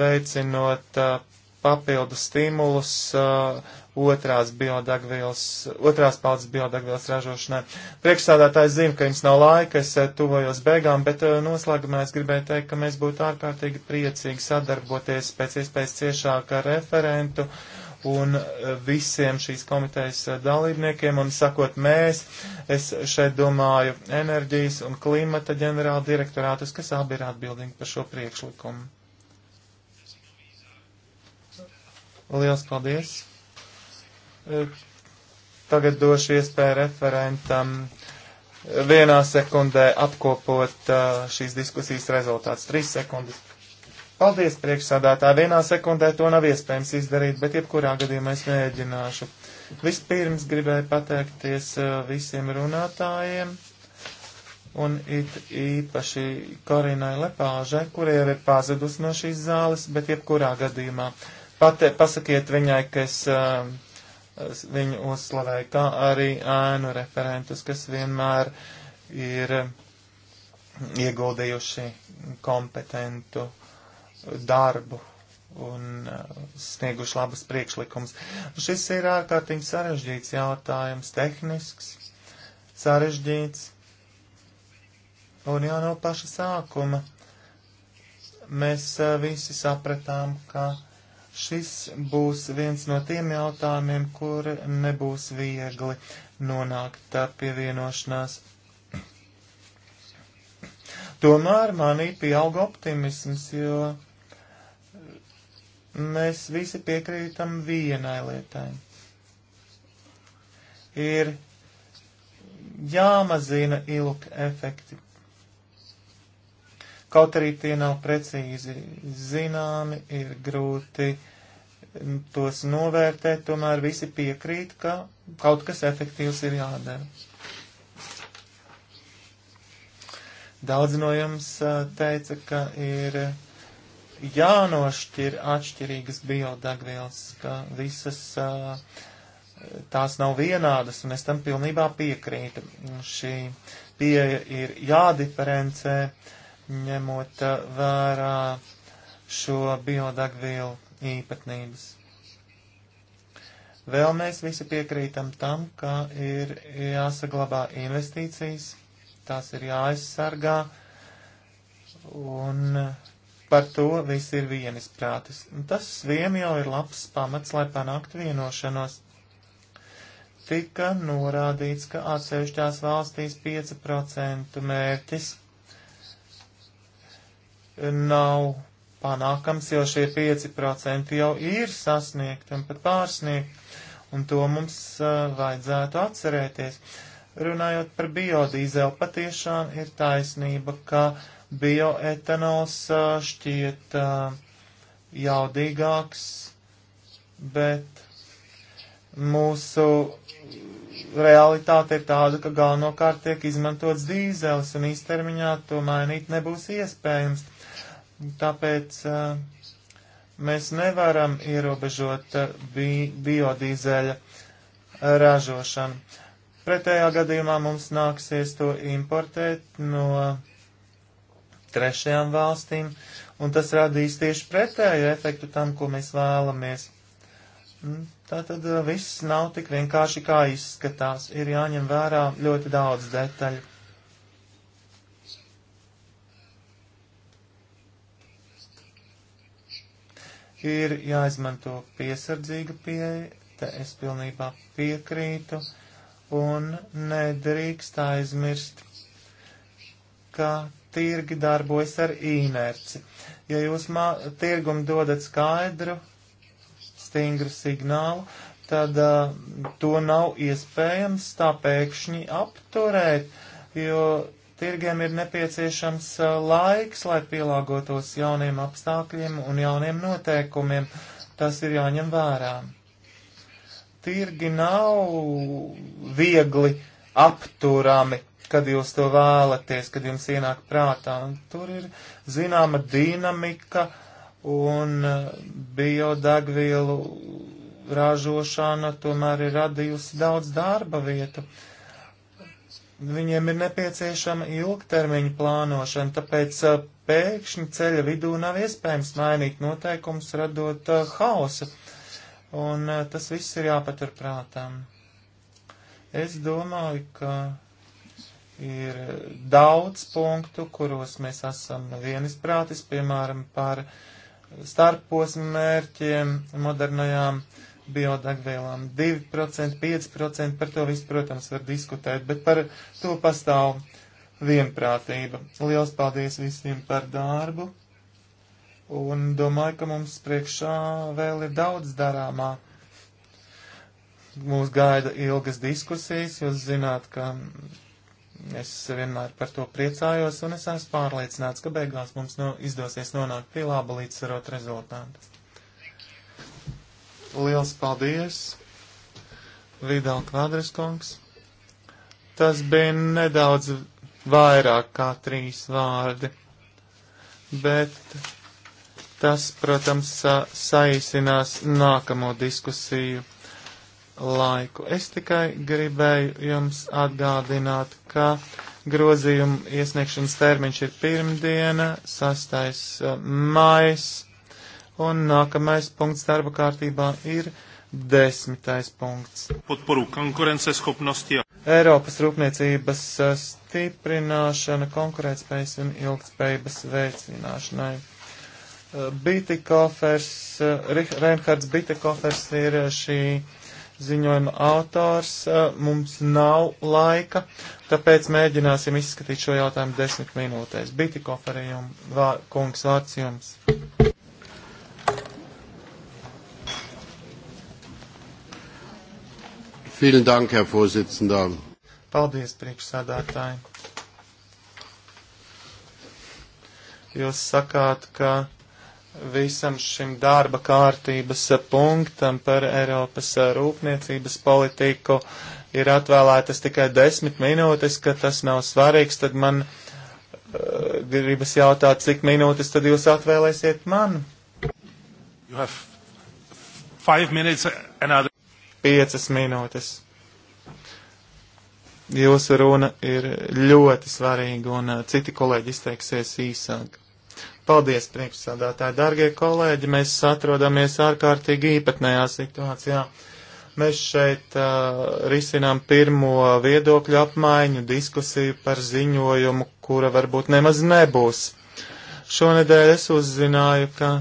veicinot uh, papildu stimulus uh, otrās biodegvielas, otrās paudzes biodegvielas ražošanai. Priekšstādātājs zina, ka jums nav laika, es uh, tuvojos beigām, bet uh, noslēgumā es gribēju teikt, ka mēs būtu ārkārtīgi priecīgi sadarboties pēc iespējas ciešāk ar referentu un uh, visiem šīs komitejas uh, dalībniekiem, un sakot mēs, es šeit domāju enerģijas un klimata ģenerāla direktorātus, kas abi ir atbildīgi par šo priekšlikumu. Liels paldies! E, tagad došu iespēju referentam vienā sekundē apkopot e, šīs diskusijas rezultātus. Trīs sekundes. Paldies, priekšsādātā. Vienā sekundē to nav iespējams izdarīt, bet jebkurā gadījumā es mēģināšu. Vispirms gribēju pateikties e, visiem runātājiem un it īpaši Korinai Lepāžai, kur jau ir pazudus no šīs zāles, bet jebkurā gadījumā Pat, pasakiet viņai, ka es, es eh, viņu uzslavēju, kā arī ēnu referentus, kas vienmēr ir eh, ieguldījuši kompetentu darbu un eh, snieguši labus priekšlikumus. Šis ir ārkārtīgi sarežģīts jautājums, tehnisks, sarežģīts. Un jau no paša sākuma mēs visi sapratām, ka Šis būs viens no tiem jautājumiem, kur nebūs viegli nonākt pievienošanās. Tomēr manī pieauga optimisms, jo mēs visi piekrītam vienai lietai. Ir jāmazina ilga efekti. Kaut arī tie nav precīzi zināmi, ir grūti tos novērtēt, tomēr visi piekrīt, ka kaut kas efektīvs ir jādara. Daudz no jums teica, ka ir jānošķir atšķirīgas biodegvielas, ka visas tās nav vienādas, un es tam pilnībā piekrītu. Šī pieeja ir jādiferencē ņemot vērā šo biodegvielu īpatnības. Vēl mēs visi piekrītam tam, ka ir jāsaglabā investīcijas, tās ir jāaizsargā, un par to viss ir vienisprātis. Tas vien jau ir labs pamats, lai panāktu vienošanos. Tika norādīts, ka atsevišķās valstīs 5% mērķis nav panākams, jo šie 5% jau ir sasniegti un pat pārsniegti, un to mums uh, vajadzētu atcerēties. Runājot par biodīzelu, patiešām ir taisnība, ka bioetanols uh, šķiet uh, jaudīgāks, bet mūsu realitāte ir tāda, ka galvenokārt tiek izmantots dīzelis, un īstermiņā to mainīt nebūs iespējams Tāpēc eh, mēs nevaram ierobežot eh, bi biodīzeļa eh, ražošanu. Pretējā gadījumā mums nāksies to importēt no trešajām valstīm, un tas radīs tieši pretēju efektu tam, ko mēs vēlamies. Mm, tā tad viss nav tik vienkārši, kā izskatās. Ir jāņem vērā ļoti daudz detaļu. ir jāizmanto piesardzīga pieeja, te es pilnībā piekrītu, un nedrīkst aizmirst, ka tirgi darbojas ar inerci. Ja jūs tirgumu dodat skaidru, stingru signālu, tad uh, to nav iespējams tā pēkšņi apturēt, jo Tirgiem ir nepieciešams laiks, lai pielāgotos jauniem apstākļiem un jauniem noteikumiem. Tas ir jāņem vērā. Tirgi nav viegli apturami, kad jūs to vēlaties, kad jums ienāk prātā. Un tur ir zināma dinamika un biodegvielu ražošana tomēr ir radījusi daudz darba vietu. Uh, Viņiem ir nepieciešama ilgtermiņa plānošana, tāpēc uh, pēkšņi ceļa vidū nav iespējams mainīt noteikumus, radot uh, hausa. Un uh, tas viss ir jāpatur prātām. Es domāju, ka ir daudz punktu, kuros mēs esam vienisprātis, piemēram, par starposmu mērķiem, modernajām uh, biodegvielām 2%, 5%, par to visu, protams, var diskutēt, bet par to pastāv vienprātība. Liels paldies visiem par darbu, un domāju, ka mums priekšā vēl ir daudz darāmā. Mūs gaida ilgas diskusijas, jūs zināt, ka es vienmēr par to priecājos, un es esmu pārliecināts, ka beigās mums no, izdosies nonākt pie laba līdzsvarot rezultātu. Liels paldies, Vidal Kvadres kungs. Tas bija nedaudz vairāk kā trīs vārdi, bet tas, protams, sa saīsinās nākamo diskusiju laiku. Es tikai gribēju jums atgādināt, ka grozījuma iesniegšanas termiņš ir pirmdiena, 6. Eh, mais. Un nākamais punkts darba kārtībā ir desmitais punkts. Podporu konkurenceschopnosti. Eiropas rūpniecības eh, stiprināšana, konkurētspējas un ilgtspējības veicināšanai. Eh, Bitekofers, eh, Reinhards Bitekofers ir šī ziņojuma autors. Mums nav laika, tāpēc mēģināsim izskatīt šo jautājumu desmit minūtēs. Bitikoferī jums, vār, kungs, vārds jums. Vielen Dank, Herr Vorsitzender. Paldies, priekšsādātāji. Jūs sakāt, ka visam šim darba kārtības punktam par Eiropas rūpniecības politiku ir atvēlētas tikai desmit minūtes, ka tas nav svarīgs, tad man uh, gribas jautāt, cik minūtes tad jūs atvēlēsiet man? Another piecas minūtes. Jūsu runa ir ļoti svarīga un citi kolēģi izteiksies īsāk. Paldies, priekšsādātāji, dargie kolēģi, mēs atrodamies ārkārtīgi īpatnējā situācijā. Mēs šeit uh, risinām pirmo viedokļu apmaiņu, diskusiju par ziņojumu, kura varbūt nemaz nebūs. Šonedēļ es uzzināju, ka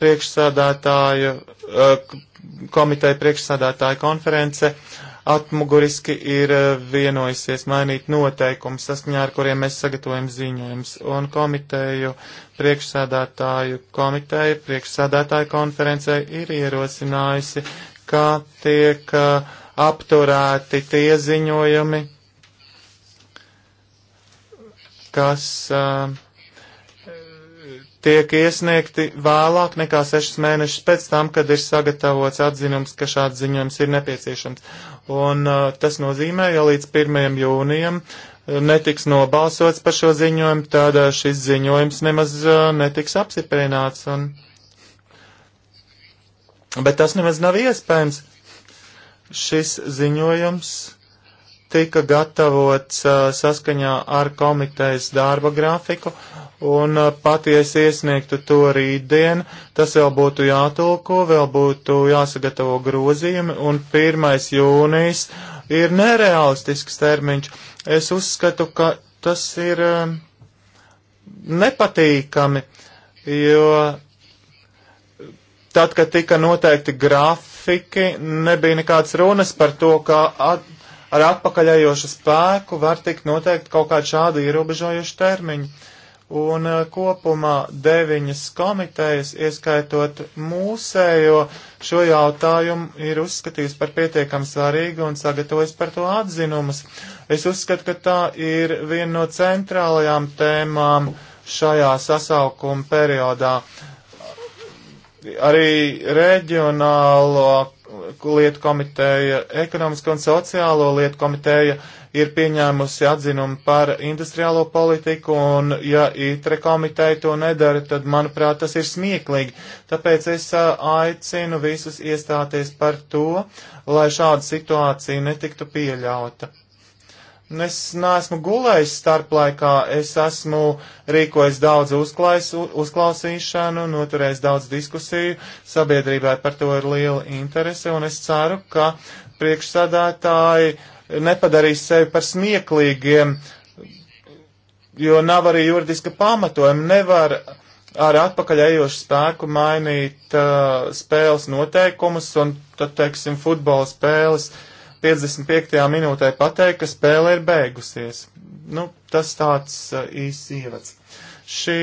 priekšsādātāju, eh, komiteja priekšsādātāja konference atmuguriski ir eh, vienojusies mainīt noteikumus, saskaņā ar kuriem mēs sagatavojam ziņojumus. Un komiteju priekšsādātāju komiteja priekšsādātāju konferencē ir ierosinājusi, kā tiek eh, apturēti tie ziņojumi, kas uh, tiek iesniegti vēlāk nekā sešas mēnešus pēc tam, kad ir sagatavots atzinums, ka šāds ziņojums ir nepieciešams. Un uh, tas nozīmē, ja līdz 1. jūnijam uh, netiks nobalsots par šo ziņojumu, tad uh, šis ziņojums nemaz uh, netiks apsiprināts. Un... Bet tas nemaz nav iespējams. Šis ziņojums tika gatavots uh, saskaņā ar komitejas darba grafiku, uh, un uh, patiesi iesniegtu to rītdien, tas vēl būtu jātulko, vēl būtu jāsagatavo grozījumi, un 1. jūnijas ir nereālistisks termiņš. Es uzskatu, ka tas ir um, nepatīkami, jo tad, kad tika noteikti grafiki, nebija nekāds runas par to, kā at ar atpakaļējošu spēku var tikt noteikti kaut kādi šādi ierobežojuši termiņi un eh, kopumā deviņas komitejas, ieskaitot mūsējo, šo jautājumu ir uzskatījis par pietiekam svarīgu un sagatavojis par to atzinumus. Es uzskatu, ka tā ir viena no centrālajām tēmām šajā sasaukuma periodā. Arī reģionālo lietu komiteja, ekonomisko un sociālo lietu komiteja ir pieņēmusi atzinumu par industriālo politiku, un ja ITRE komiteja to nedara, tad, manuprāt, tas ir smieklīgi. Tāpēc es aicinu visus iestāties par to, lai šāda situācija netiktu pieļauta. Nu, es neesmu gulējis starplaikā, es esmu rīkojis daudz uzklais, uzklausīšanu, noturējis daudz diskusiju, sabiedrībai par to ir liela interese, un es ceru, ka priekšsādātāji uh, nepadarīs sevi par smieklīgiem, jo nav arī juridiska pamatojuma. Nevar ar atpakaļ ejošu spēku mainīt uh, spēles noteikumus un, tad, teiksim, futbola spēles 55. minūtē pateikt, ka spēle ir beigusies. Nu, tas tāds uh, īsts ievads. Šī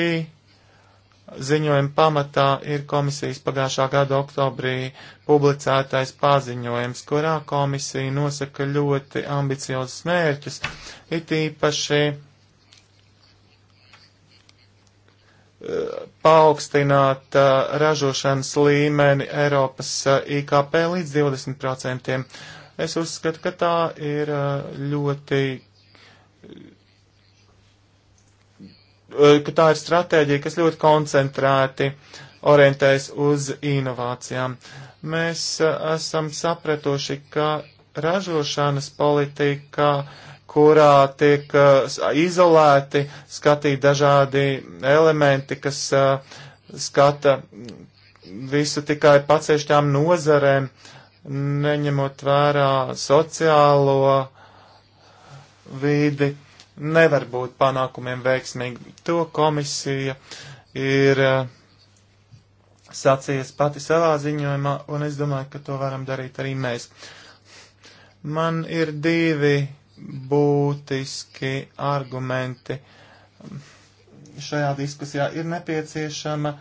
Ziņojuma pamatā ir komisijas pagājušā gada oktobrī publicētais paziņojums, kurā komisija nosaka ļoti ambiciozus mērķus, it īpaši eh, paaugstināt uh, ražošanas līmeni Eiropas uh, eh, IKP līdz 20%. Es uzskatu, ka tā ir uh, ļoti Eh, ka tā ir stratēģija, kas ļoti koncentrēti orientējas uz inovācijām. Mēs eh, esam sapratuši, ka ražošanas politika, kurā tiek eh, izolēti skatīt dažādi elementi, kas skata visu tikai paciešķām nozarēm, neņemot vērā sociālo vidi, nevar būt panākumiem veiksmīgi. To komisija ir eh, sacījusi pati savā ziņojumā, un es domāju, ka to varam darīt arī mēs. Man ir divi būtiski argumenti šajā diskusijā. Ir nepieciešama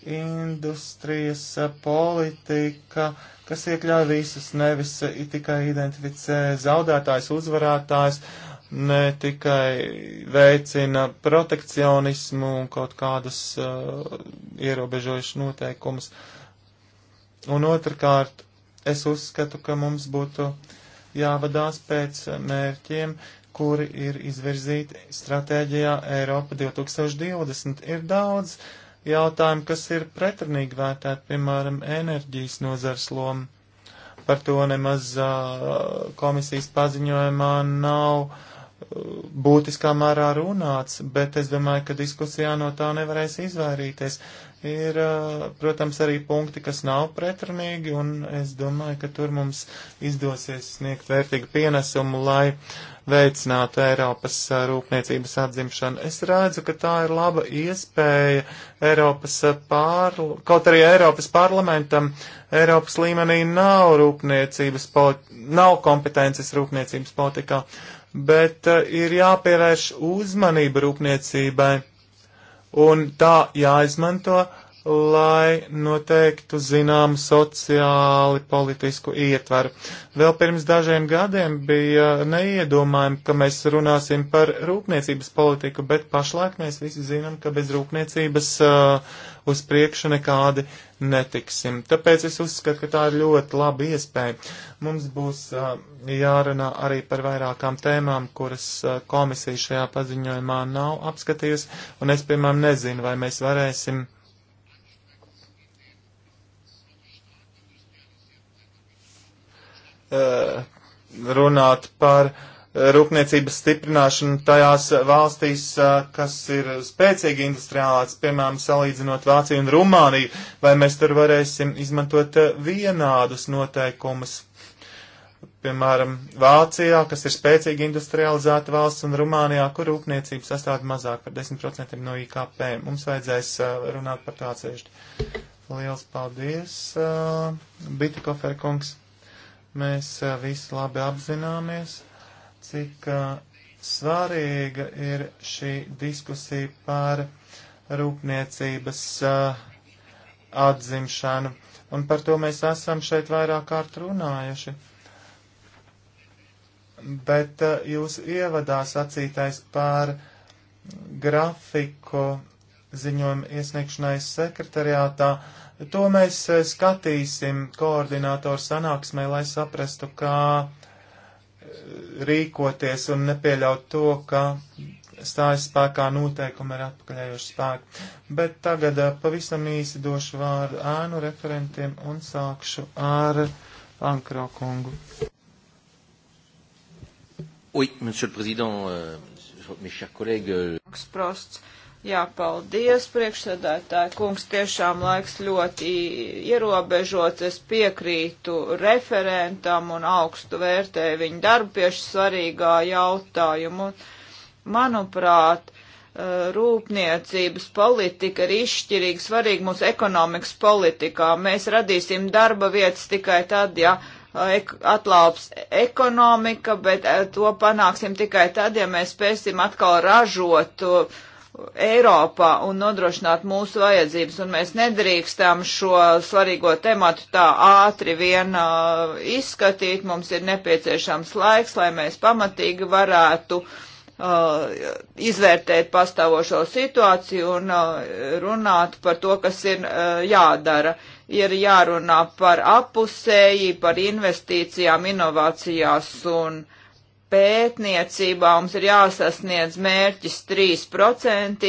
industrijas politika, kas iekļauj visus, nevis tikai identificē zaudētājs, uzvarētājs. Uh, ne tikai veicina protekcionismu un kaut kādas uh, ierobežojušas noteikumus. Un otrkārt, es uzskatu, ka mums būtu jāvadās pēc mērķiem, kuri ir izvirzīti stratēģijā Eiropa 2020. Ir daudz jautājumu, kas ir pretrunīgi vērtēt, piemēram, enerģijas nozars lomu. Par to nemaz uh, komisijas paziņojumā nav uh, būtiskā mērā runāts, bet es domāju, ka diskusijā no tā nevarēs izvairīties. Ir, uh, protams, arī punkti, kas nav pretrunīgi, un es domāju, ka tur mums izdosies sniegt vērtīgu pienesumu, lai veicinātu Eiropas uh, rūpniecības atzimšanu. Es redzu, ka tā ir laba iespēja Eiropas uh, pārl... kaut arī Eiropas parlamentam Eiropas līmenī nav rūpniecības, poli... nav kompetences rūpniecības politikā. Uh, bet eh, ir jāpievērš uzmanība rūpniecībai un tā jāizmanto, lai noteiktu zinām sociāli politisku ietvaru. Vēl pirms dažiem gadiem bija neiedomājami, ka mēs runāsim par rūpniecības politiku, bet pašlaik mēs visi zinām, ka bez rūpniecības uh, uz priekšu nekādi netiksim. Tāpēc es uzskatu, ka tā ir ļoti laba iespēja. Mums būs uh, jārunā arī par vairākām tēmām, kuras uh, komisija šajā paziņojumā nav apskatījusi, un es, piemēram, nezinu, vai mēs varēsim. Uh, runāt par uh, rūpniecības stiprināšanu tajās valstīs, kas ir spēcīgi industriālāts, piemēram, salīdzinot Vāciju un Rumāniju, vai mēs tur varēsim izmantot vienādus noteikumus. Piemēram, Vācijā, kas ir spēcīgi industrializēta valsts, un Rumānijā, kur rūpniecība sastāv mazāk par 10% no IKP. Mums vajadzēs runāt par tā atsevišķi. Liels paldies, Bitikofer kungs. Mēs visi labi apzināmies cik svārīga ir šī diskusija par rūpniecības atzimšanu, un par to mēs esam šeit vairāk kārt runājuši. Bet jūs ievadā sacītais par grafiku ziņojumu iesniegšanai sekretariātā, to mēs skatīsim koordinātoru sanāksmē, lai saprastu, kā rīkoties un nepieļaut to, ka stājas spēkā noteikumi ar atpakaļējošu spēku. Bet tagad eh, pavisam īsi došu vārdu ēnu referentiem un sākšu ar Ankro kungu. Oui, monsieur le président, euh, mes chers collègues. Euh, Prosts. Jā, paldies, priekšsēdētāji. Kungs, tiešām laiks ļoti ierobežots. Es piekrītu referentam un augstu vērtēju viņa darbu pie šī svarīgā jautājumu. Manuprāt, eh, rūpniecības politika ir izšķirīgi svarīga mūsu ekonomikas politikā. Mēs radīsim darba vietas tikai tad, ja eh, atlaups ekonomika, bet eh, to panāksim tikai tad, ja mēs spēsim atkal ražot uh, Eiropā un nodrošināt mūsu vajadzības, un mēs nedrīkstam šo svarīgo tematu tā ātri vien uh, izskatīt. Mums ir nepieciešams laiks, lai mēs pamatīgi varētu uh, izvērtēt pastāvošo situāciju un uh, runāt par to, kas ir uh, jādara. Ir jārunā par apusēji, par investīcijām, inovācijās un uh, pētniecībā mums ir jāsasniedz mērķis 3%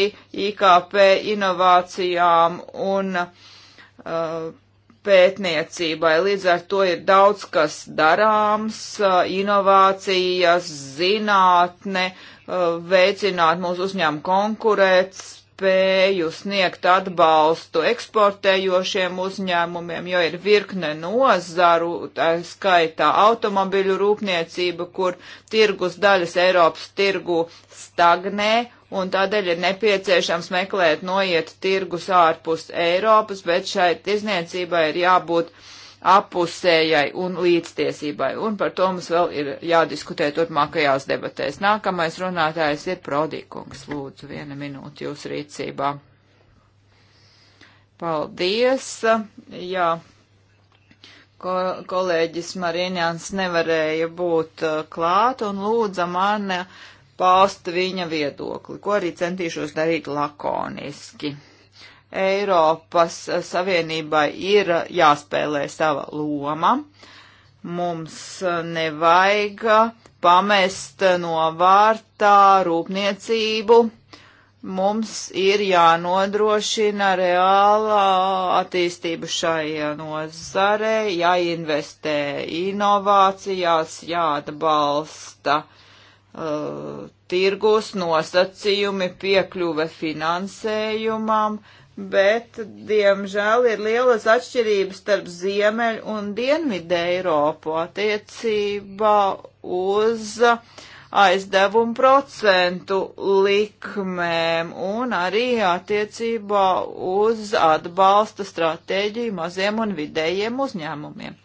IKP inovācijām un uh, pētniecībai. Līdz ar to ir daudz kas darāms, uh, inovācijas, zinātne, uh, veicināt mūsu uzņēmumu konkurētas spēju sniegt atbalstu eksportējošiem uzņēmumiem, jo ir virkne nozaru, tā skaitā automobiļu rūpniecība, kur tirgus daļas Eiropas tirgu stagnē, un tādēļ ir nepieciešams meklēt noiet tirgus ārpus Eiropas, bet šai tirzniecībai ir jābūt uh, apusējai un līdztiesībai, un par to mums vēl ir jādiskutē turpmākajās debatēs. Nākamais runātājs ir Prodīkungs, lūdzu, viena minūte jūs rīcībā. Paldies, jā, Ko, kolēģis Marīņāns nevarēja būt uh, klāt un lūdza mani paust viņa viedokli, ko arī centīšos darīt lakoniski. Eiropas Savienībai ir jāspēlē sava loma. Mums nevajag pamest novārtā rūpniecību. Mums ir jānodrošina reālā attīstība šai nozarē, jāinvestē inovācijās, jāatbalsta uh, tirgus nosacījumi, piekļuve finansējumam, uh, bet, diemžēl, ir lielas atšķirības starp Ziemeļu un Dienvidu Eiropu attiecībā uz aizdevumu procentu likmēm un arī attiecībā uz atbalsta stratēģiju maziem un vidējiem uzņēmumiem.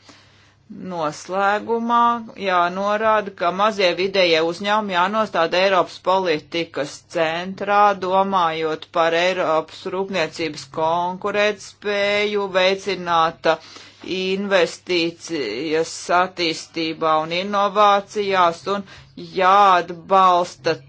Noslēgumā jānorāda, ka mazie vidējie uzņēmumi jānostāda Eiropas politikas centrā, domājot par Eiropas rūpniecības konkurētspēju, veicināta investīcijas attīstībā un inovācijās un jāatbalsta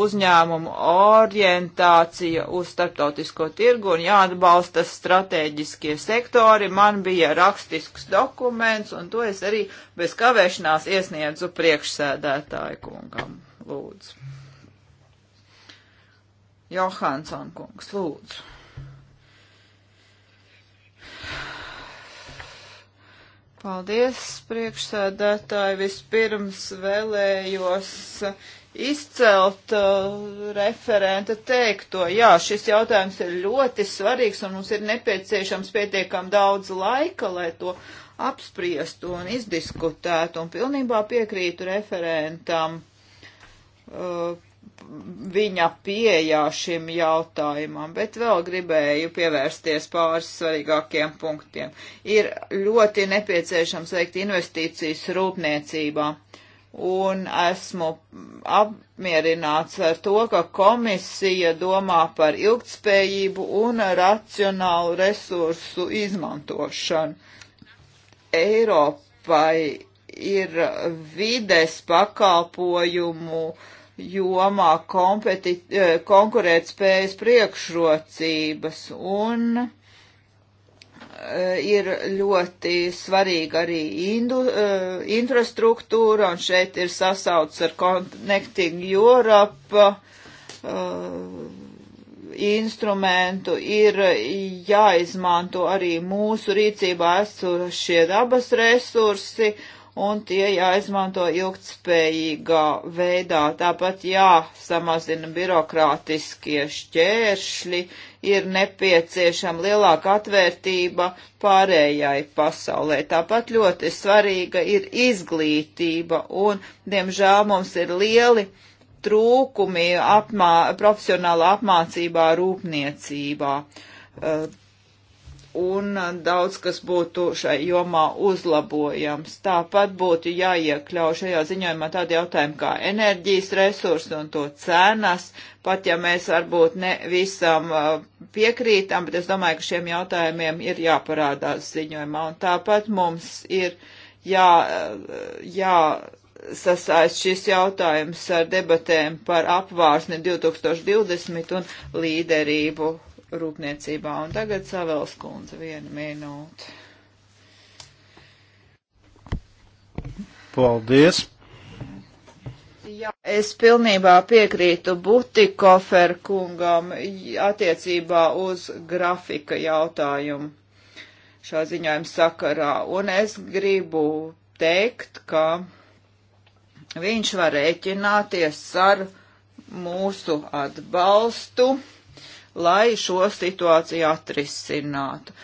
uzņēmumu orientācija uz starptautisko tirgu un jāatbalsta strateģiskie sektori. Man bija rakstisks dokuments, un to es arī bez kavēšanās iesniedzu priekšsēdētāju kungam. Lūdzu. Johansson kungs, lūdzu. Paldies, priekšsēdētāji. Vispirms vēlējos izcelt uh, referenta teikto. Jā, šis jautājums ir ļoti svarīgs un mums ir nepieciešams pietiekam daudz laika, lai to apspriestu un izdiskutētu un pilnībā piekrītu referentam uh, viņa pieejā šim jautājumam, bet vēl gribēju pievērsties pāris svarīgākiem punktiem. Ir ļoti nepieciešams veikt investīcijas rūpniecībā. Uh, un esmu apmierināts ar to, ka komisija domā par ilgtspējību un racionālu resursu izmantošanu. Eiropai ir vides pakalpojumu jomā eh, konkurētspējas priekšrocības un Eh, ir ļoti svarīga arī indu, uh, infrastruktūra, un šeit ir sasauts ar Connecting Europe uh, instrumentu, ir jāizmanto arī mūsu rīcībā esošie dabas resursi, uh, un tie jāizmanto ilgtspējīgā veidā. Tāpat jāsamazina birokrātiskie šķēršļi, ir nepieciešama lielāka atvērtība pārējai pasaulē. Tāpat ļoti svarīga ir izglītība, un, diemžēl, mums ir lieli trūkumi apmā, profesionāla apmācībā rūpniecībā. Uh, un daudz kas būtu šai jomā uzlabojams. Tāpat būtu jāiekļauj šajā ziņojumā tādi jautājumi kā enerģijas resursi un to cenas, pat ja mēs varbūt ne visam uh, piekrītam, bet es domāju, ka šiem jautājumiem ir jāparādās ziņojumā. Un tāpat mums ir jā, uh, jā sasaist šis jautājums ar debatēm par apvārsni 2020 un līderību rūpniecībā. Un tagad Savels kundze vienu minūti. Paldies! Jā, es pilnībā piekrītu Butikofer kungam attiecībā uz grafika jautājumu šā ziņojuma sakarā. Un es gribu teikt, ka viņš var rēķināties ar mūsu atbalstu lai šo situāciju atrisinātu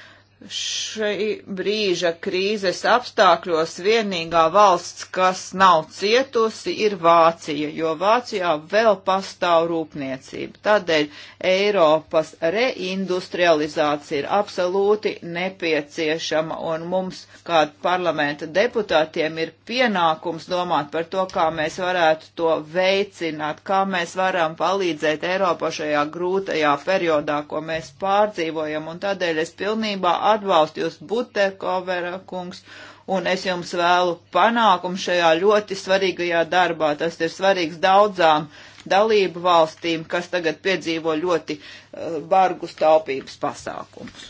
šī brīža krīzes apstākļos vienīgā valsts, kas nav cietusi, ir Vācija, jo Vācijā vēl pastāv rūpniecība. Tādēļ Eiropas reindustrializācija ir absolūti nepieciešama, un mums, kā parlamenta deputātiem, ir pienākums domāt par to, kā mēs varētu to veicināt, kā mēs varam palīdzēt Eiropā šajā grūtajā periodā, ko mēs pārdzīvojam, un tādēļ es pilnībā atbalstu jūs, Butekovera kungs, un es jums vēlu panākumu šajā ļoti svarīgajā darbā. Tas ir svarīgs daudzām dalību valstīm, kas tagad piedzīvo ļoti uh, bargus taupības pasākumus.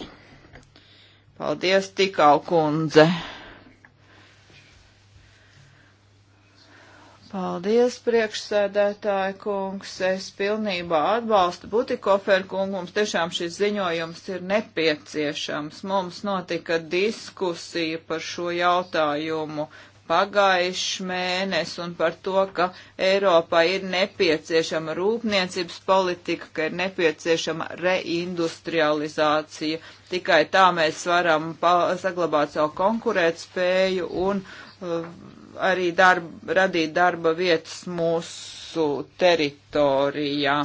Paldies, Tikau kundze! Paldies, priekšsēdētāji kungs. Es pilnībā atbalstu Butikoferu kungu. Mums tiešām šis ziņojums ir nepieciešams. Mums notika diskusija par šo jautājumu pagājuši mēnesi un par to, ka Eiropā ir nepieciešama rūpniecības politika, ka ir nepieciešama reindustrializācija. Tikai tā mēs varam saglabāt savu konkurētspēju un uh, arī darba, radīt darba vietas mūsu teritorijā.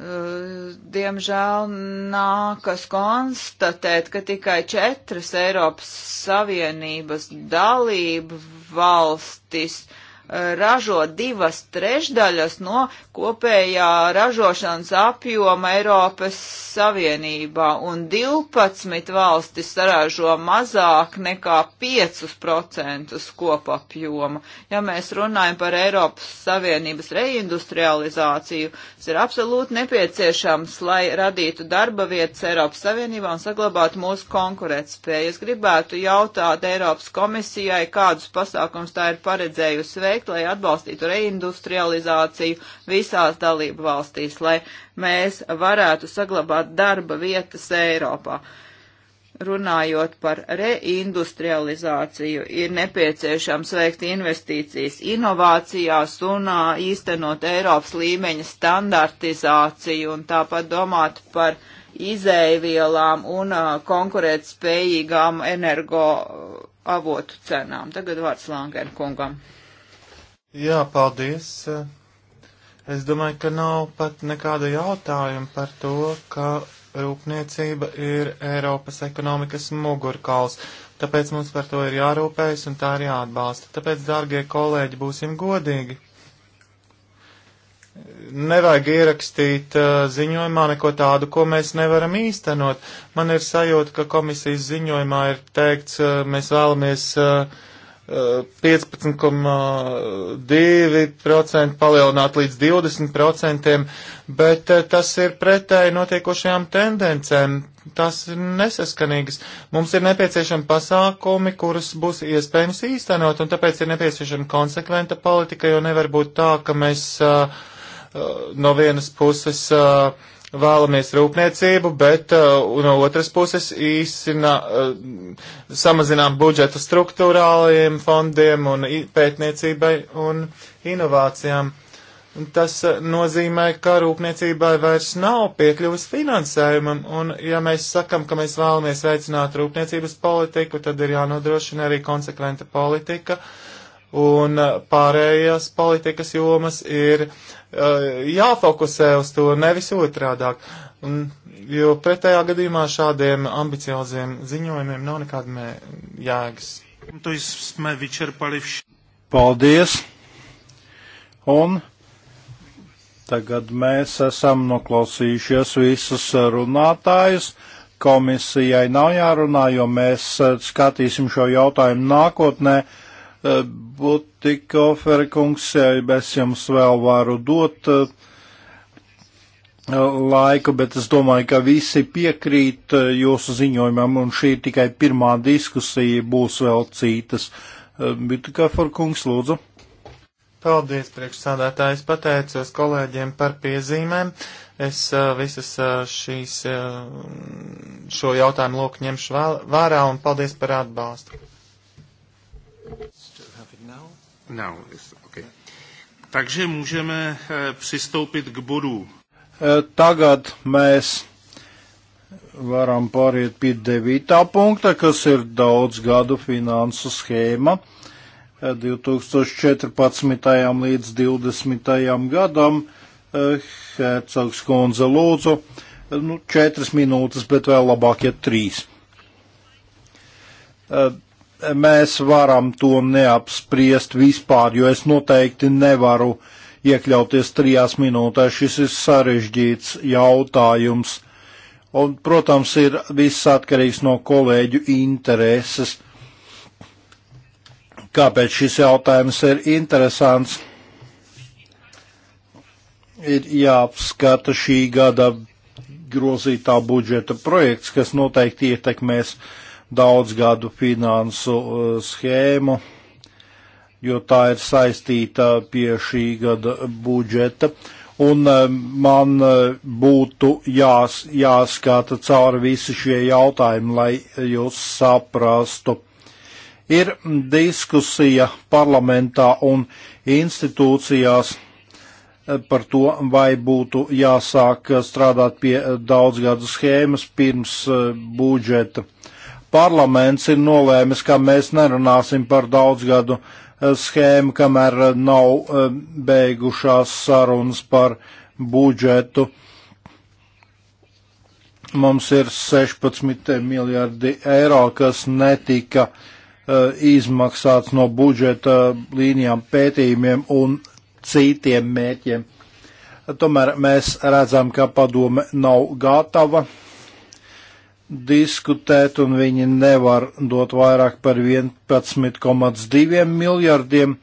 Uh, diemžēl nākas konstatēt, ka tikai četras Eiropas Savienības dalība valstis uh, ražo divas trešdaļas no kopējā ražošanas apjoma Eiropas Savienībā, un 12 valstis saražo mazāk nekā 5% kopapjoma. Ja mēs runājam par Eiropas Savienības reindustrializāciju, tas ir absolūti nepieciešams, lai radītu darba vietas Eiropas Savienībā un saglabātu mūsu konkurētspēju. Es gribētu jautāt Eiropas komisijai, kādus pasākums tā ir paredzējusi veikt veikt, lai atbalstītu reindustrializāciju visās dalību valstīs, lai mēs varētu saglabāt darba vietas Eiropā. Runājot par reindustrializāciju, ir nepieciešams veikt investīcijas inovācijās un īstenot Eiropas līmeņa standartizāciju un tāpat domāt par izēvielām un uh, konkurēt spējīgām energo avotu cenām. Tagad vārds Langēna kungam. Jā, paldies. Es domāju, ka nav pat nekāda jautājuma par to, ka rūpniecība ir Eiropas ekonomikas mugurkauls. Tāpēc mums par to ir jārūpējas un tā ir jāatbalsta. Tāpēc, dārgie kolēģi, būsim godīgi. Nevajag ierakstīt uh, ziņojumā neko tādu, ko mēs nevaram īstenot. Man ir sajūta, ka komisijas ziņojumā ir teikts, uh, mēs vēlamies uh, 15,2% palielināt līdz 20%, bet eh, tas ir pretēji notiekošajām tendencēm. Tas ir nesaskanīgs. Mums ir nepieciešami pasākumi, kurus būs iespējams īstenot, un tāpēc ir nepieciešama konsekventa politika, jo nevar būt tā, ka mēs uh, no vienas puses uh, vēlamies rūpniecību, bet uh, no otras puses īsina, uh, samazinām budžetu struktūrālajiem fondiem un pētniecībai un inovācijām. Tas uh, nozīmē, ka rūpniecībai vairs nav piekļuvis finansējumam, un ja mēs sakam, ka mēs vēlamies veicināt rūpniecības politiku, tad ir jānodrošina arī konsekventa politika, uh, un uh, pārējās politikas jomas ir uh, jāfokusē uz to nevis otrādāk. Un, jo pretējā gadījumā šādiem ambicioziem ziņojumiem nav nekāda jēgas. Paldies! Un tagad mēs esam noklausījušies visus runātājus. Komisijai nav jārunā, jo mēs uh, skatīsim šo jautājumu nākotnē. Eh, Butikoferi kungs, es jums vēl varu dot eh, laiku, bet es domāju, ka visi piekrīt eh, jūsu ziņojumam, un šī ir tikai pirmā diskusija, būs vēl citas. Butikoferi kungs, lūdzu. Paldies, priekšsādātājs, pateicos kolēģiem par piezīmēm. Es uh, visas uh, šīs, uh, šo jautājumu loku ņemšu vārā un paldies par atbalstu. Now, okay. Takže můžeme eh, přistoupit k bodu. Eh, tagad mēs varam pāriet pie devītā punkta, kas ir daudz gadu finansu schēma 2014. Eh, līdz 2020. gadam. Hercogs Konze lūdzu, nu, četras minūtes, bet vēl labāk, ja trīs mēs varam to neapspriest vispār, jo es noteikti nevaru iekļauties trijās minūtēs. Šis ir sarežģīts jautājums. Un, protams, ir viss atkarīgs no kolēģu intereses. Kāpēc šis jautājums ir interesants? Ir jāapskata šī gada grozītā budžeta projekts, kas noteikti ietekmēs uh, daudzgadu finansu uh, schēmu, jo tā ir saistīta pie šī gada budžeta. Un uh, man uh, būtu jās, jāskata cauri visi šie jautājumi, lai jūs saprastu. Ir diskusija parlamentā un institūcijās par to, vai būtu jāsāk strādāt pie daudzgadu schēmas pirms budžeta parlaments ir nolēmis, ka mēs nerunāsim par daudzgadu eh, schēmu, kamēr eh, nav eh, beigušās sarunas par budžetu. Mums ir 16 miljardi eiro, kas netika izmaksāts no budžeta līnijām pētījumiem un citiem mēķiem. Tomēr mēs redzam, ka padome nav gatava diskutēt, un viņi nevar dot vairāk par 11,2 miljardiem,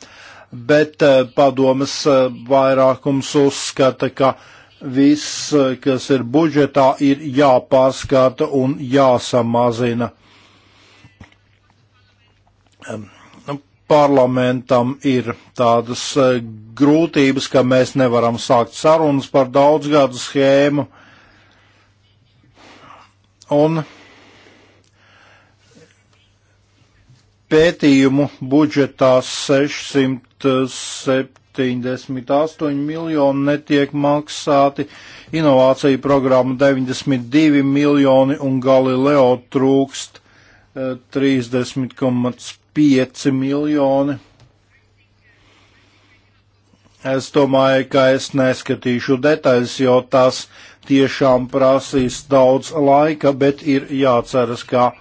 bet eh, padomas eh, vairākums uzskata, ka viss, eh, kas ir budžetā, ir jāpārskata un jāsamazina. Parlamentam ir tādas grūtības, ka mēs nevaram sākt sarunas par daudzgadu schēmu. Uh, un pētījumu budžetā 678 miljoni netiek maksāti, inovāciju programmu 92 miljoni un Galileo trūkst 30,5 eh, miljoni. Es domāju, ka es neskatīšu detaļas, jo tās tiešām prasīs daudz laika, bet ir jāceras, ka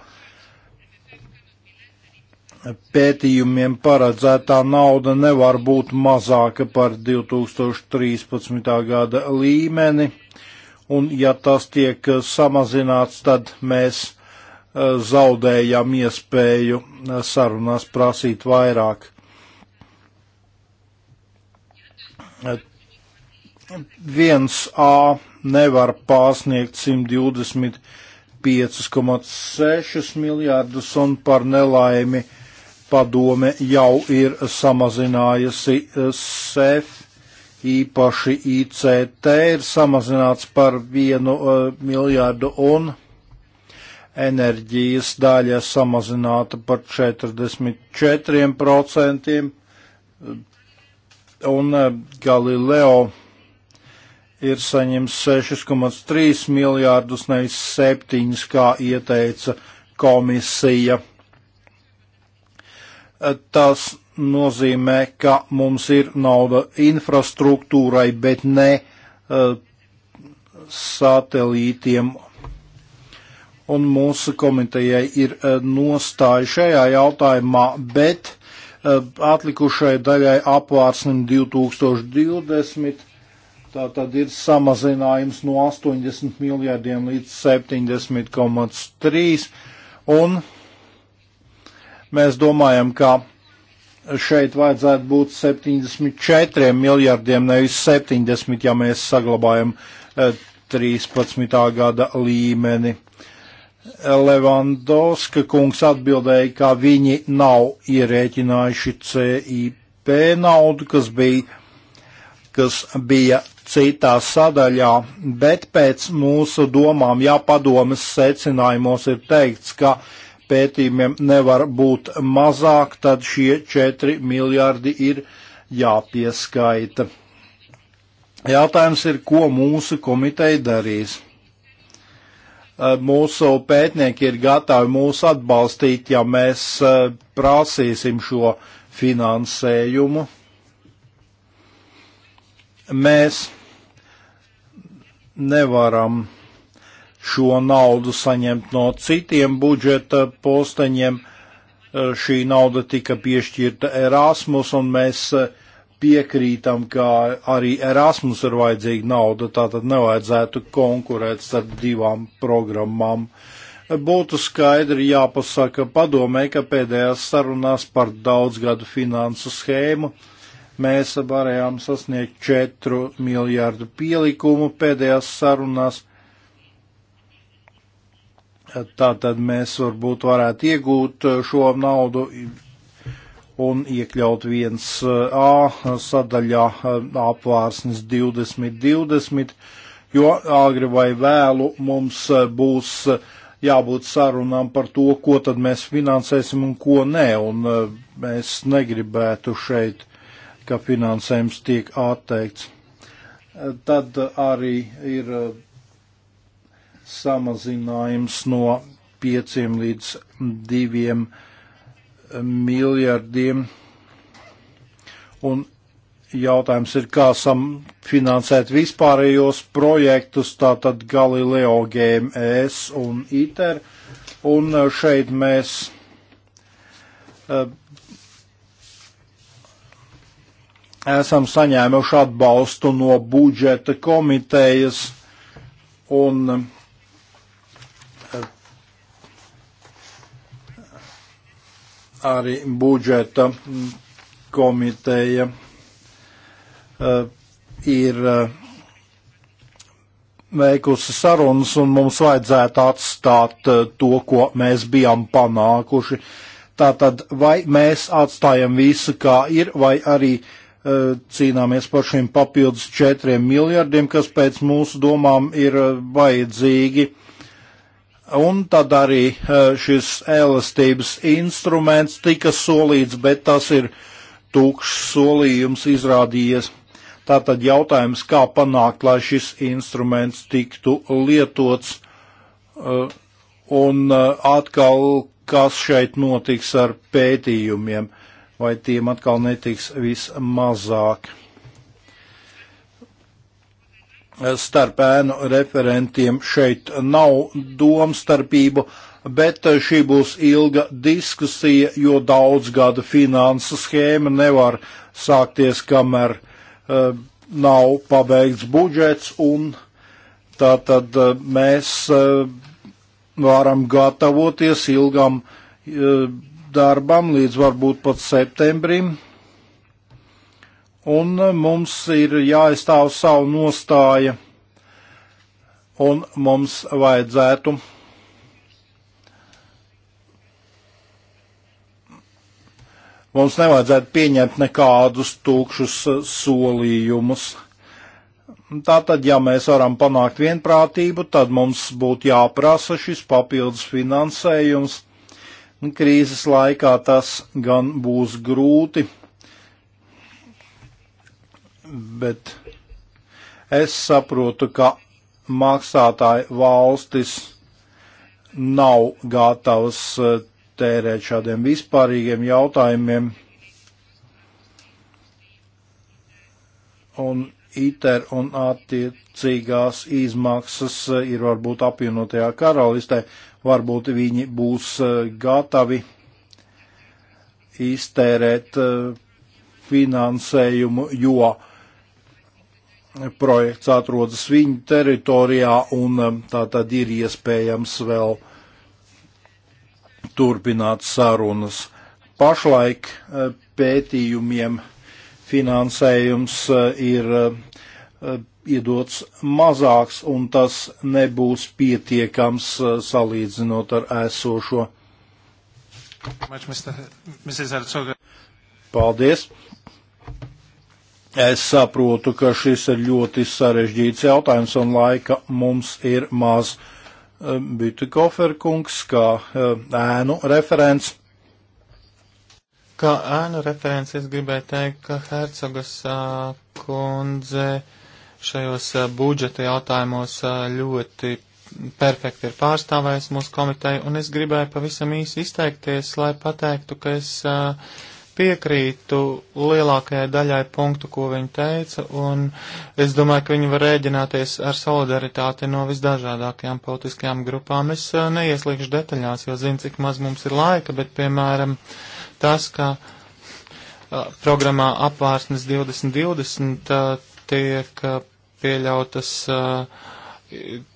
pētījumiem paredzētā nauda nevar būt mazāka par 2013. gada līmeni, un ja tas tiek samazināts, tad mēs e, zaudējam iespēju e, sarunās prasīt vairāk. E, viens A nevar pārsniegt 125,6 miljārdus un par nelaimi padome jau ir samazinājusi eh, SEF, īpaši ICT ir samazināts par 1 eh, miljārdu un enerģijas daļa samazināta par 44%, eh, un Galileo ir saņemts 6,3 miljārdus, nevis 7, kā ieteica komisija. Tas nozīmē, ka mums ir nauda infrastruktūrai, bet ne uh, satelītiem. Un mūsu komitejai ir uh, nostāja šajā jautājumā, bet uh, atlikušai daļai apvārsnim 2020 Tā tad ir samazinājums no 80 miljardiem līdz 70,3. Un mēs domājam, ka šeit vajadzētu būt 74 miljardiem, nevis 70, ja mēs saglabājam 13. Eh, gada līmeni. Levandovska kungs atbildēja, ka viņi nav ierēķinājuši CIP naudu, kas bija, kas bija citā sadaļā, bet pēc mūsu domām, ja padomas secinājumos ir teikts, ka pētījumiem nevar būt mazāk, tad šie 4 miljardi ir jāpieskaita. Jautājums ir, ko mūsu komiteja darīs. Eh, mūsu pētnieki ir gatavi mūs atbalstīt, ja mēs eh, prasīsim šo finansējumu. Mēs nevaram šo naudu saņemt no citiem budžeta posteņiem. E, šī nauda tika piešķirta Erasmus, un mēs e, piekrītam, ka arī Erasmus ir vajadzīga nauda, tātad nevajadzētu konkurēt starp divām programmām. E, būtu skaidri jāpasaka padomē, ka pēdējās sarunās par daudzgadu finansu schēmu uh, mēs varējām sasniegt 4 miljārdu pielikumu pēdējās sarunās. Tātad mēs varbūt varētu iegūt šo naudu un iekļaut 1A sadaļā apvārsnes 2020, jo agri vai vēlu mums būs jābūt sarunām par to, ko tad mēs finansēsim un ko nē, un mēs negribētu šeit ka finansējums tiek atteikts. Tad arī ir uh, samazinājums no 5 līdz 2 miljardiem. Un jautājums ir, kā sam finansēt vispārējos projektus, tātad Galileo GMS un ITER. Un uh, šeit mēs uh, esam saņēmuši atbalstu no budžeta komitejas un eh, arī budžeta komiteja eh, ir eh, veikusi sarunas, un mums vajadzētu atstāt to, ko mēs bijām panākuši. Tātad, vai mēs atstājam visu, kā ir, vai arī uh, Eh, cīnāmies par šiem papildus 4 miljardiem, kas pēc mūsu domām ir eh, vajadzīgi. Un tad arī eh, šis elastības instruments tika solīts, bet tas ir tukšs solījums izrādījies. Tātad jautājums, kā panākt, lai šis instruments tiktu lietots, un atkal, kas šeit notiks ar pētījumiem vai tiem atkal netiks vismazāk. Starp ēnu referentiem šeit nav domstarpību, bet šī būs ilga diskusija, jo daudz gada finansu schēma nevar sākties, kamēr uh, nav pabeigts budžets, un tā tad uh, eh, mēs uh, varam gatavoties ilgam uh, darbam līdz varbūt pat septembrim. Un mums ir jāizstāv savu nostāju, un mums vajadzētu mums nevajadzētu pieņemt nekādus tūkšus solījumus. Tātad, ja mēs varam panākt vienprātību, tad mums būtu jāprasa šis papildus finansējums Krīzes laikā tas gan būs grūti, bet es saprotu, ka maksātāji valstis nav gatavas eh, tērēt šādiem vispārīgiem jautājumiem. Un ITER un attiecīgās izmaksas eh, ir varbūt apvienotajā karalistē, varbūt viņi būs eh, gatavi iztērēt eh, finansējumu, jo projekts atrodas viņu teritorijā un tā tad ir iespējams vēl turpināt sarunas. Pašlaik pētījumiem finansējums ir Eh, iedots mazāks, un tas nebūs pietiekams eh, salīdzinot ar esošo. Paldies! Es saprotu, ka šis ir ļoti sarežģīts jautājums, un laika mums ir maz. Eh, Bütikoferkungs, kā ēnu referents. Kā ēnu referents es gribēju teikt, ka Hercogas kundze uh, šajos eh, budžeta jautājumos eh, ļoti perfekti ir pārstāvējis mūsu komiteju, un es gribēju pavisam īsi izteikties, lai pateiktu, ka es eh, piekrītu lielākajai daļai punktu, ko viņi teica, un es domāju, ka viņi var rēģināties ar solidaritāti no visdažādākajām politiskajām grupām. Es neieslīgšu detaļās, jo zinu, cik maz mums ir laika, bet, piemēram, tas, ka programmā apvārsnes 2020 tiek uh, pieļautas uh,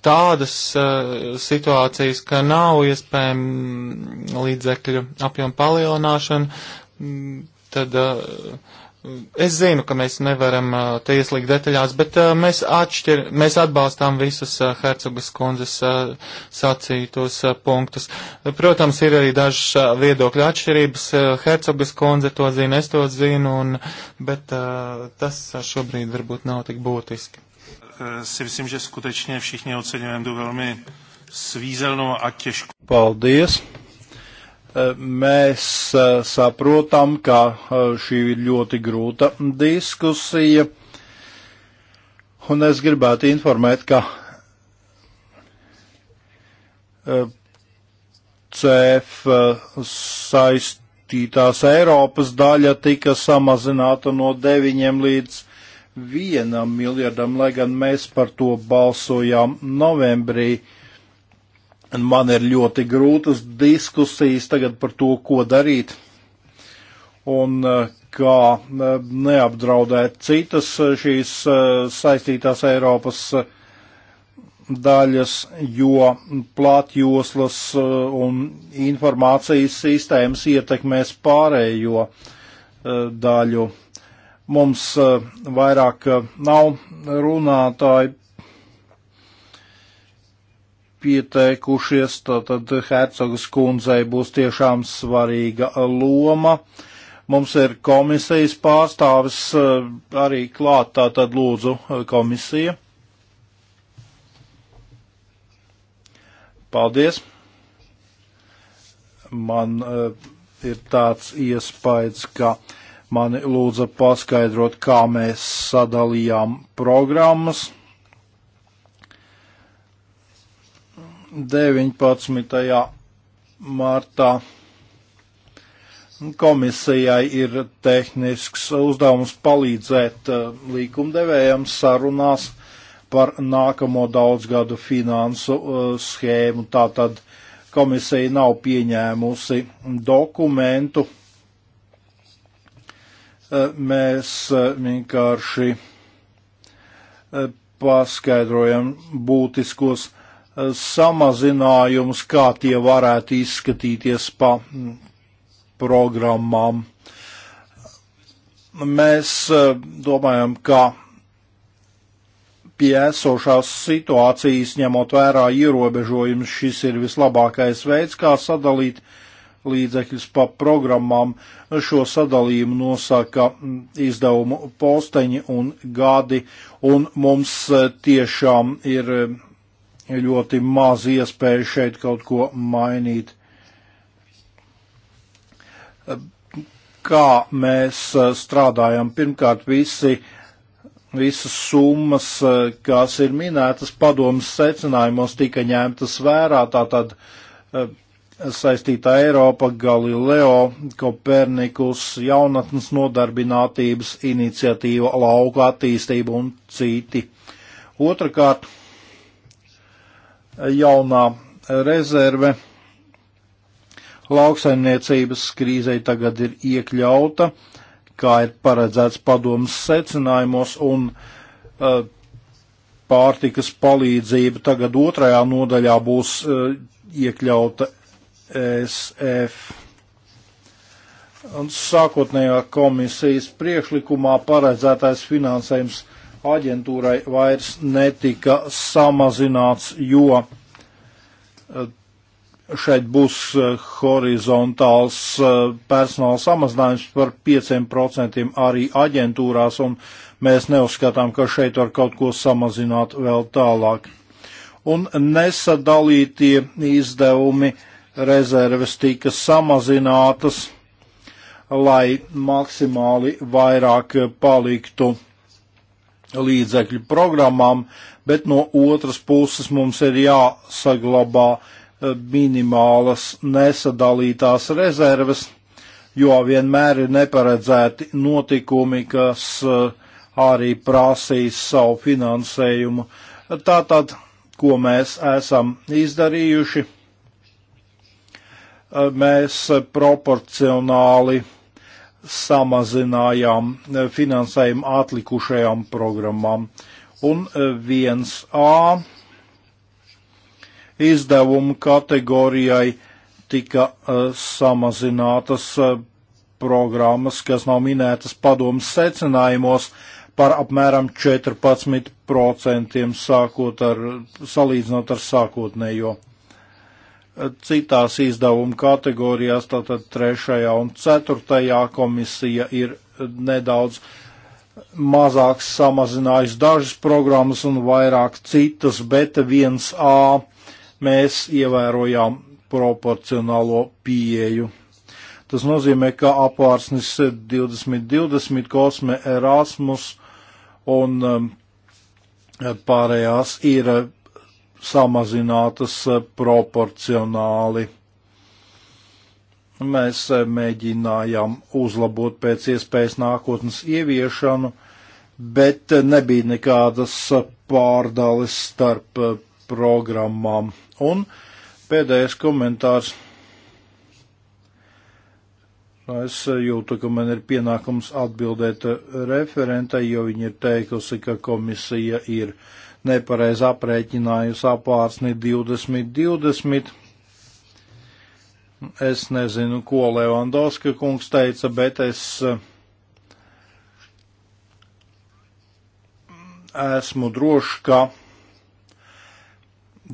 tādas uh, situācijas, ka nav iespējama līdzekļu apjoma palielināšana, mm, tad uh, Es zinu, ka mēs nevaram te ieslīgt detaļās, bet mēs, atšķir, mēs atbalstām visus Hercogas kundzes sacītos punktus. Protams, ir arī dažas viedokļa atšķirības. Hercogas kundze to zina, es to zinu, un, bet tas šobrīd varbūt nav tik būtiski. Si myslím, že skutečně všichni oceňujeme tu velmi svízelnou a těžkou. Paldies! Mēs eh, saprotam, ka eh, šī ir ļoti grūta diskusija, un es gribētu informēt, ka eh, CF saistītās Eiropas daļa tika samazināta no 9 līdz 1 miljardam, lai gan mēs par to balsojām novembrī. Uh, Man ir ļoti grūtas diskusijas tagad par to, ko darīt un eh, kā eh, neapdraudēt citas eh, šīs saistītās Eiropas daļas, jo plātjoslas un informācijas sistēmas ietekmēs pārējo daļu. Mums vairāk nav runātāji pieteikušies, tad Hercogas kundzei būs tiešām svarīga loma. Mums ir komisijas pārstāvis eh, arī klāt, tā tad lūdzu eh, komisija. Paldies. Man uh, ir tāds iespējas, ka mani lūdza paskaidrot, kā mēs sadalījām programmas. 19. martā. Komisijai ir tehnisks uzdevums palīdzēt eh, līkumdevējiem sarunās par nākamo daudzgadu finansu eh, schēmu. Tātad komisija nav pieņēmusi dokumentu. Eh, mēs vienkārši paskaidrojam būtiskos samazinājumus, kā tie varētu izskatīties pa programmām. Mēs e, domājam, ka pie esošās situācijas, ņemot vērā ierobežojumus, šis ir vislabākais veids, kā sadalīt līdzekļus pa programmām. Šo sadalījumu nosaka izdevumu posteņi un gadi, un mums e, tiešām ir ļoti maz iespēju šeit kaut ko mainīt. Kā mēs uh, strādājam? Pirmkārt, visi, visas summas, uh, kas ir minētas padomas secinājumos, tika ņemtas vērā. Tātad uh, saistīta Eiropa, Galileo, Kopernikus, jaunatnes nodarbinātības iniciatīva, lauka attīstība un citi. Otrakārt, jaunā rezerve lauksaimniecības krīzei tagad ir iekļauta, kā ir paredzēts padomas secinājumos, un uh, pārtikas palīdzība tagad otrajā nodaļā būs uh, iekļauta SF. Un sākotnējā komisijas priekšlikumā paredzētais finansējums aģentūrai vairs netika samazināts, jo eh, šeit būs eh, horizontāls eh, personāla samazinājums par 5% arī aģentūrās, un mēs neuzskatām, ka šeit var kaut ko samazināt vēl tālāk. Un nesadalītie izdevumi rezerves tika samazinātas, lai maksimāli vairāk paliktu līdzekļu programmām, bet no otras puses mums ir jāsaglabā eh, minimālas nesadalītās rezerves, jo vienmēr ir neparedzēti notikumi, kas eh, arī prasīs savu finansējumu. Tātad, ko mēs esam izdarījuši, eh, mēs proporcionāli samazinājām e, finansējumu atlikušajām programmām. Un 1A e, izdevumu kategorijai tika e, samazinātas programmas, kas nav minētas padomas secinājumos, par apmēram 14% sākot ar, salīdzinot ar sākotnējo citās izdevuma kategorijās, tātad trešajā un ceturtajā komisija ir nedaudz mazāks samazinājis dažas programmas un vairāk citas, bet 1A mēs ievērojām proporcionālo pieeju. Tas nozīmē, ka apvārsnis 2020 kosme Erasmus un um, pārējās ir samazinātas eh, proporcionāli. Mēs eh, mēģinājām uzlabot pēc iespējas nākotnes ieviešanu, bet eh, nebija nekādas pārdales starp programmām. Un pēdējais komentārs. Es jūtu, ka man ir pienākums atbildēt referentai, jo viņa ir teikusi, ka komisija ir uh, nepareiz aprēķinājusi apārsni 2020. Es nezinu, ko Levandovska kungs teica, bet es eh, esmu drošs, ka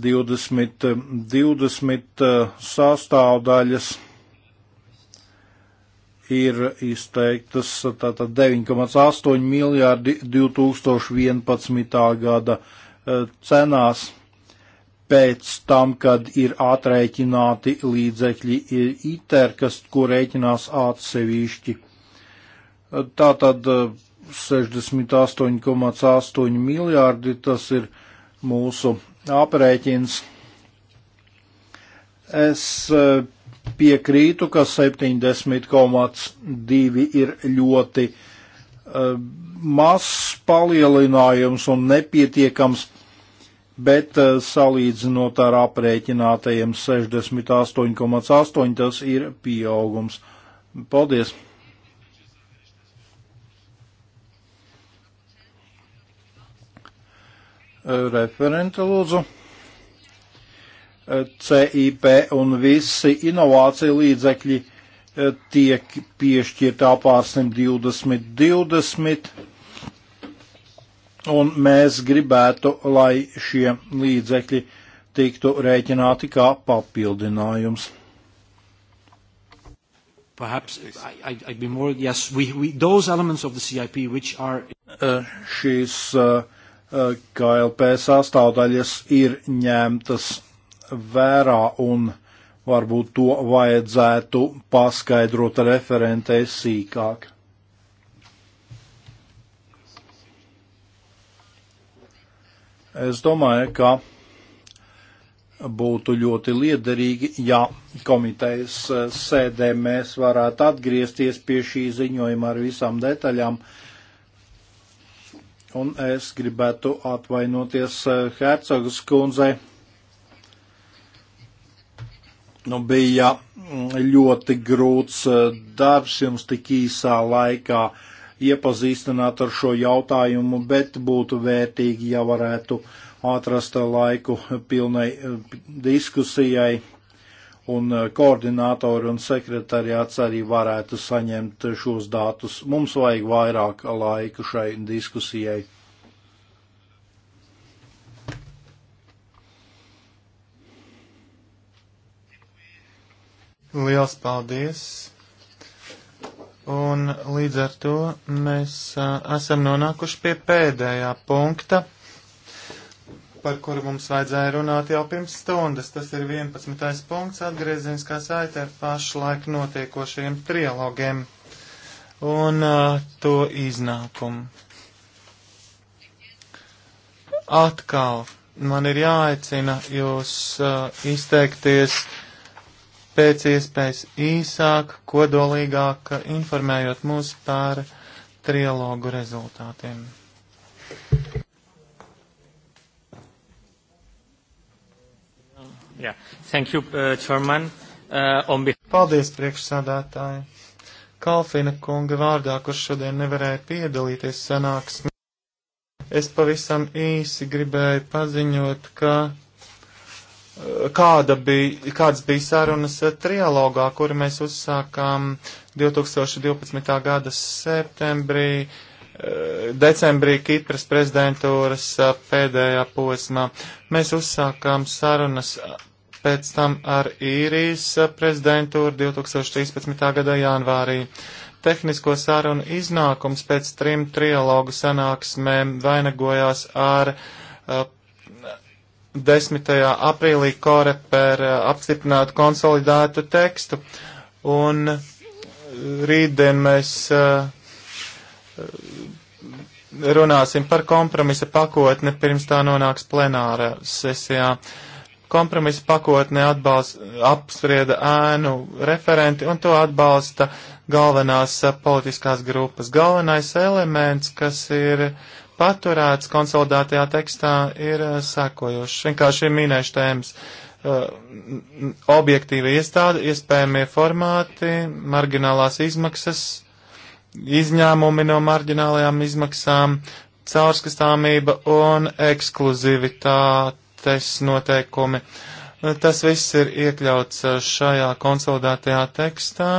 2020 eh, sastāvdaļas ir izteiktas tātad 9,8 miljārdi 2011. gada e, cenās pēc tam, kad ir atrēķināti līdzekļi ITER, kas, ko rēķinās atsevišķi. E, tātad 68,8 e, miljārdi, tas ir mūsu aprēķins. Es piekrītu, ka 70,2 ir ļoti uh, mazs palielinājums un nepietiekams, bet uh, salīdzinot ar aprēķinātajiem 68,8 tas ir pieaugums. Paldies! Eh, referente, lūdzu. CIP un visi inovācija līdzekļi e, tiek piešķirtā pārsim 2020, un mēs gribētu, lai šie līdzekļi tiktu rēķināti kā papildinājums. Perhaps I, I'd be more, yes, we, we, those elements of the CIP which are... Uh, e, šīs uh, e, KLP sastāvdaļas ir ņemtas vērā un varbūt to vajadzētu paskaidrot referentei sīkāk. Es domāju, ka būtu ļoti liederīgi, ja komitejas eh, sēdē mēs varētu atgriezties pie šī ziņojuma ar visām detaļām. Un es gribētu atvainoties eh, Hercogas kundzei Nu, bija mm, ļoti grūts eh, darbs jums tik īsā laikā iepazīstināt ar šo jautājumu, bet būtu vērtīgi, ja varētu atrast laiku pilnai eh, diskusijai, un eh, koordinātori un sekretariāts arī varētu saņemt šos datus. Mums vajag vairāk laika šai diskusijai. Liels paldies! Un līdz ar to mēs a, esam nonākuši pie pēdējā punkta, par kuru mums vajadzēja runāt jau pirms stundas. Tas ir 11. punkts atgrieziniskā saite ar pašlaik notiekošajiem trilogiem un uh, to iznākumu. Atkal man ir jāaicina jūs uh, izteikties pēc iespējas īsāk, kodolīgāk, informējot mūs par trialogu rezultātiem. Yeah. Thank you, uh, Chairman. Uh, on... Paldies, priekšsādātāji. Kalfina kunga vārdā, kurš šodien nevarēja piedalīties sanāksmē, es pavisam īsi gribēju paziņot, ka kāda bija, kādas bija sarunas eh, trialogā, kuru mēs uzsākām 2012. gada septembrī, eh, decembrī Kipras prezidentūras eh, pēdējā posmā. Mēs uzsākām sarunas pēc tam ar īrijas prezidentūru 2013. gada janvārī. Tehnisko sarunu iznākums pēc trim trialogu sanāksmēm vainagojās ar 10. aprīlī Koreper eh, apstiprinātu konsolidētu tekstu. Un eh, rītdien mēs eh, runāsim par kompromisa pakotni, pirms tā nonāks plenāra sesijā. Kompromisa pakotne atbalst, apsprieda ēnu referenti un to atbalsta galvenās politiskās grupas. Galvenais elements, kas ir paturēts konsolidētajā tekstā ir eh, sekojošs. Vienkārši minēšu tēmas. Eh, Objektīva iestāde, iespējamie formāti, marginālās izmaksas, izņēmumi no marginālajām izmaksām, caurskatāmība un ekskluzivitātes noteikumi. Eh, tas viss ir iekļauts šajā konsolidētajā tekstā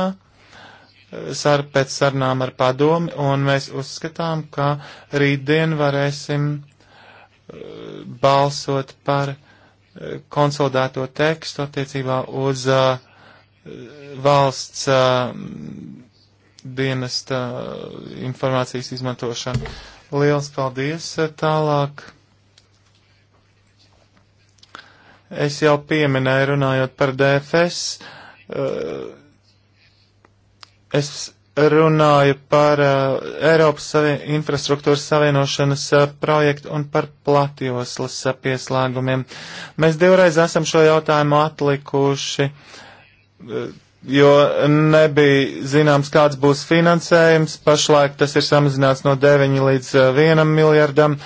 sar, pēc sarunām ar padomi, un mēs uzskatām, ka rītdien varēsim eh, balsot par eh, konsolidēto tekstu attiecībā uz uh, valsts uh, dienesta informācijas izmantošanu. Liels paldies! Tālāk. Es jau pieminēju, runājot par DFS. Uh, Es runāju par uh, Eiropas savie, infrastruktūras savienošanas uh, projektu un par platjoslas uh, pieslēgumiem. Mēs divreiz esam šo jautājumu atlikuši, uh, jo nebija zināms, kāds būs finansējums. Pašlaik tas ir samazināts no 9 līdz uh, 1 miljardam.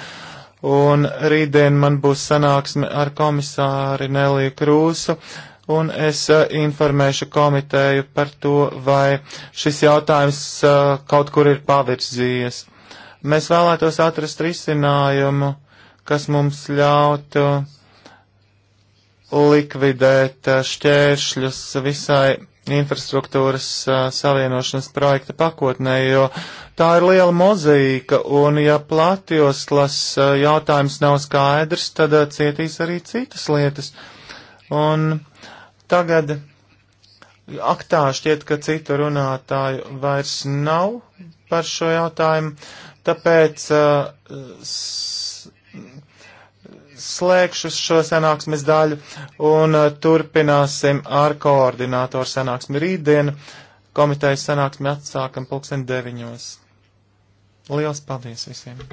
Un rītdien man būs sanāksme ar komisāri Neliju Krūsu. Uh, un es uh, informēšu komiteju par to, vai šis jautājums uh, kaut kur ir pavirzījies. Mēs vēlētos atrast risinājumu, kas mums ļautu likvidēt uh, šķēršļus visai infrastruktūras uh, savienošanas projekta pakotnē, jo tā ir liela mozaīka, un ja platjoslas uh, jautājums nav skaidrs, tad uh, cietīs arī citas lietas. Un Tagad aktā šķiet, ka citu runātāju vairs nav par šo jautājumu, tāpēc uh, slēgšu šo sanāksmes daļu un uh, turpināsim ar koordinātoru sanāksmi rītdien. Komitejas sanāksmi atsākam pulksten deviņos. Liels paldies visiem!